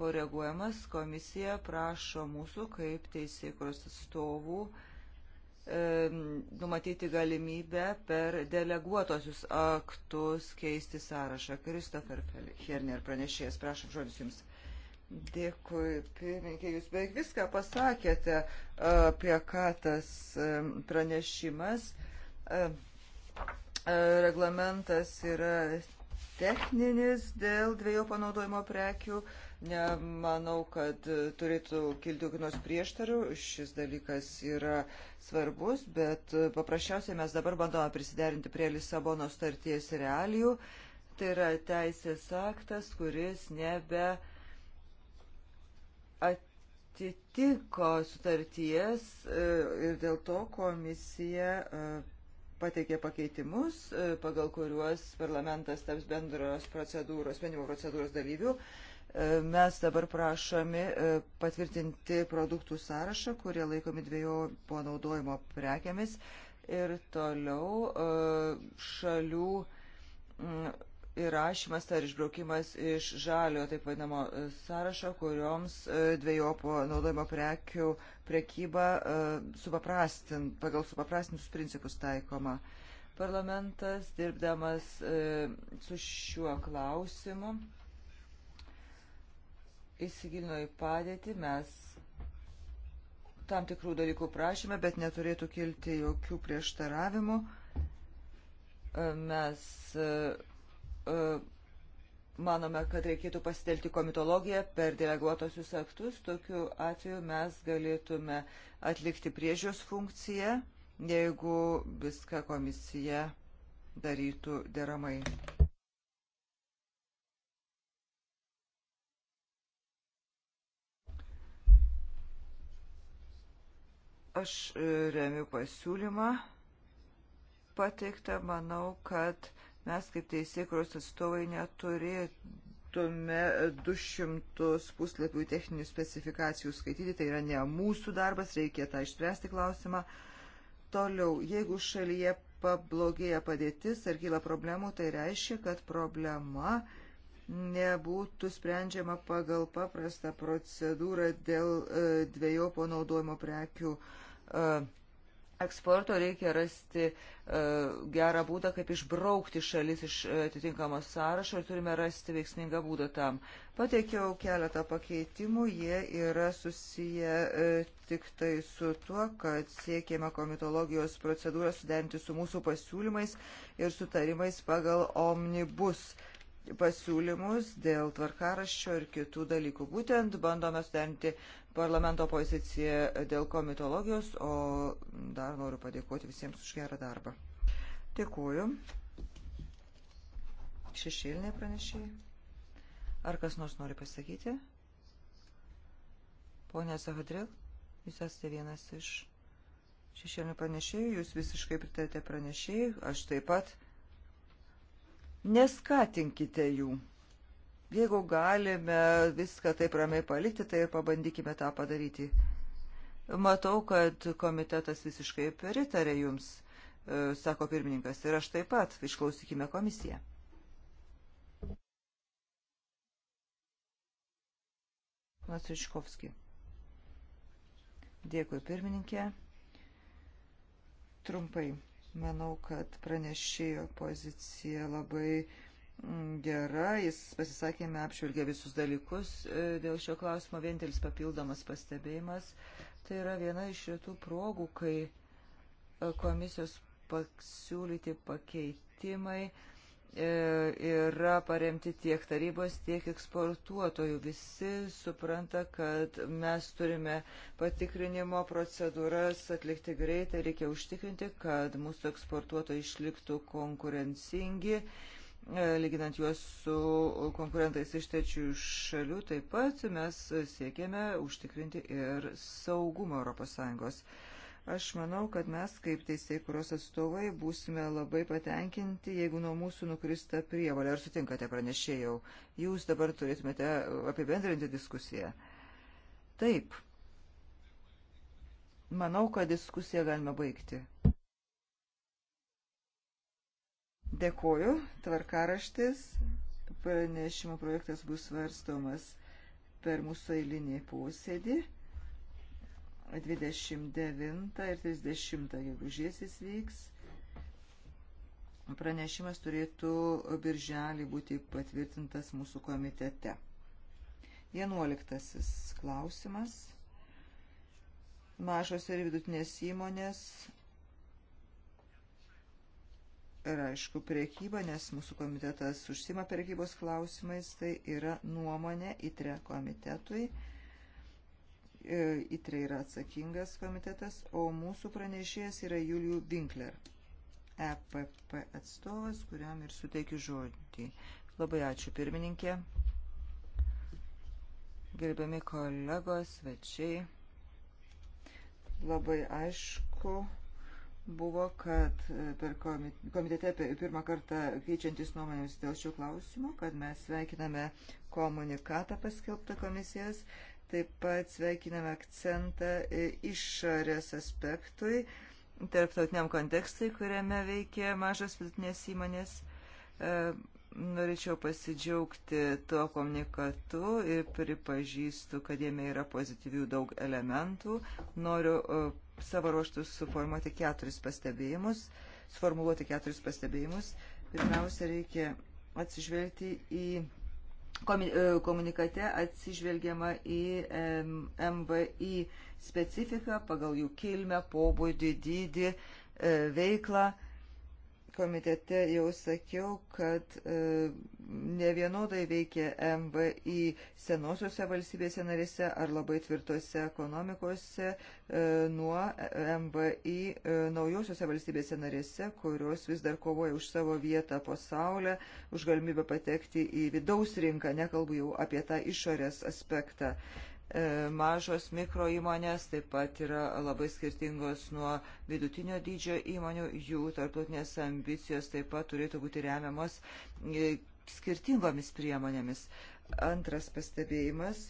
koreguojamas. Komisija prašo mūsų kaip teisėkros atstovų numatyti galimybę per deleguotosius aktus keisti sąrašą. Kristofer Herner pranešėjas, prašom žodis jums. Dėkui, pirmininkė, jūs beveik viską pasakėte, apie ką tas pranešimas. Reglamentas yra techninis dėl dviejų panaudojimo prekių. Nemanau, kad e, turėtų kilti kokių nors prieštarių. Šis dalykas yra svarbus, bet e, paprasčiausiai mes dabar bandome prisiderinti prie Lisabono starties realijų. Tai yra teisės aktas, kuris nebe atitiko sutarties e, ir dėl to komisija pateikė pakeitimus, pagal kuriuos parlamentas taps bendros procedūros, sprendimo procedūros dalyvių. Mes dabar prašomi e, patvirtinti produktų sąrašą, kurie laikomi dviejų panaudojimo prekiamis ir toliau e, šalių mm, įrašymas ar išbraukimas iš žalio taip vadinamo e, sąrašo, kurioms dviejopo naudojimo prekių prekyba supaprastint, pagal supaprastintus principus taikoma. Parlamentas dirbdamas su šiuo klausimu įsigilino į padėtį, mes tam tikrų dalykų prašymę, bet neturėtų kilti jokių prieštaravimų. E, mes e, e, manome, kad reikėtų pasitelti komitologiją per deleguotosius aktus. Tokiu atveju mes galėtume atlikti priežios funkciją, jeigu viską komisija darytų deramai. Aš e, remiu pasiūlymą pateiktą, manau, kad mes kaip teisėkros atstovai neturėtume 200 puslapių techninių specifikacijų skaityti, tai yra ne mūsų darbas, reikia tą išspręsti klausimą. Toliau, jeigu šalyje pablogėja padėtis ar kyla problemų, tai reiškia, kad problema nebūtų sprendžiama pagal paprastą procedūrą dėl e, dviejopo naudojimo prekių uh, E, eksporto reikia rasti e, gerą būdą, kaip išbraukti šalis iš atitinkamo sąrašo ir turime rasti veiksmingą būdą tam. Pateikiau keletą pakeitimų, jie yra susiję e, tik tai su tuo, kad siekėme komitologijos procedūrą suderinti su mūsų pasiūlymais ir sutarimais pagal omnibus pasiūlymus dėl tvarkaraščio ir kitų dalykų. Būtent bandome suderinti parlamento poziciją dėl komitologijos, o dar noriu padėkoti visiems už gerą darbą. Dėkuoju. Šešėlinė pranešėjai. Ar kas nors nori pasakyti? Pone Zahadril, jūs esate vienas iš šešėlinių pranešėjų, jūs visiškai pritarėte pranešėjai, aš taip pat. Neskatinkite jų. Jeigu galime viską taip ramiai palikti, tai ir pabandykime tą padaryti. Matau, kad komitetas visiškai pritarė jums, e, sako pirmininkas, ir aš taip pat išklausykime komisiją. Masiškovski. Dėkui pirmininkė. Trumpai. Manau, kad pranešėjo pozicija labai mm, gera. Jis pasisakėme apšvilgė visus dalykus e, dėl šio klausimo. Vienintelis papildomas pastebėjimas. Tai yra viena iš retų progų, kai e, komisijos pasiūlyti pakeitimai E, yra paremti tiek tarybos, tiek eksportuotojų. Visi supranta, kad mes turime patikrinimo procedūras atlikti greitai, reikia užtikrinti, kad mūsų eksportuotojai išliktų konkurencingi, e, lyginant juos su konkurentais iš tečių šalių. Taip pat mes siekėme užtikrinti ir saugumą ES. Aš manau, kad mes kaip teisėjai, kurios atstovai, būsime labai patenkinti, jeigu nuo mūsų nukrista prievalė. Ar sutinkate pranešėjau? Jūs dabar turėtumėte apibendrinti diskusiją. Taip. Manau, kad diskusiją galime baigti. Dėkoju. Tvarkaraštis. Pranešimo projektas bus svarstomas per mūsų eilinį posėdį. 29 ir 30 gegužės jis vyks. Pranešimas turėtų birželį būti patvirtintas mūsų komitete. 11 klausimas. Mažos ir vidutinės įmonės ir aišku priekyba, nes mūsų komitetas užsima priekybos klausimais, tai yra nuomonė įtre komitetui. komitetui E, ITRE yra atsakingas komitetas, o mūsų pranešėjas yra Julijų Winkler, EPP atstovas, kuriam ir suteikiu žodį. Labai ačiū pirmininkė, gerbiami kolegos, svečiai. Labai aišku buvo, kad e, per komitete pirmą kartą keičiantis nuomonėms dėl šių klausimų, kad mes sveikiname komunikatą paskelbtą komisijos Taip pat sveikiname akcentą išorės aspektui, tarptautiniam kontekstui, kuriame veikia mažos vidutinės įmonės. E, norėčiau pasidžiaugti tuo komunikatu ir pripažįstu, kad jame yra pozityvių daug elementų. Noriu e, savo ruoštus suformuoti keturis pastebėjimus, suformuluoti keturis pastebėjimus. Pirmiausia, reikia atsižvelgti į E, komunikate atsižvelgiama į MVI specifiką pagal jų kilmę, pobūdį, dydį, e, veiklą komitete jau sakiau, kad e, ne vienodai veikia MVI senosiuose valstybėse narėse ar labai tvirtose ekonomikose e, nuo MVI e, naujosiuose valstybėse narėse, kurios vis dar kovoja už savo vietą pasaulę, už galimybę patekti į vidaus rinką, nekalbu jau apie tą išorės aspektą. E, mažos mikro įmonės, taip pat yra labai skirtingos nuo vidutinio dydžio įmonių, jų tarptautinės ambicijos taip pat turėtų būti remiamos e, skirtingomis priemonėmis. Antras pastebėjimas.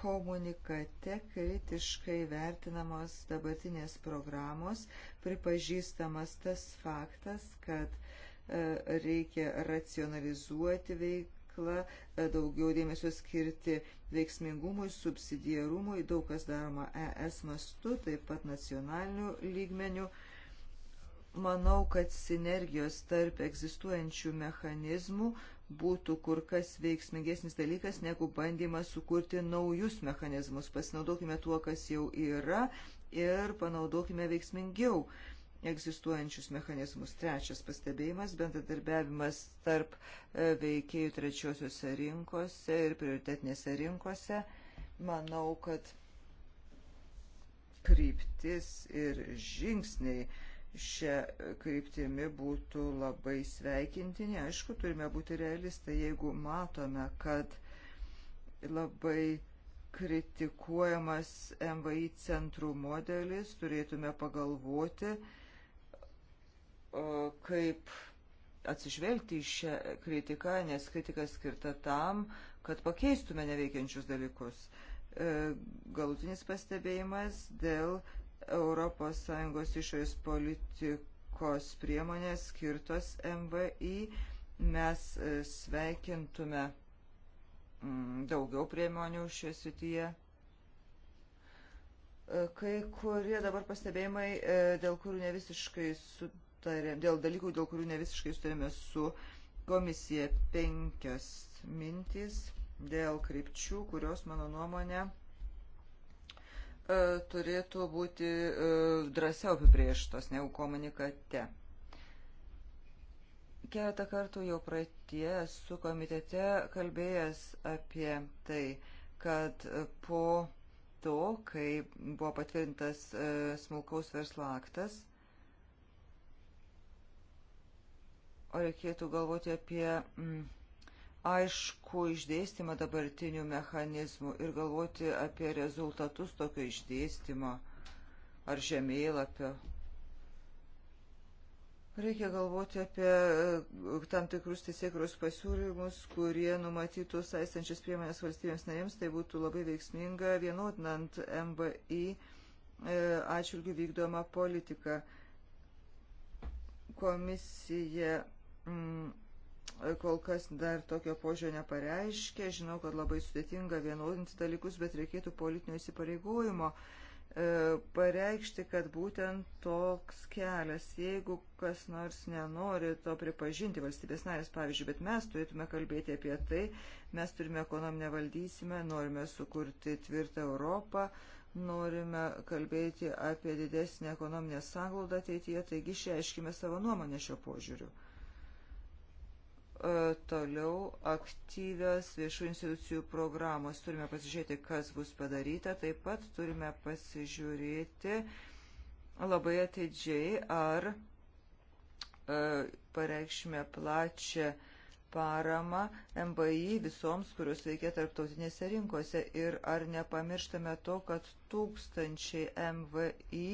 Komunikate kritiškai vertinamos dabartinės programos, pripažįstamas tas faktas, kad e, reikia racionalizuoti veiklą veiklą, e, daugiau dėmesio skirti veiksmingumui, subsidijarumui, daug kas daroma ES mastu, taip pat nacionaliniu lygmeniu. Manau, kad sinergijos tarp egzistuojančių mechanizmų būtų kur kas veiksmingesnis dalykas negu bandymas sukurti naujus mechanizmus. Pasinaudokime tuo, kas jau yra ir panaudokime veiksmingiau egzistuojančius mechanizmus. Trečias pastebėjimas - bendradarbiavimas tarp e, veikėjų trečiosiuose rinkose ir prioritetinėse rinkose. Manau, kad kryptis ir žingsniai šią e, kryptimį būtų labai sveikintini. Aišku, turime būti realistai, jeigu matome, kad labai kritikuojamas MVI centrų modelis, turėtume pagalvoti, kaip atsižvelgti į šią kritiką, nes kritika skirta tam, kad pakeistume neveikiančius dalykus. E, galutinis pastebėjimas dėl ES išorės politikos priemonės skirtos MVI. Mes e, sveikintume mm, daugiau priemonių šioje srityje. E, kai kurie dabar pastebėjimai, dėl kurių ne visiškai su sutarėm, dėl dalykų, dėl kurių ne visiškai sutarėme su komisija penkios mintys dėl krypčių, kurios, mano nuomonė, e, turėtų būti e, drąsiau apibrieštos negu komunikate. Keletą kartų jau praeitie su komitete kalbėjęs apie tai, kad po to, kai buvo patvirtintas e, smulkaus verslo aktas, reikėtų galvoti apie mm, aišku išdėstymą dabartinių mechanizmų ir galvoti apie rezultatus tokio išdėstymo ar žemėlapio. Reikia galvoti apie e, tam tikrus teisėkros pasiūlymus, kurie numatytų saistančias priemonės valstybėms narėms. Tai būtų labai veiksminga vienodinant MBI e, atšvilgių vykdomą politiką. Komisija mm, kol kas dar tokio požiūrio nepareiškė. Žinau, kad labai sudėtinga vienodinti dalykus, bet reikėtų politinio įsipareigojimo e, pareikšti, kad būtent toks kelias, jeigu kas nors nenori to pripažinti valstybės narės, pavyzdžiui, bet mes turėtume kalbėti apie tai, mes turime ekonominę valdysimę, norime sukurti tvirtą Europą, norime kalbėti apie didesnį ekonominę sąglaudą ateityje, taigi išreiškime savo nuomonę šio požiūriu. E, toliau aktyvios viešų institucijų programos. Turime pasižiūrėti, kas bus padaryta. Taip pat turime pasižiūrėti labai atidžiai, ar e, pareikšime plačią paramą MBI visoms, kurios veikia tarptautinėse rinkose ir ar nepamirštame to, kad tūkstančiai MVI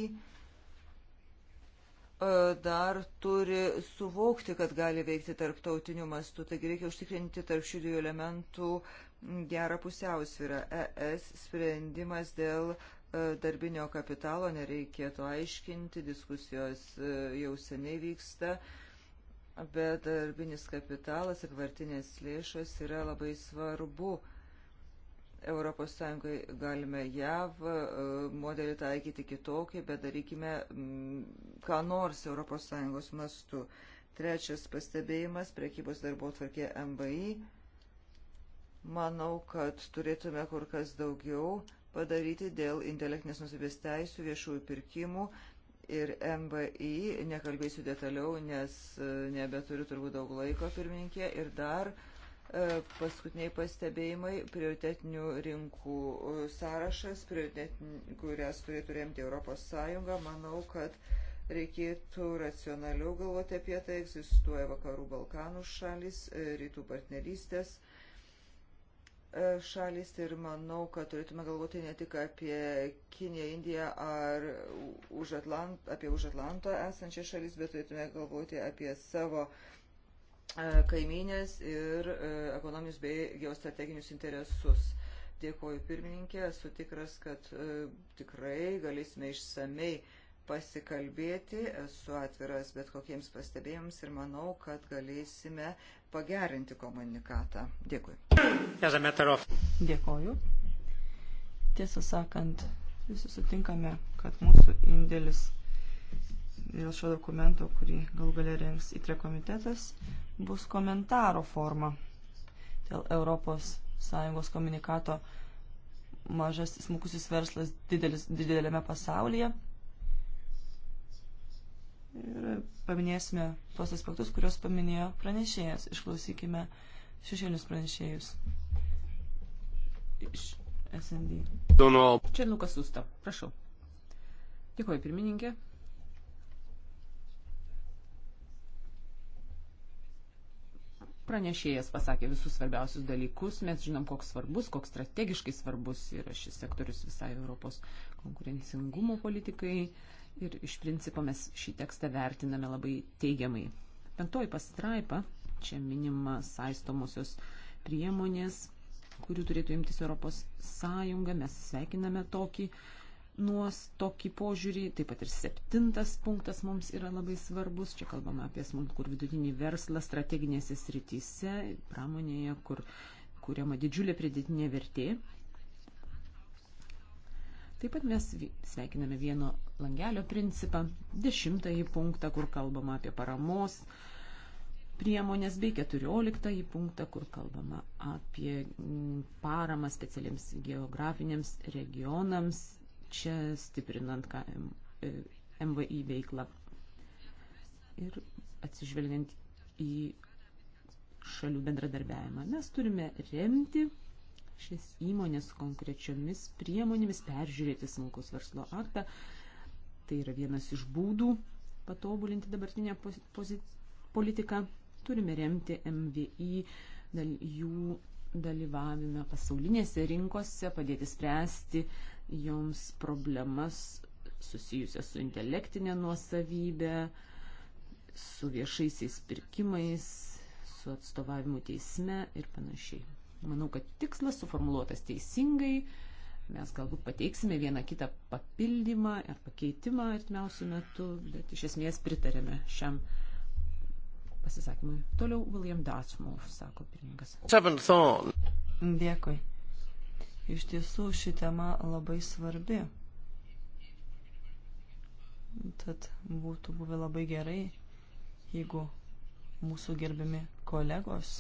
E, dar turi suvokti, kad gali veikti tarptautiniu mastu. Taigi reikia užtikrinti tarp šių dviejų elementų gerą pusiausvyrą. ES sprendimas dėl e, darbinio kapitalo nereikėtų aiškinti, diskusijos e, jau seniai vyksta, bet darbinis kapitalas ir vartinės lėšos yra labai svarbu ES galime JAV e, modelį taikyti kitokį, bet darykime mm, ką nors ES mastu. Trečias pastebėjimas - prekybos darbo tvarkė MBI. Manau, kad turėtume kur kas daugiau padaryti dėl intelektinės nusibės teisų, viešųjų pirkimų ir MBI. Nekalbėsiu detaliau, nes e, nebeturiu turbūt daug laiko pirmininkė. Ir dar uh, E, paskutiniai pastebėjimai, prioritetinių rinkų e, sąrašas, kurias turėtų remti Europos Sąjunga. Manau, kad reikėtų racionaliau galvoti apie tai. Egzistuoja vakarų Balkanų šalis, e, rytų partnerystės šalis ir manau, kad turėtume galvoti ne tik apie Kiniją, Indiją ar už Atlant, apie už Atlanto esančias šalis, bet turėtume galvoti apie savo E, kaiminės ir e, ekonominius bei geostrateginius interesus. Dėkoju pirmininkė, esu tikras, kad e, tikrai galėsime išsamei pasikalbėti, esu atviras bet kokiems pastebėjams ir manau, kad galėsime pagerinti komunikatą. Dėkui. Dėkoju. Tiesą sakant, visi sutinkame, kad mūsų indėlis dėl šio dokumento, kurį gal galia rengs įtre komitetas, bus komentaro forma dėl ES komunikato mažas smukusis verslas didelis, didelėme pasaulyje. Ir paminėsime tos aspektus, kuriuos paminėjo pranešėjas. Išklausykime šešėlius pranešėjus. Iš SND. Čia Lukas Usta, prašau. Dėkuoju, pirmininkė. Pranešėjas pasakė visus svarbiausius dalykus, mes žinom, koks svarbus, koks strategiškai svarbus yra šis sektorius visai Europos konkurencingumo politikai ir iš principo mes šį tekstą vertiname labai teigiamai. Penktoji pastraipa, čia minima saistomosios priemonės, kurių turėtų imtis Europos Sąjunga, mes sveikiname tokį uh, nuos tokį požiūrį, taip pat ir septintas punktas mums yra labai svarbus, čia kalbama apie smulkų ir vidutinį verslą strateginėse srityse, pramonėje, kur kuriama didžiulė pridėtinė vertė. Taip pat mes sveikiname vieno langelio principą, dešimtąjį punktą, kur kalbama apie paramos priemonės, bei keturioliktąjį punktą, kur kalbama apie paramą specialiems geografinėms regionams čia stiprinant MVI e, veiklą ir atsižvelgiant į šalių bendradarbiavimą. Mes turime remti šias įmonės konkrečiomis priemonėmis, peržiūrėti smulkus verslo aktą. Tai yra vienas iš būdų patobulinti dabartinę politiką. Turime remti MVI, dal, jų dalyvavime pasaulinėse rinkose, padėti spręsti joms problemas susijusias su intelektinė nuosavybė, su viešaisiais pirkimais, su atstovavimu teisme ir panašiai. Manau, kad tikslas suformuoluotas teisingai, mes galbūt pateiksime vieną kitą papildymą ar pakeitimą artimiausių metų, bet iš esmės pritarėme šiam pasisakymui. Toliau William Datsmov, sako pirmininkas. Dėkui. Iš tiesų ši tema labai svarbi. Tad būtų buvę labai gerai, jeigu mūsų gerbiami kolegos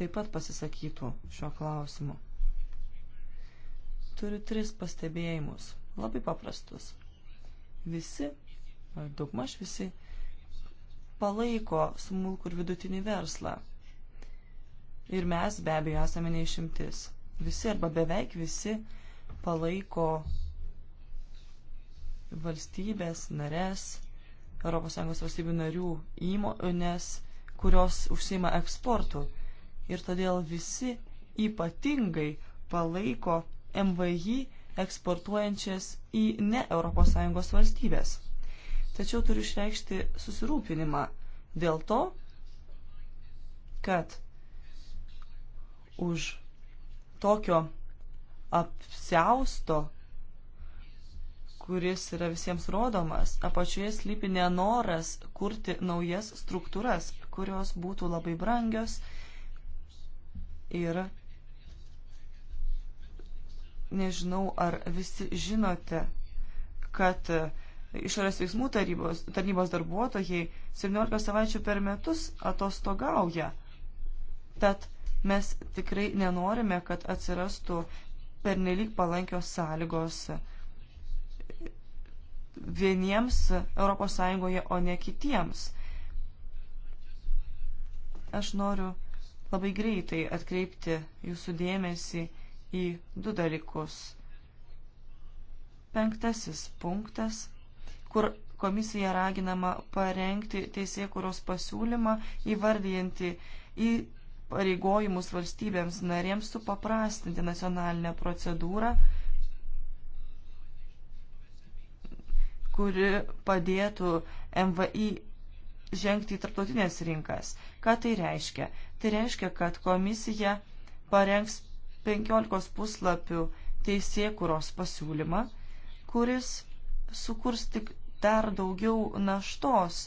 taip pat pasisakytų šio klausimu. Turiu tris pastebėjimus, labai paprastus. Visi, daugmaž visi, palaiko smulkų ir vidutinį verslą. Ir mes be abejo esame neišimtis. Visi arba beveik visi palaiko valstybės, narės, ES valstybių narių įmonės, kurios užsima eksportu. Ir todėl visi ypatingai palaiko MVI eksportuojančias į ne ES valstybės. Tačiau turiu išreikšti susirūpinimą dėl to, kad už tokio apsiausto, kuris yra visiems rodomas, apačioje slypi nenoras kurti naujas struktūras, kurios būtų labai brangios ir nežinau, ar visi žinote, kad išorės veiksmų tarybos, tarnybos darbuotojai 17 savaičių per metus atostogauja. Tad Mes tikrai nenorime, kad atsirastų pernelyg palankios sąlygos vieniems ES, o ne kitiems. Aš noriu labai greitai atkreipti jūsų dėmesį į du dalykus. Penktasis punktas, kur komisija raginama parengti teisėkuros pasiūlymą įvardyjantį į pareigojimus valstybėms narėms supaprastinti nacionalinę procedūrą, kuri padėtų MVI žengti į tarptautinės rinkas. Ką tai reiškia? Tai reiškia, kad komisija parengs 15 puslapių teisėkuros pasiūlymą, kuris sukurs tik dar daugiau naštos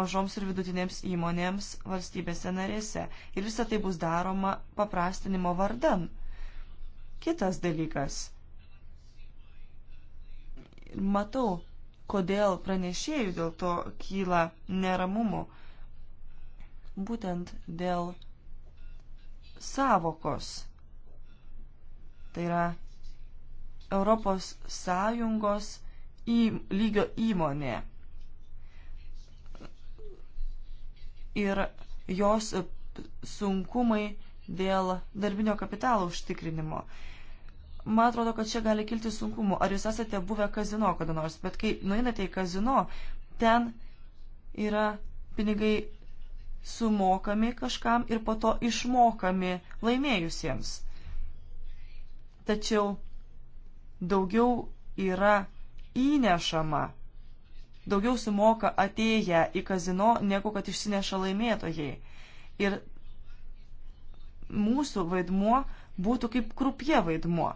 mažoms ir vidutinėms įmonėms valstybėse narėse. Ir visa tai bus daroma paprastinimo vardan. Kitas dalykas. Matau, kodėl pranešėjų dėl to kyla neramumų. Būtent dėl savokos. Tai yra Europos Sąjungos į, lygio įmonė ir jos sunkumai dėl darbinio kapitalo užtikrinimo. Man atrodo, kad čia gali kilti sunkumų. Ar jūs esate buvę kazino kada nors, bet kai nueinate į kazino, ten yra pinigai sumokami kažkam ir po to išmokami laimėjusiems. Tačiau daugiau yra įnešama daugiau sumoka atėję į kazino, negu kad išsineša laimėtojai. Ir mūsų vaidmuo būtų kaip krupie vaidmuo.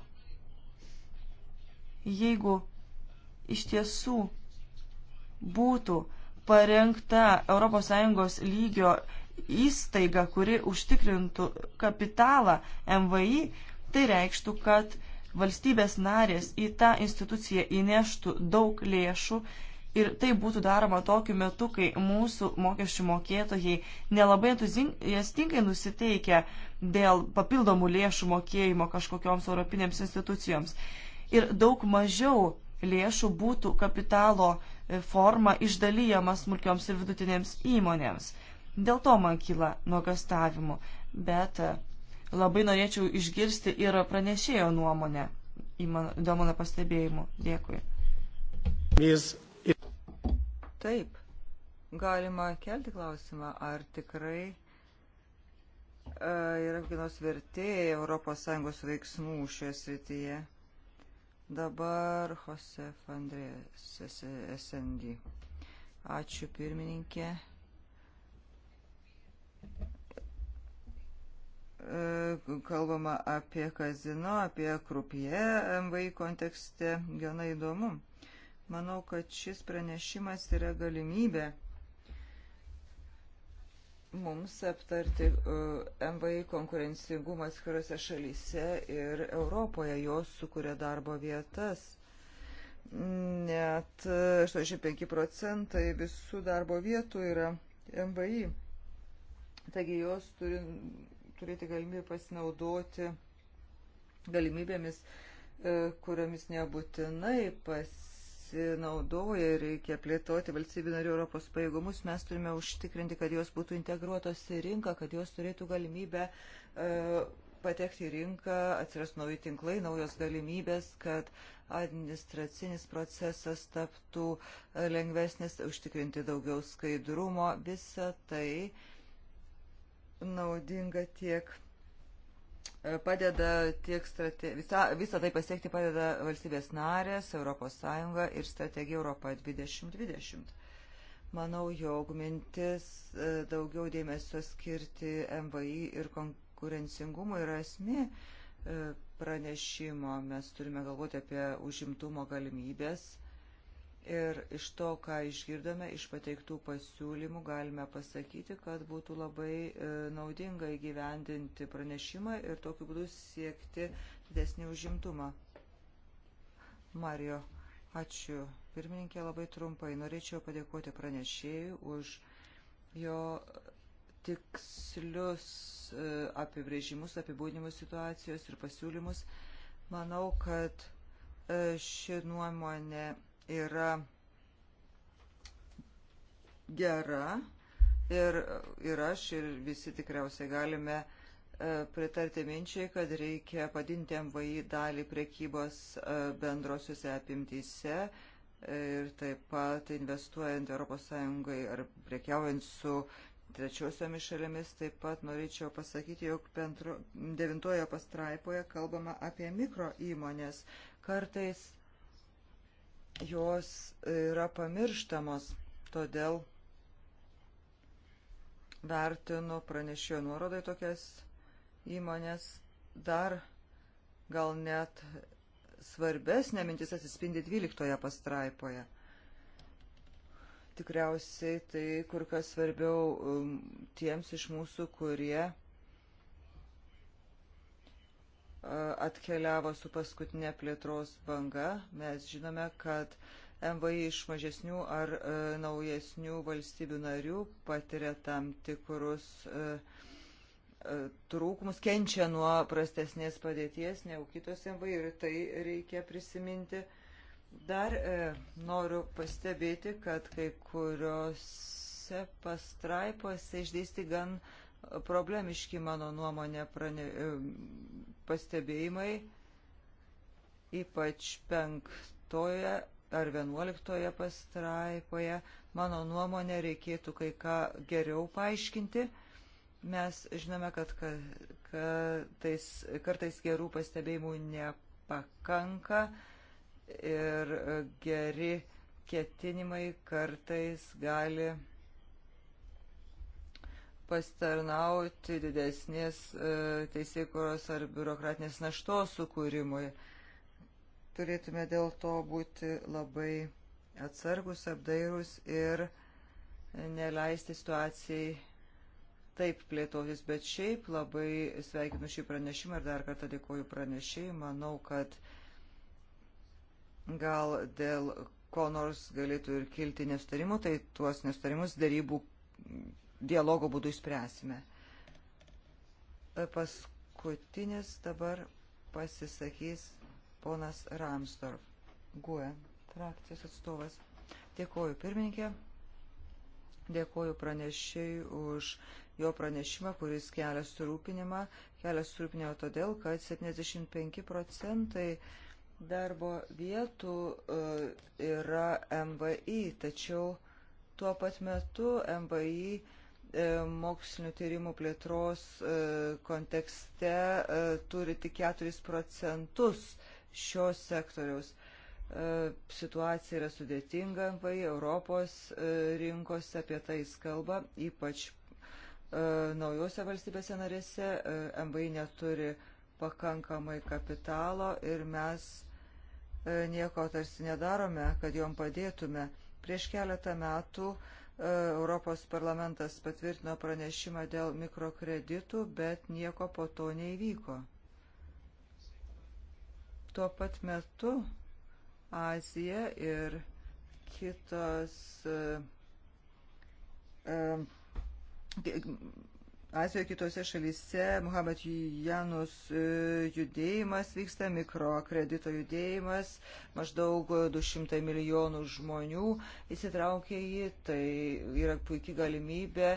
Jeigu iš tiesų būtų parengta ES lygio įstaiga, kuri užtikrintų kapitalą MVI, tai reikštų, kad valstybės narės į tą instituciją įneštų daug lėšų ir tai būtų daroma tokiu metu, kai mūsų mokesčių mokėtojai nelabai entuziastingai nusiteikia dėl papildomų lėšų mokėjimo kažkokioms europinėms institucijoms. Ir daug mažiau lėšų būtų kapitalo e, forma išdalyjama smulkioms ir vidutinėms įmonėms. Dėl to man kyla nuogastavimų, bet e, labai norėčiau išgirsti ir pranešėjo nuomonę į mano, dėl mano pastebėjimų. Dėkui. Ms. Taip, galima kelti klausimą, ar tikrai e, yra kokia nors vertė ES veiksmų šioje srityje. Dabar Josef Andrės SND. Ačiū pirmininkė. E, kalbama apie kazino, apie krupie MVI kontekste. Gana įdomu. Manau, kad šis pranešimas yra galimybė mums aptarti e, MVI konkurencingumą atskirose šalyse ir Europoje jos sukuria darbo vietas. Net 85 procentai visų darbo vietų yra MVI. Taigi jos turi turėti galimybę pasinaudoti galimybėmis, e, kuriomis nebūtinai pas pasinaudoja ir reikia plėtoti valstybių narių Europos pajėgumus, mes turime užtikrinti, kad jos būtų integruotos į rinką, kad jos turėtų galimybę e, patekti į rinką, atsiras nauji tinklai, naujos galimybės, kad administracinis procesas taptų e, lengvesnis, užtikrinti daugiau skaidrumo. Visa tai naudinga tiek padeda tiek strate... visą, visą tai pasiekti padeda valstybės narės, ES ir strategija Europa 2020. Manau, jog mintis e, daugiau dėmesio skirti MVI ir konkurencingumui yra esmė e, pranešimo. Mes turime galvoti apie užimtumo galimybės Ir iš to, ką išgirdome iš pateiktų pasiūlymų, galime pasakyti, kad būtų labai e, naudinga įgyvendinti pranešimą ir tokiu būdu siekti didesnį užimtumą. Mario, ačiū. Pirmininkė, labai trumpai norėčiau padėkoti pranešėjui už jo tikslius e, apibrėžimus, apibūdinimus situacijos ir pasiūlymus. Manau, kad e, ši nuomonė yra gera ir, ir aš ir visi tikriausiai galime e, pritarti minčiai, kad reikia padinti MVI dalį prekybos e, bendrosiuose apimtyse ir taip pat investuojant ES ar prekiaujant su trečiosiomis šalimis, taip pat norėčiau pasakyti, jog bendro, devintojo pastraipoje kalbama apie mikro įmonės. Kartais jos yra pamirštamos, todėl vertinu pranešėjo nuorodai tokias įmonės dar gal net svarbesnė mintis atsispindi 12 pastraipoje. Tikriausiai tai kur kas svarbiau um, tiems iš mūsų, kurie atkeliavo su paskutinė plėtros banga. Mes žinome, kad MVI iš mažesnių ar e, naujesnių valstybių narių patiria tam tikrus e, e, trūkumus, kenčia nuo prastesnės padėties negu kitos MVI ir tai reikia prisiminti. Dar e, noriu pastebėti, kad kai kuriuose pastraipose išdėsti gan e, problemiški mano nuomonė prane, e, pastebėjimai, ypač penktoje ar vienuoliktoje pastraipoje. Mano nuomonė reikėtų kai ką geriau paaiškinti. Mes žinome, kad, kad, kad tais, kartais gerų pastebėjimų nepakanka ir geri ketinimai kartais gali pasitarnauti didesnės e, teisėkuros ar biurokratinės naštos sukūrimui. Turėtume dėl to būti labai atsargus, apdairūs ir neleisti situacijai taip plėtotis, bet šiaip labai sveikinu šį pranešimą ir dar kartą dėkoju pranešėjai. Manau, kad gal dėl ko nors galėtų ir kilti nestarimų, tai tuos nestarimus darybų dialogo būdų išspręsime. E, paskutinis dabar pasisakys ponas Ramstorf, GUE frakcijos atstovas. Dėkuoju pirmininkė, dėkuoju pranešėjui už jo pranešimą, kuris kelia surūpinimą. Kelia surūpinimą todėl, kad 75 procentai darbo vietų e, yra MVI, tačiau tuo pat metu MVI E, mokslinio tyrimų plėtros e, kontekste e, turi tik 4 procentus šios sektoriaus. Situacija yra sudėtinga, vai Europos rinkose apie tai jis kalba, ypač naujose valstybėse narėse MVI neturi pakankamai kapitalo ir mes nieko tarsi nedarome, kad jom padėtume. Prieš keletą metų uh, E, Europos parlamentas patvirtino pranešimą dėl mikrokreditų, bet nieko po to neįvyko. Tuo pat metu Azija ir kitos e, e, Azijoje kitose šalyse Muhammad Janus e, judėjimas vyksta, mikrokredito judėjimas, maždaug 200 milijonų žmonių įsitraukė į, tai yra puikia galimybė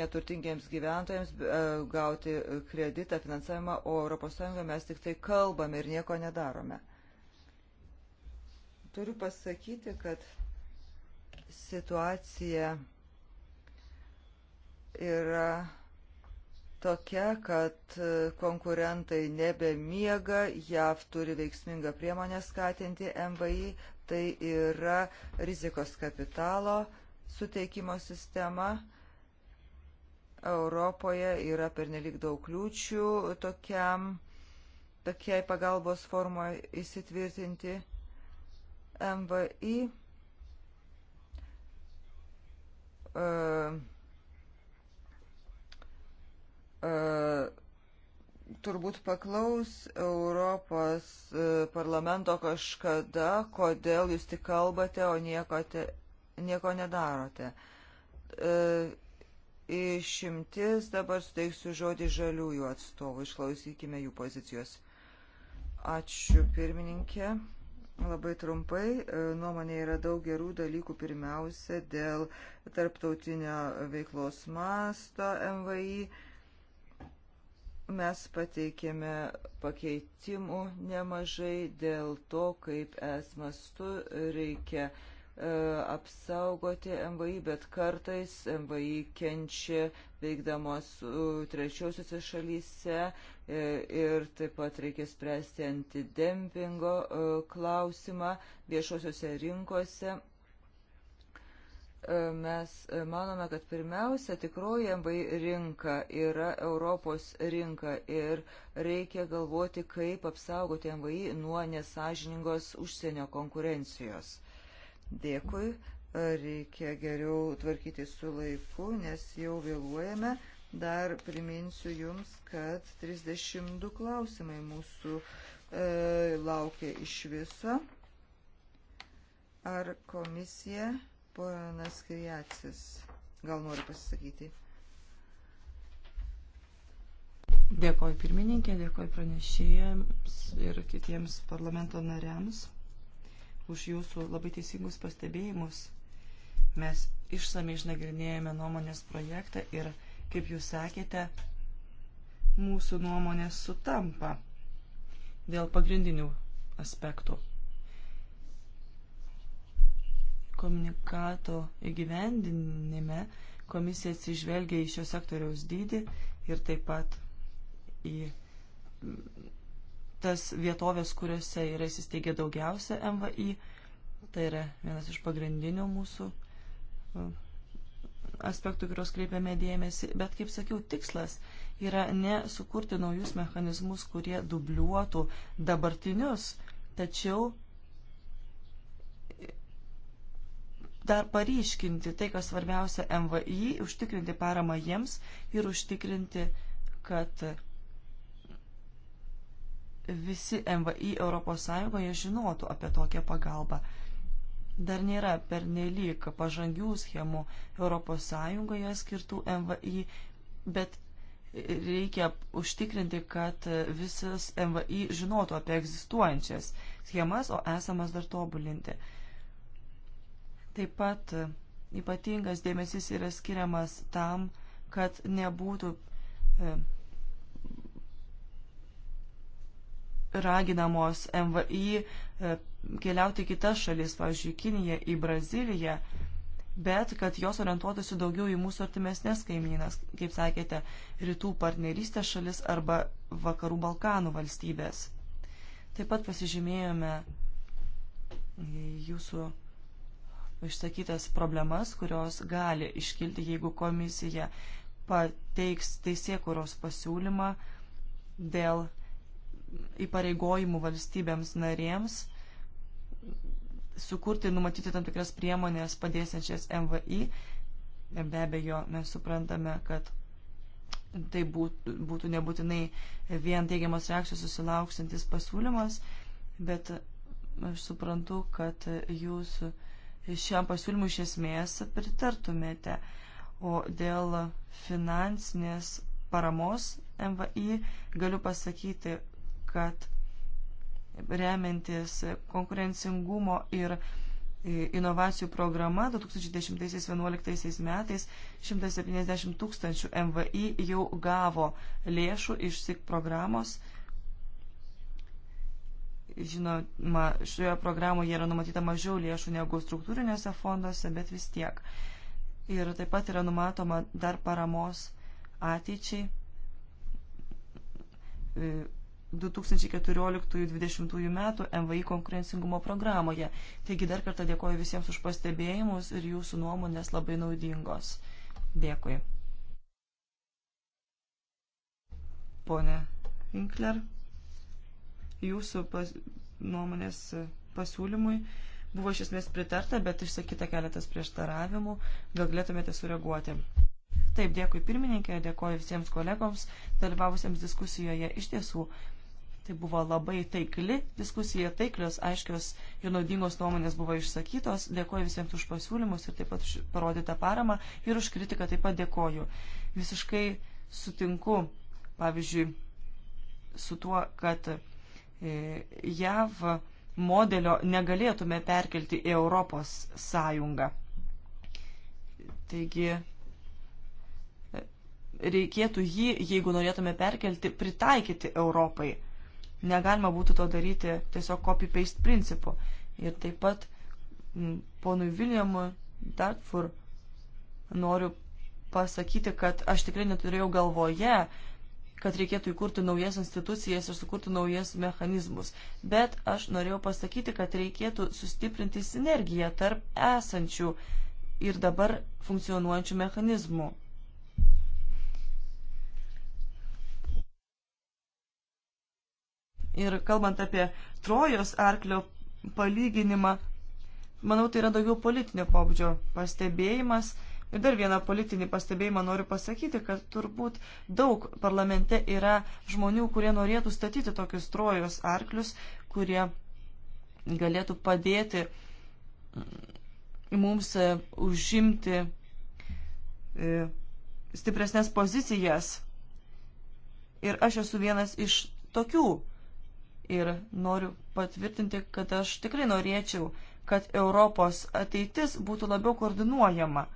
neturtingiems gyventojams e, gauti kreditą, finansavimą, o ES mes tik tai kalbame ir nieko nedarome. Turiu pasakyti, kad situacija yra tokia, kad e, konkurentai nebemiega, JAV turi veiksmingą priemonę skatinti MVI, tai yra rizikos kapitalo suteikimo sistema. Europoje yra pernelik daug kliūčių tokiam, tokiai pagalbos formoje įsitvirtinti MVI. Uh, e, E, turbūt paklaus Europos e, parlamento kažkada, kodėl jūs tik kalbate, o nieko, te, nieko nedarote. E, išimtis dabar suteiksiu žodį žaliųjų atstovų, išklausykime jų pozicijos. Ačiū pirmininkė. Labai trumpai, nuomonė yra daug gerų dalykų. Pirmiausia, dėl tarptautinio veiklos masto MVI Mes pateikėme pakeitimų nemažai dėl to, kaip esmastu reikia e, apsaugoti MVI, bet kartais MVI kenčia veikdamos trečiosiuose šalyse e, ir taip pat reikia spręsti antidempingo e, klausimą viešosiuose rinkose mes e, manome, kad pirmiausia tikroji MVI rinka yra Europos rinka ir reikia galvoti, kaip apsaugoti MVI nuo nesažiningos užsienio konkurencijos. Dėkui, e, reikia geriau tvarkyti su laiku, nes jau vėluojame. Dar priminsiu Jums, kad 32 klausimai mūsų e, laukia iš viso. Ar komisija Ponas Kiriacis, gal nori pasisakyti? Dėkoju pirmininkė, dėkoju pranešėjams ir kitiems parlamento nariams už jūsų labai teisingus pastebėjimus. Mes išsamei išnagrinėjome nuomonės projektą ir, kaip jūs sakėte, mūsų nuomonės sutampa dėl pagrindinių aspektų. komunikato įgyvendinime komisija atsižvelgia į šio sektoriaus dydį ir taip pat į tas vietovės, kuriuose yra įsisteigę daugiausia MVI. Tai yra vienas iš pagrindinių mūsų e, aspektų, kuriuos kreipiame dėmesį. Bet, kaip sakiau, tikslas yra ne sukurti naujus mechanizmus, kurie dubliuotų dabartinius, tačiau dar paryškinti tai, kas svarbiausia MVI, užtikrinti paramą jiems ir užtikrinti, kad visi MVI ES žinotų apie tokią pagalbą. Dar nėra pernelyg pažangių schemų ES skirtų MVI, bet reikia užtikrinti, kad visas MVI žinotų apie egzistuojančias schemas, o esamas dar tobulinti. Taip pat e, ypatingas dėmesys yra skiriamas tam, kad nebūtų e, raginamos MVI e, keliauti kitas šalis, pavyzdžiui, Kiniją, į Braziliją, bet kad jos orientuotųsi daugiau į mūsų artimesnės kaimynas, kaip sakėte, rytų partnerystės šalis arba vakarų Balkanų valstybės. Taip pat pasižymėjome jūsų išsakytas problemas, kurios gali iškilti, jeigu komisija pateiks teisėkuros pasiūlymą dėl įpareigojimų valstybėms narėms sukurti, numatyti tam tikras priemonės padėsiančias MVI. Be abejo, mes suprantame, kad tai būtų, būtų nebūtinai vien teigiamas reakcijos susilauksantis pasiūlymas, bet aš suprantu, kad jūs uh, šiam pasiūlymui iš esmės pritartumėte. O dėl finansinės paramos MVI galiu pasakyti, kad remiantis konkurencingumo ir e, inovacijų programa 2010-2011 metais 170 tūkstančių MVI jau gavo lėšų iš SIK programos Žinoma, šioje programoje yra numatyta mažiau lėšų negu struktūrinėse fonduose, bet vis tiek. Ir taip pat yra numatoma dar paramos ateičiai 2014-2020 e, metų MVI konkurencingumo programoje. Taigi dar kartą dėkoju visiems už pastebėjimus ir jūsų nuomonės labai naudingos. Dėkui. Pone Winkler jūsų pas, nuomonės pasiūlymui buvo iš esmės pritarta, bet išsakyta keletas prieštaravimų, gal galėtumėte sureaguoti. Taip, dėkui pirmininkė, dėkoju visiems kolegoms, dalyvavusiems diskusijoje. Iš tiesų, tai buvo labai taikli diskusija, taiklios, aiškios ir naudingos nuomonės buvo išsakytos. Dėkoju visiems už pasiūlymus ir taip pat už parodytą paramą ir už kritiką taip pat dėkoju. Visiškai sutinku, pavyzdžiui, su tuo, kad E, JAV modelio negalėtume perkelti į Europos Sąjungą. Taigi e, reikėtų jį, jeigu norėtume perkelti, pritaikyti Europai. Negalima būtų to daryti tiesiog copy-paste principu. Ir taip pat ponui Viljamui Dartfur noriu pasakyti, kad aš tikrai neturėjau galvoje kad reikėtų įkurti naujas institucijas ir sukurti naujas mechanizmus. Bet aš norėjau pasakyti, kad reikėtų sustiprinti sinergiją tarp esančių ir dabar funkcionuojančių mechanizmų. Ir kalbant apie trojos arklio palyginimą, manau, tai yra daugiau politinio pobūdžio pastebėjimas Ir dar vieną politinį pastebėjimą noriu pasakyti, kad turbūt daug parlamente yra žmonių, kurie norėtų statyti tokius trojos arklius, kurie galėtų padėti mm, mums e, užimti e, stipresnės pozicijas. Ir aš esu vienas iš tokių. Ir noriu patvirtinti, kad aš tikrai norėčiau, kad Europos ateitis būtų labiau koordinuojama.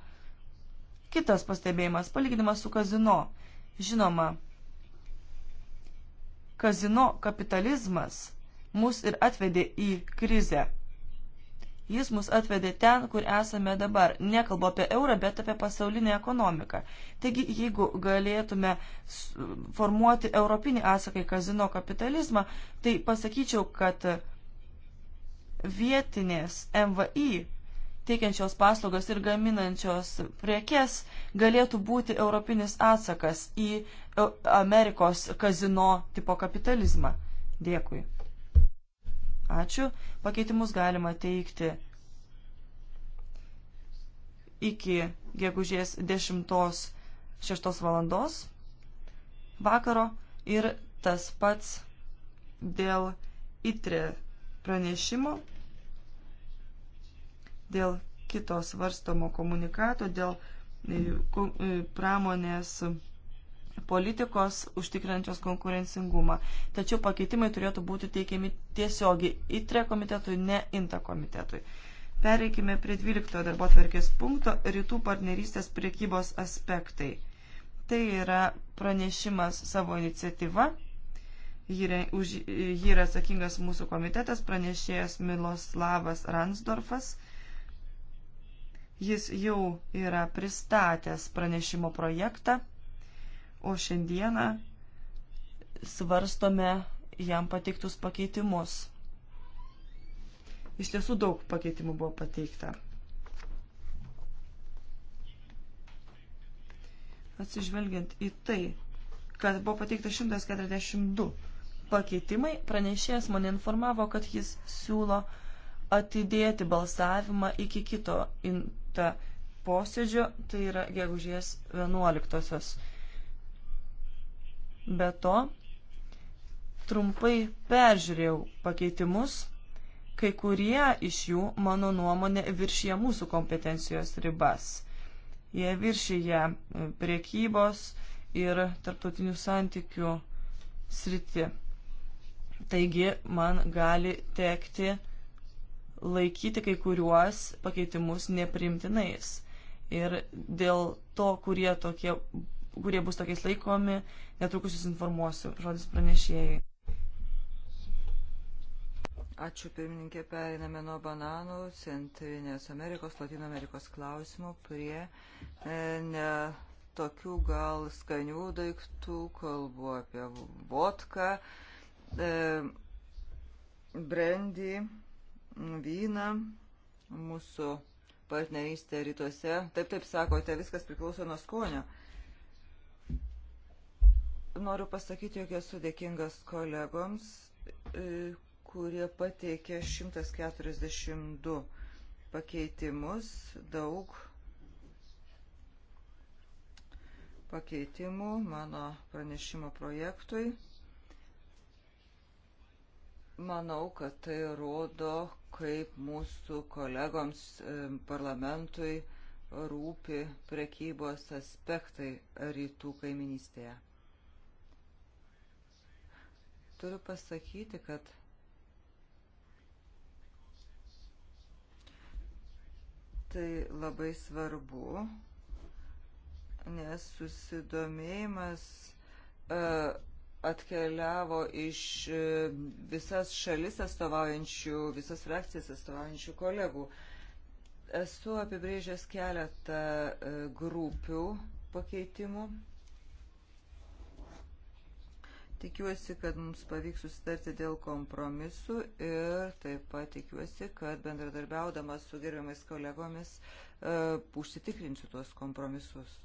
Kitas pastebėjimas - palyginimas su kazino. Žinoma, kazino kapitalizmas mus ir atvedė į krizę. Jis mus atvedė ten, kur esame dabar. Nekalbu apie eurą, bet apie pasaulinę ekonomiką. Taigi, jeigu galėtume formuoti europinį atsaką į kazino kapitalizmą, tai pasakyčiau, kad vietinės MVI teikiančios paslaugas ir gaminančios priekes galėtų būti europinis atsakas į Amerikos kazino tipo kapitalizmą. Dėkui. Ačiū. Pakeitimus galima teikti iki gegužės 10.06 valandos vakaro ir tas pats dėl ITRE pranešimo dėl kito svarstomo komunikato, dėl e, e, pramonės politikos užtikrinančios konkurencingumą. Tačiau pakeitimai turėtų būti teikiami tiesiogiai ITRE komitetui, ne INTA komitetui. Pereikime prie 12 darbo tvarkės punkto - rytų partnerystės priekybos aspektai. Tai yra pranešimas savo iniciatyva. Jį yra atsakingas mūsų komitetas, pranešėjas Miloslavas Ransdorfas. Jis jau yra pristatęs pranešimo projektą, o šiandieną svarstome jam pateiktus pakeitimus. Iš tiesų daug pakeitimų buvo pateikta. Atsižvelgiant į tai, kad buvo pateikta 142 pakeitimai, pranešėjas mane informavo, kad jis siūlo atidėti balsavimą iki kito in numatyta posėdžio, tai yra gegužės 11-osios. Be to, trumpai peržiūrėjau pakeitimus, kai kurie iš jų, mano nuomonė, viršyje mūsų kompetencijos ribas. Jie viršyje priekybos ir tarptautinių santykių sriti. Taigi man gali tekti laikyti kai kuriuos pakeitimus neprimtinais. Ir dėl to, kurie, tokie, kurie bus tokiais laikomi, netrukus jūs informuosiu. Žodis pranešėjai. Ačiū pirmininkė, periname nuo bananų Centrinės Amerikos, Latino Amerikos klausimų prie e, ne tokių gal skanių daiktų, kalbu apie vodką, e, brandy vyną, mūsų partnerystę rytuose. Taip, taip sakote, viskas priklauso nuo skonio. Noriu pasakyti, jog esu dėkingas kolegoms, e, kurie pateikė 142 pakeitimus, daug pakeitimų mano pranešimo projektui. Manau, kad tai rodo, kaip mūsų kolegoms parlamentui rūpi prekybos aspektai rytų kaiminystėje. Turiu pasakyti, kad tai labai svarbu, nes susidomėjimas uh, atkeliavo iš e, visas šalis atstovaujančių, visas frakcijas atstovaujančių kolegų. Esu apibrėžęs keletą e, grupių pakeitimų. Tikiuosi, kad mums pavyks susitarti dėl kompromisų ir taip pat tikiuosi, kad bendradarbiaudamas su gerbiamais kolegomis uh, užsitikrinsiu tuos kompromisus.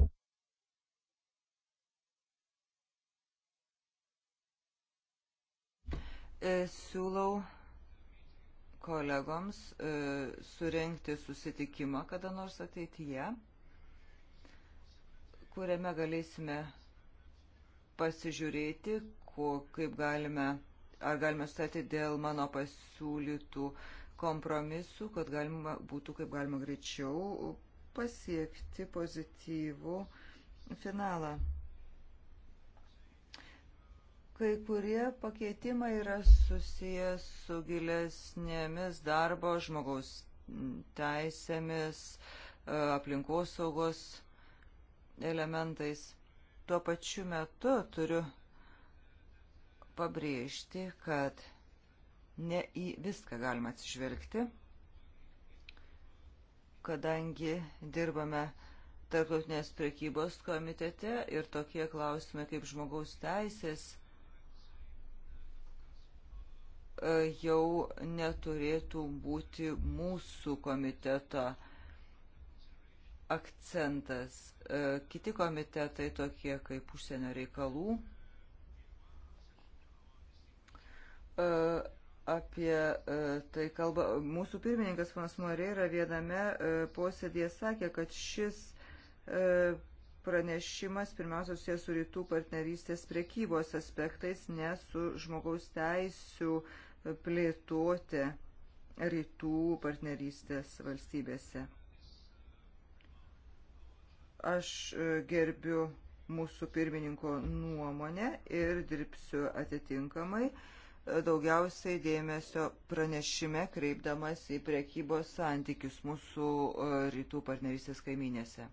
E, siūlau kolegoms e, surenkti susitikimą kada nors ateityje, kuriame galėsime pasižiūrėti, ko, kaip galime, ar galime stati dėl mano pasiūlytų kompromisų, kad galima būtų kaip galima greičiau pasiekti pozityvų finalą. Kai kurie pakeitimai yra susijęs su gilesnėmis darbo žmogaus teisėmis, e, aplinkosaugos elementais. Tuo pačiu metu turiu pabrėžti, kad ne į viską galima atsižvelgti, kadangi dirbame tarptautinės prekybos komitete ir tokie klausimai kaip žmogaus teisės E, jau neturėtų būti mūsų komiteto akcentas. E, kiti komitetai, tokie kaip užsienio reikalų, e, apie tai kalba. Mūsų pirmininkas Fons Moreira viename posėdėje sakė, kad šis pranešimas pirmiausia susijęs su rytų partnerystės priekybos aspektais, ne su žmogaus teisų uh, plėtoti rytų partnerystės valstybėse. Aš e, gerbiu mūsų pirmininko nuomonę ir dirbsiu atitinkamai, e, daugiausiai dėmesio pranešime kreipdamas į prekybos santykius mūsų e, rytų partnerystės kaiminėse.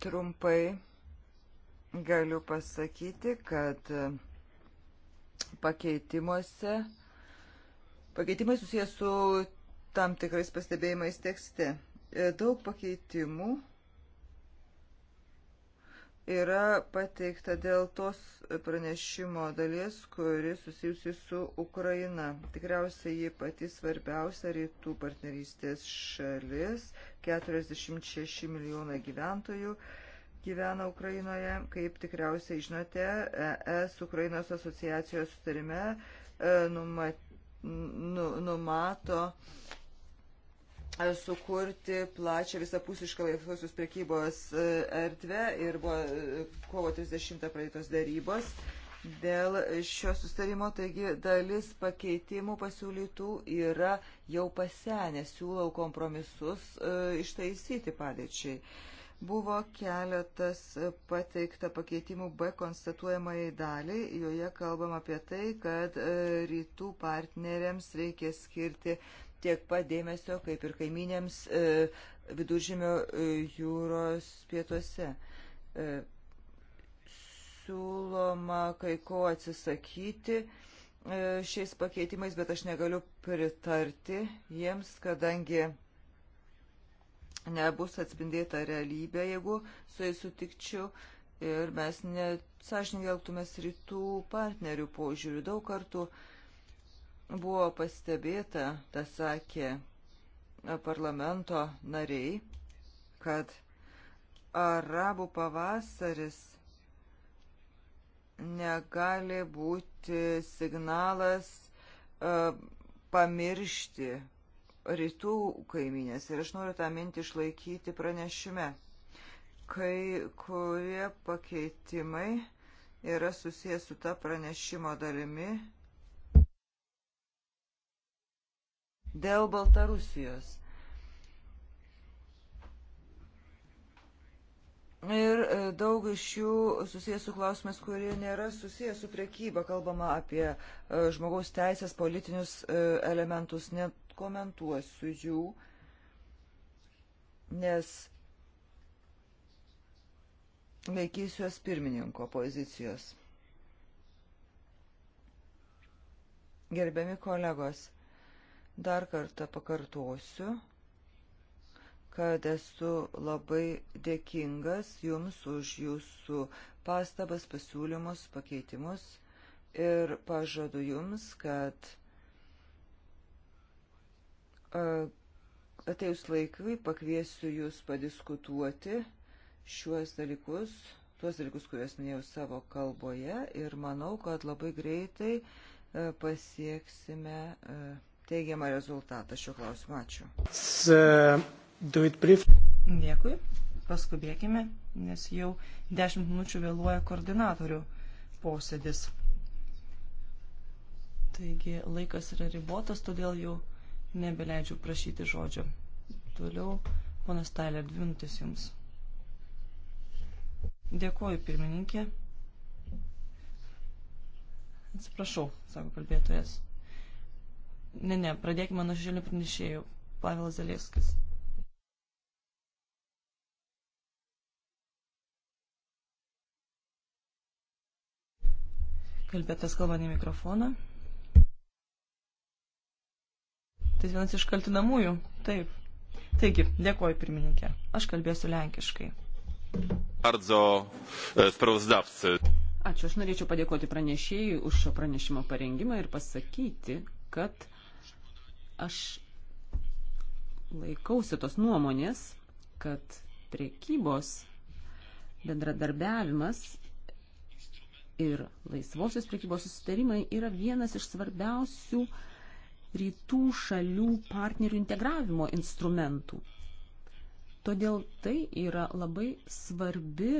Trumpai galiu pasakyti, kad pakeitimuose, pakeitimai susijęs su tam tikrais pastebėjimais tekste. Daug pakeitimų yra pateikta dėl tos pranešimo dalies, kuri susijusi su Ukraina. Tikriausiai ji pati svarbiausia rytų partnerystės šalis, 46 milijonai gyventojų gyvena Ukrainoje. Kaip tikriausiai žinote, ES Ukrainos asociacijos sutarime e, numat, nu, numato sukurti plačią visapusišką laisvosios prekybos e, erdvę ir buvo e, kovo 30 pradėtos darybos. Dėl šio sustarimo, taigi dalis pakeitimų pasiūlytų yra jau pasenę, siūlau kompromisus e, ištaisyti padėčiai. Buvo keletas pateikta pakeitimų B konstatuojamai daliai, joje kalbam apie tai, kad e, rytų partneriams reikia skirti tiek pat dėmesio, kaip ir kaiminėms e, viduržymio e, jūros pietuose. E, siūloma kai ko atsisakyti e, šiais pakeitimais, bet aš negaliu pritarti jiems, kadangi nebus atspindėta realybė, jeigu su jais sutikčiau. Ir mes nesažininkai elgtumės rytų partnerių požiūrių. Daug kartų uh, Buvo pastebėta, tas sakė e, parlamento nariai, kad arabų pavasaris negali būti signalas e, pamiršti rytų kaiminės. Ir aš noriu tą mintį išlaikyti pranešime, kai kurie pakeitimai yra susijęs su ta pranešimo dalimi, Dėl Baltarusijos. Ir e, daug iš jų susijęs su klausimais, kurie nėra susijęs su priekyba. Kalbama apie e, žmogaus teisės, politinius e, elementus. Net komentuosiu jų, nes laikysiuos pirmininko pozicijos. Gerbiami kolegos, Dar kartą pakartosiu, kad esu labai dėkingas Jums už Jūsų pastabas, pasiūlymus, pakeitimus ir pažadu Jums, kad e, atėjus laikui pakviesiu Jūs padiskutuoti šiuos dalykus, tuos dalykus, kuriuos minėjau savo kalboje ir manau, kad labai greitai e, pasieksime e, teigiamą rezultatą šiuo klausimu. Ačiū. E, Dėkui. Paskubėkime, nes jau 10 minučių vėluoja koordinatorių posėdis. Taigi laikas yra ribotas, todėl jau nebeleidžiu prašyti žodžio. Toliau, ponas Taler, dvi minutės jums. Dėkuoju, pirmininkė. Atsiprašau, sako kalbėtojas. Ne, ne, pradėkime nuo šešėlių pranešėjų. Pavelas Zalievskis. Kalbėtas kalba ne mikrofoną. Tai vienas iš kaltinamųjų. Taip. Taigi, dėkoju pirmininkė. Aš kalbėsiu lenkiškai. Bardzo e, sprawozdawcy. Ačiū. Aš norėčiau padėkoti pranešėjui už šio pranešimo parengimą ir pasakyti, kad Aš laikausi tos nuomonės, kad priekybos bendradarbiavimas ir laisvosios priekybos susitarimai yra vienas iš svarbiausių rytų šalių partnerių integravimo instrumentų. Todėl tai yra labai svarbi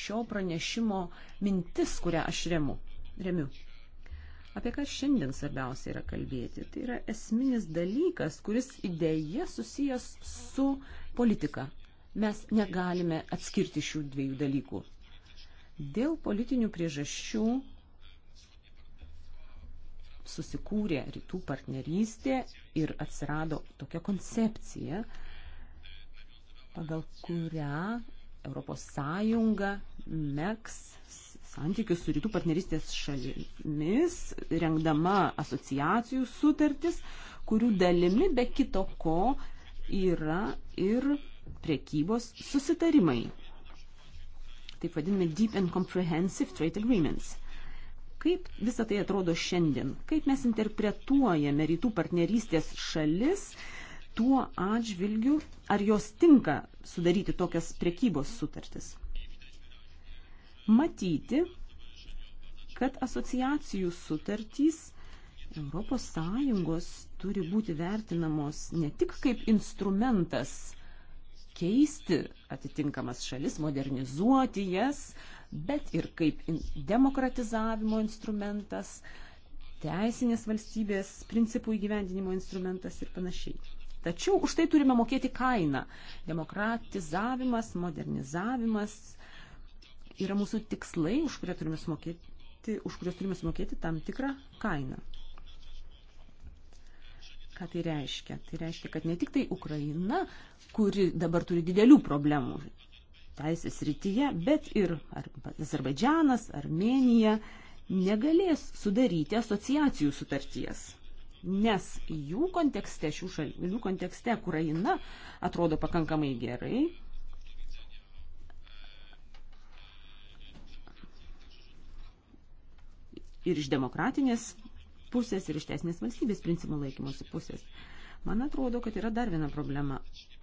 šio pranešimo mintis, kurią aš remu, remiu. Apie ką šiandien svarbiausia yra kalbėti? Tai yra esminis dalykas, kuris idėja susijęs su politika. Mes negalime atskirti šių dviejų dalykų. Dėl politinių priežasčių susikūrė rytų partnerystė ir atsirado tokia koncepcija, pagal kurią ES meks santykius su rytų partnerystės šalimis, rengdama asociacijų sutartis, kurių dalimi be kito ko yra ir prekybos susitarimai. Taip vadinami Deep and Comprehensive Trade Agreements. Kaip visą tai atrodo šiandien? Kaip mes interpretuojame rytų partnerystės šalis tuo atžvilgiu, ar jos tinka sudaryti tokias prekybos sutartis? matyti, kad asociacijų sutartys ES turi būti vertinamos ne tik kaip instrumentas keisti atitinkamas šalis, modernizuoti jas, bet ir kaip demokratizavimo instrumentas, teisinės valstybės principų įgyvendinimo instrumentas ir panašiai. Tačiau už tai turime mokėti kainą. Demokratizavimas, modernizavimas yra mūsų tikslai, už, turime sumokėti, už kuriuos turime sumokėti tam tikrą kainą. Ką tai reiškia? Tai reiškia, kad ne tik tai Ukraina, kuri dabar turi didelių problemų teisės rytyje, bet ir ar Azerbaidžianas, Armenija negalės sudaryti asociacijų sutarties nes jų kontekste, šių šalių kontekste Ukraina atrodo pakankamai gerai, ir iš demokratinės pusės, ir iš teisinės valstybės principų laikymosi pusės. Man atrodo, kad yra dar viena problema.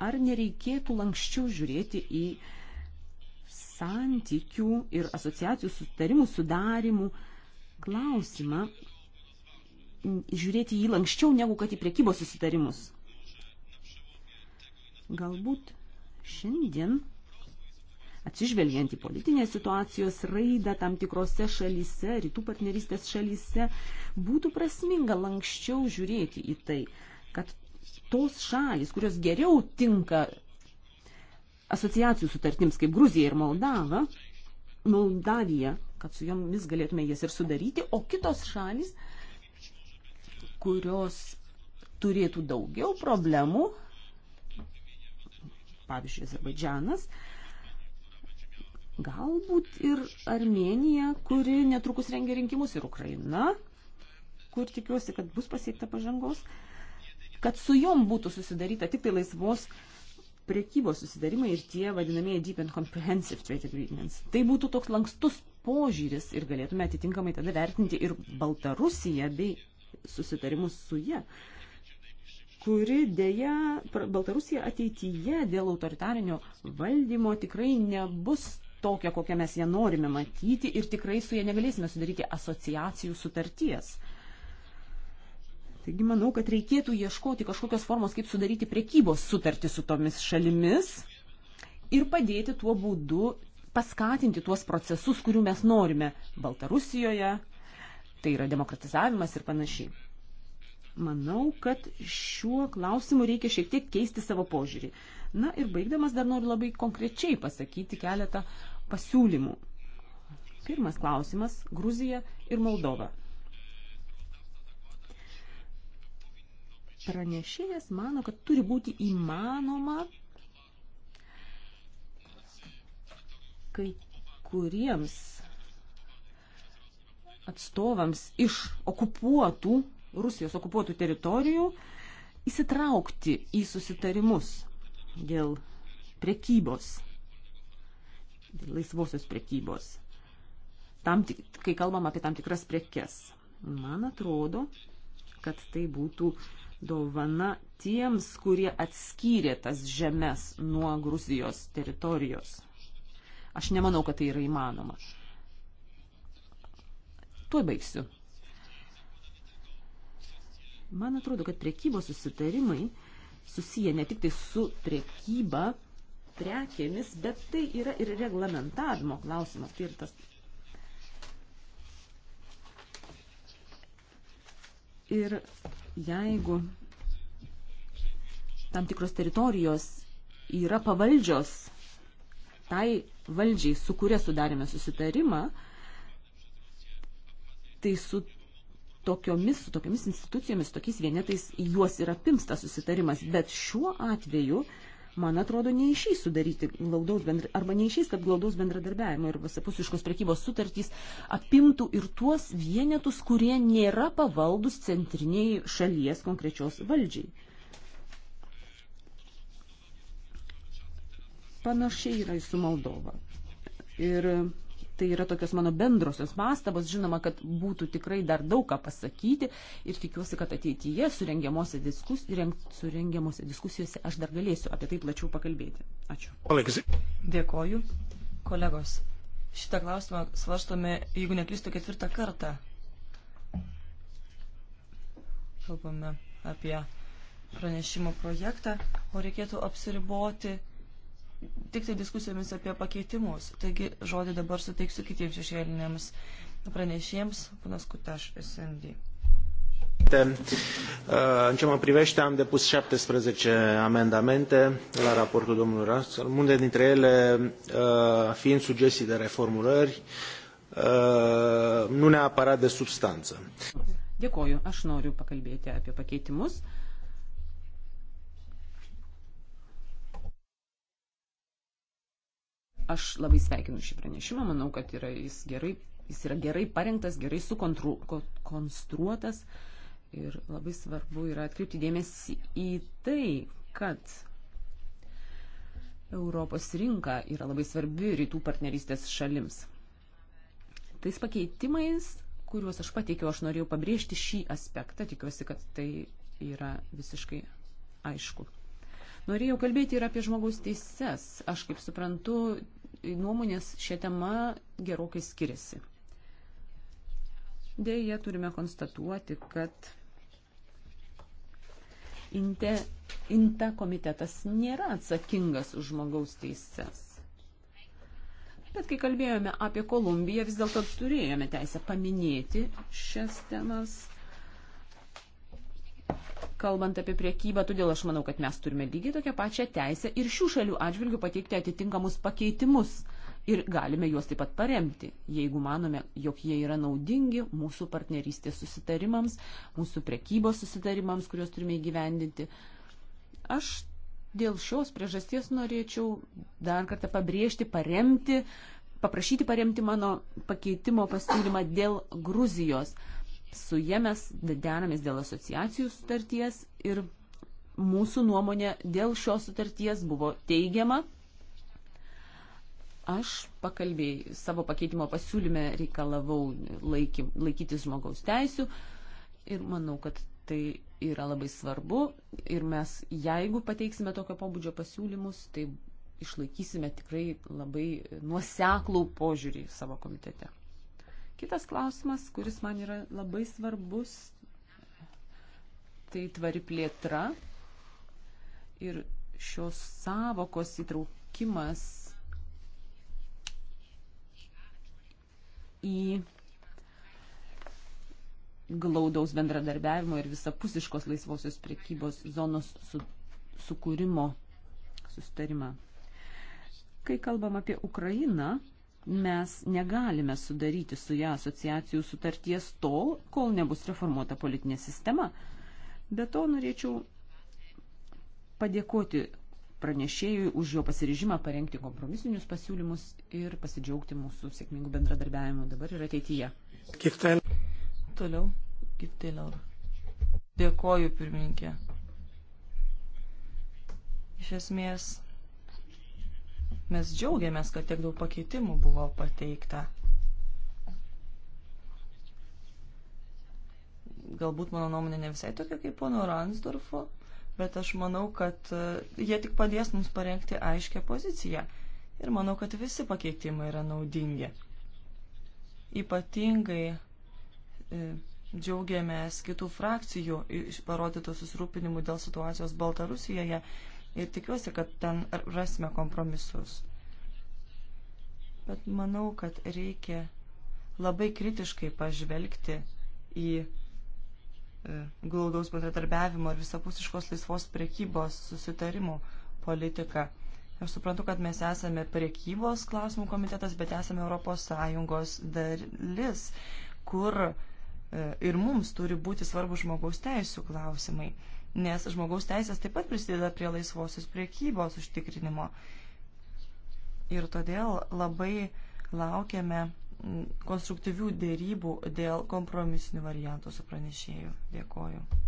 Ar nereikėtų lankščiau žiūrėti į santykių ir asociacijų sutarimų sudarimų klausimą, žiūrėti jį lankščiau negu kad į priekybos susitarimus? Galbūt šiandien atsižvelgiant į politinę situacijos raidą tam tikrose šalyse, rytų partnerystės šalyse, būtų prasminga lankščiau žiūrėti į tai, kad tos šalis, kurios geriau tinka asociacijų sutartims kaip Gruzija ir Moldava, Moldavija, kad su jomis galėtume jas ir sudaryti, o kitos šalis, kurios turėtų daugiau problemų, pavyzdžiui, Azerbaidžianas, Galbūt ir Armenija, kuri netrukus rengia rinkimus, ir Ukraina, kur tikiuosi, kad bus pasiekta pažangos, kad su jom būtų susidaryta tik tai laisvos priekybos susidarimai ir tie vadinamieji deep and comprehensive trade agreements. Tai būtų toks lankstus požiūris ir galėtume atitinkamai tada vertinti ir Baltarusiją bei susitarimus su jie, kuri dėja Baltarusija ateityje dėl autoritarinio valdymo tikrai nebus tokią, kokią mes ją norime matyti ir tikrai su ja negalėsime sudaryti asociacijų sutarties. Taigi manau, kad reikėtų ieškoti kažkokios formos, kaip sudaryti prekybos sutartį su tomis šalimis ir padėti tuo būdu paskatinti tuos procesus, kurių mes norime Baltarusijoje, tai yra demokratizavimas ir panašiai. Manau, kad šiuo klausimu reikia šiek tiek keisti savo požiūrį. Na ir baigdamas dar noriu labai konkrečiai pasakyti keletą pasiūlymų. Pirmas klausimas - Gruzija ir Moldova. Pranešėjas mano, kad turi būti įmanoma kai kuriems atstovams iš okupuotų, Rusijos okupuotų teritorijų įsitraukti į susitarimus dėl prekybos, dėl laisvosios prekybos, tam, kai kalbam apie tam tikras prekes. Man atrodo, kad tai būtų dovana tiems, kurie atskyrė tas žemės nuo Gruzijos teritorijos. Aš nemanau, kad tai yra įmanoma. Tuo baigsiu. Man atrodo, kad priekybos susitarimai susiję ne tik tai su priekyba prekėmis, bet tai yra ir reglamentavimo klausimas. Tai ir tas Ir jeigu tam tikros teritorijos yra pavaldžios tai valdžiai, su kuria sudarėme susitarimą, tai su tokiomis, su tokiomis institucijomis, tokiais vienetais juos ir apims tas susitarimas. Bet šiuo atveju, man atrodo, neišys sudaryti glaudaus bendra, arba neišys, kad glaudaus bendradarbiavimo ir visapusiškos prekybos sutartys apimtų ir tuos vienetus, kurie nėra pavaldus centriniai šalies konkrečios valdžiai. Panašiai yra su Moldova. Ir Tai yra tokios mano bendrosios pastabos. Žinoma, kad būtų tikrai dar daug ką pasakyti ir tikiuosi, kad ateityje surengiamuose diskus, diskusijose aš dar galėsiu apie tai plačiau pakalbėti. Ačiū. Dėkoju. Kolegos, šitą klausimą svarstome, jeigu neklystu, ketvirtą kartą. Kalbame apie pranešimo projektą, o reikėtų apsiriboti tik tai diskusijomis apie pakeitimus. Taigi žodį dabar suteiksiu kitiems šešėlinėms pranešėjams, panas Kutaš, SND. În ce mă privește, am depus 17 amendamente la raportul domnului Rastor, multe dintre ele uh, fiind sugestii de reformulări, uh, nu neapărat de substanță. Dėkoju, aš noriu pakalbėti apie pakeitimus. Uh, Aš labai sveikinu šį pranešimą, manau, kad yra, jis, gerai, jis yra gerai parengtas, gerai sukonstruotas ir labai svarbu yra atkreipti dėmesį į tai, kad Europos rinka yra labai svarbi rytų partnerystės šalims. Tais pakeitimais, kuriuos aš pateikiau, aš norėjau pabrėžti šį aspektą, tikiuosi, kad tai yra visiškai aišku. Norėjau kalbėti ir apie žmogaus teises. Aš kaip suprantu, nuomonės šią temą gerokai skiriasi. Dėja, turime konstatuoti, kad inte, INTA komitetas nėra atsakingas už žmogaus teises. Bet kai kalbėjome apie Kolumbiją, vis dėlto turėjome teisę paminėti šias temas kalbant apie priekybą, todėl aš manau, kad mes turime lygiai tokią pačią teisę ir šių šalių atžvilgių pateikti atitinkamus pakeitimus ir galime juos taip pat paremti, jeigu manome, jog jie yra naudingi mūsų partnerystės susitarimams, mūsų priekybos susitarimams, kuriuos turime įgyvendinti. Aš dėl šios priežasties norėčiau dar kartą pabrėžti, paremti, paprašyti paremti mano pakeitimo pasiūlymą dėl Gruzijos. Su jie mes deramės dėl asociacijų sutarties ir mūsų nuomonė dėl šios sutarties buvo teigiama. Aš pakalbėjau, savo pakeitimo pasiūlyme reikalavau laiky, laikytis žmogaus teisių ir manau, kad tai yra labai svarbu ir mes, jeigu pateiksime tokio pobūdžio pasiūlymus, tai išlaikysime tikrai labai nuoseklų požiūrį savo komitete. Kitas klausimas, kuris man yra labai svarbus, tai tvari plėtra ir šios savokos įtraukimas į glaudaus bendradarbiavimo ir visapusiškos laisvosios priekybos zonos su, sukūrimo sustarimą. Kai kalbam apie Ukrainą, mes negalime sudaryti su ją asociacijų sutarties tol, kol nebus reformuota politinė sistema. Be to norėčiau padėkoti pranešėjui už jo pasiryžimą parengti kompromisinius pasiūlymus ir pasidžiaugti mūsų sėkmingų bendradarbiavimų dabar ir ateityje. Kiftel. Toliau, Kiftelor. Dėkoju, pirmininkė. Iš esmės, Mes džiaugiamės, kad tiek daug pakeitimų buvo pateikta. Galbūt mano nuomonė ne visai tokia kaip pono Ransdorfo, bet aš manau, kad e, jie tik padės mums parengti aiškę poziciją. Ir manau, kad visi pakeitimai yra naudingi. Ypatingai e, džiaugiamės kitų frakcijų parodytų susirūpinimų dėl situacijos Baltarusijoje ir tikiuosi, kad ten rasime kompromisus. Bet manau, kad reikia labai kritiškai pažvelgti į e, glaudaus bendradarbiavimo ir visapusiškos laisvos priekybos susitarimų politiką. Aš suprantu, kad mes esame priekybos klausimų komitetas, bet esame ES dalis, kur e, ir mums turi būti svarbus žmogaus teisų klausimai nes žmogaus teisės taip pat prisideda prie laisvosios priekybos užtikrinimo. Ir todėl labai laukiame konstruktyvių dėrybų dėl kompromisinių variantų su pranešėju. Dėkoju.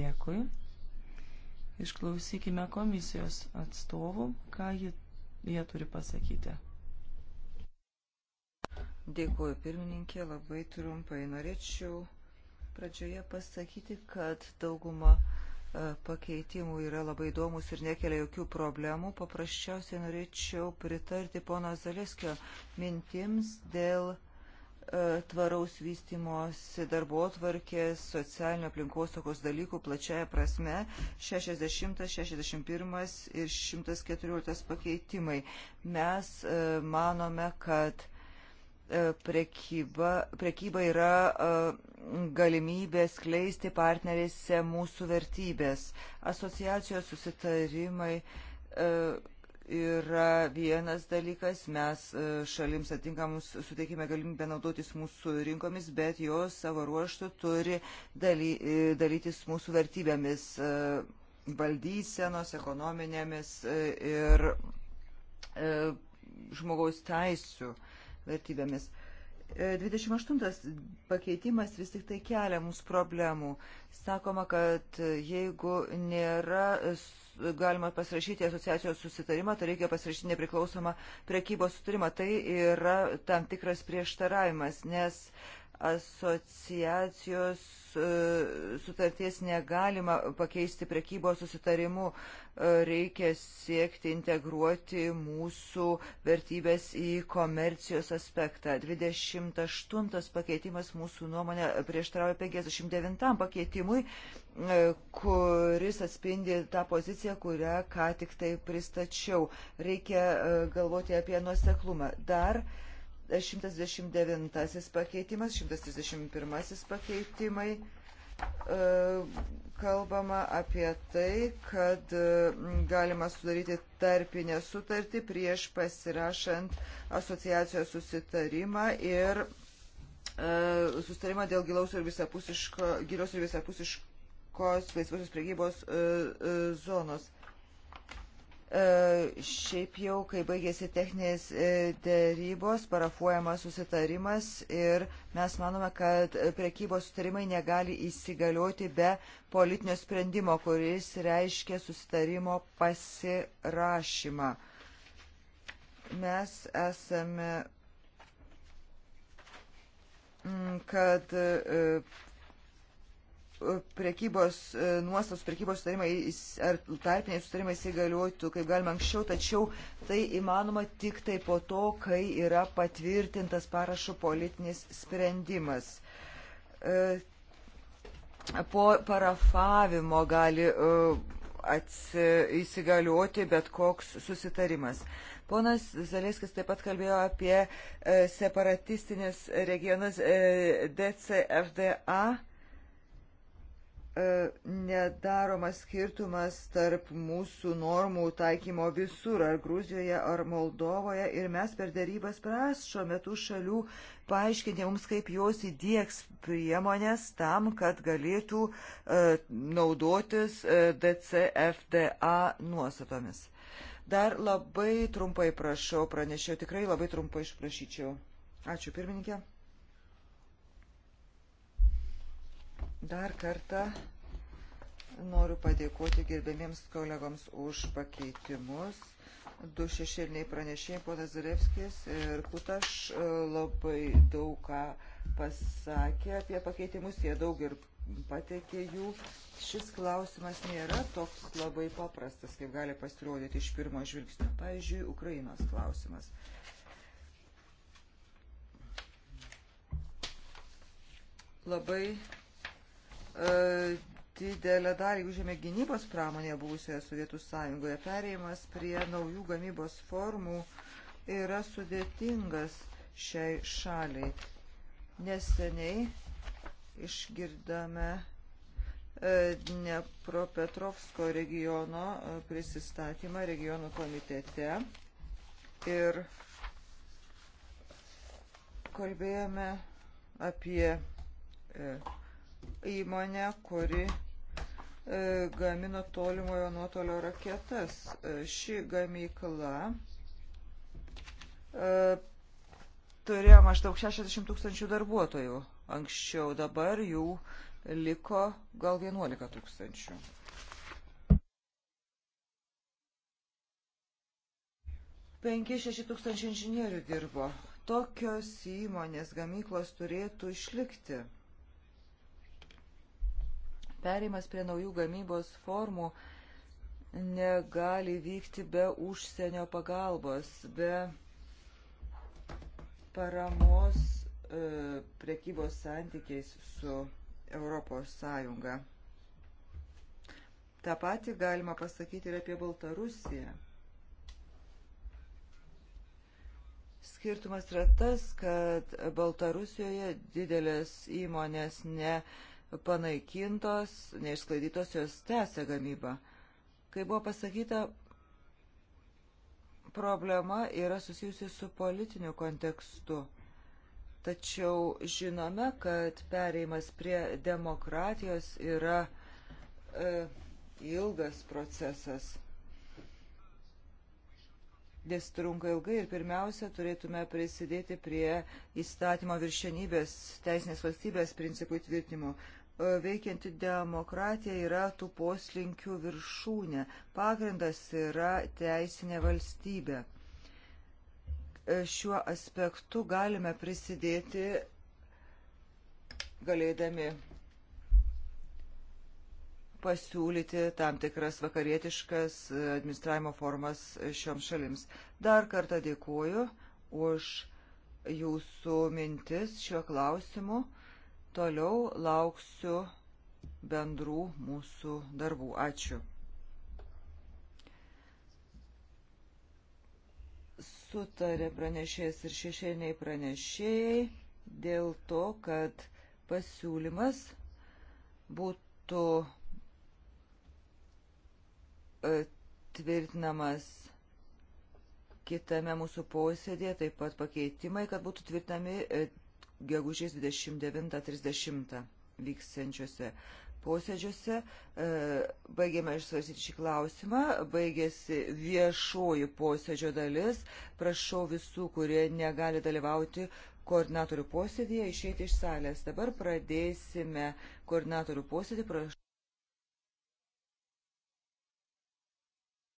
Dėkui. Išklausykime komisijos atstovų, ką jie, jie turi pasakyti. Dėkuoju pirmininkė, labai trumpai norėčiau pradžioje pasakyti, kad dauguma e, pakeitimų yra labai įdomus ir nekelia jokių problemų. Paprasčiausiai norėčiau pritarti pono Zaleskio mintims dėl e, tvaraus vystimosi darbo atvarkės, socialinio aplinkosaugos dalykų plačiaja prasme 60, 61 ir 114 pakeitimai. Mes e, manome, kad E, prekyba, prekyba yra e, galimybė skleisti partnerėse mūsų vertybės. Asociacijos susitarimai e, yra vienas dalykas, mes šalims atinkamus suteikime galimybę naudotis mūsų rinkomis, bet jos savo ruoštų turi daly, dalytis mūsų vertybėmis, valdysenos, ekonominėmis ir žmogaus teisų vertybėmis. 28 e, pakeitimas vis tik tai kelia mums problemų. Sakoma, kad jeigu nėra galima pasirašyti asociacijos susitarimą, tai reikia pasirašyti nepriklausomą prekybos sutarimą. Tai yra tam tikras prieštaravimas, nes asociacijos e, sutarties negalima pakeisti prekybos susitarimu. E, reikia siekti integruoti mūsų vertybės į komercijos aspektą. 28 pakeitimas mūsų nuomonė prieštrauja 59 pakeitimui, e, kuris atspindi tą poziciją, kurią ką tik tai pristačiau. Reikia galvoti apie nuoseklumą. Dar uh, 129 pakeitimas, 131 pakeitimai. E, kalbama apie tai, kad e, galima sudaryti tarpinę sutartį prieš pasirašant asociacijos susitarimą ir e, susitarimą dėl gilaus ir visapusiško, gilios ir visapusiškos laisvosios priegybos zonos. E, šiaip jau, kai baigėsi techninės e, dėrybos, parafuojamas susitarimas ir mes manome, kad prekybos sutarimai negali įsigalioti be politinio sprendimo, kuris reiškia susitarimo pasirašymą. Mes esame, mm, kad e, prekybos e, nuostatos, prekybos sutarimai ar tarpiniai sutarimai įsigaliotų kaip galima anksčiau, tačiau tai įmanoma tik tai po to, kai yra patvirtintas parašų politinis sprendimas. E, po parafavimo gali e, įsigalioti bet koks susitarimas. Ponas Zaleskis taip pat kalbėjo apie separatistinės regionas DCFDA E, nedaromas skirtumas tarp mūsų normų taikymo visur, ar Gruzijoje, ar Moldovoje, ir mes per darybas prašome tų šalių paaiškinti mums, kaip jos įdėks priemonės tam, kad galėtų e, naudotis e, DCFDA nuostatomis. Dar labai trumpai prašau, pranešiau, tikrai labai trumpai išprašyčiau. Ačiū pirmininkė. Dar kartą noriu padėkoti gerbėmiems kolegoms už pakeitimus. Du šešėliniai pranešėjai, ponas Zarevskis ir Kutaš, e, labai daug ką pasakė apie pakeitimus, jie daug ir pateikė jų. Šis klausimas nėra toks labai paprastas, kaip gali pasirodyti iš pirmo žvilgsnio. Pavyzdžiui, Ukrainos klausimas. Labai E, didelę dalį užėmė gynybos pramonėje buvusioje Sovietų sąjungoje. Perėjimas prie naujų gamybos formų yra sudėtingas šiai šaliai. Neseniai išgirdome e, Dnepropetrovsko regiono e, prisistatymą regionų komitete ir kalbėjome apie įmonę, kuri e, gamino tolimojo nuotolio raketas. E, ši gamykla e, turėjo maždaug 60 tūkstančių darbuotojų. Anksčiau dabar jų liko gal 11 tūkstančių. Penki, šeši tūkstančiai inžinierių dirbo. Tokios įmonės gamyklos turėtų išlikti. Perimas prie naujų gamybos formų negali vykti be užsienio pagalbos, be paramos e, prekybos santykiais su Europos Sąjunga. Ta pati galima pasakyti ir apie Baltarusiją. Skirtumas yra tas, kad Baltarusijoje didelės įmonės ne e, panaikintos, neišsklaidytos jos tęsia gamybą. Kai buvo pasakyta, problema yra susijusi su politiniu kontekstu. Tačiau žinome, kad pereimas prie demokratijos yra e, ilgas procesas. Jis trunka ilgai ir pirmiausia turėtume prisidėti prie įstatymo viršenybės teisinės valstybės principų įtvirtinimo veikianti demokratija yra tų poslinkių viršūnė. Pagrindas yra teisinė valstybė. E, šiuo aspektu galime prisidėti galėdami pasiūlyti tam tikras vakarietiškas e, administravimo formas šioms šalims. Dar kartą dėkuoju už jūsų mintis šiuo klausimu. Toliau lauksiu bendrų mūsų darbų. Ačiū. Sutarė pranešėjas ir šešėniai pranešėjai dėl to, kad pasiūlymas būtų e, tvirtinamas kitame mūsų posėdėje, taip pat pakeitimai, kad būtų tvirtinami e, gegužės 29-30 vyksiančiuose posėdžiuose. E, baigėme išsvarsyti šį klausimą, baigėsi viešoji posėdžio dalis. Prašau visų, kurie negali dalyvauti koordinatorių posėdėje, išeiti iš salės. Dabar pradėsime koordinatorių posėdį. Prašau.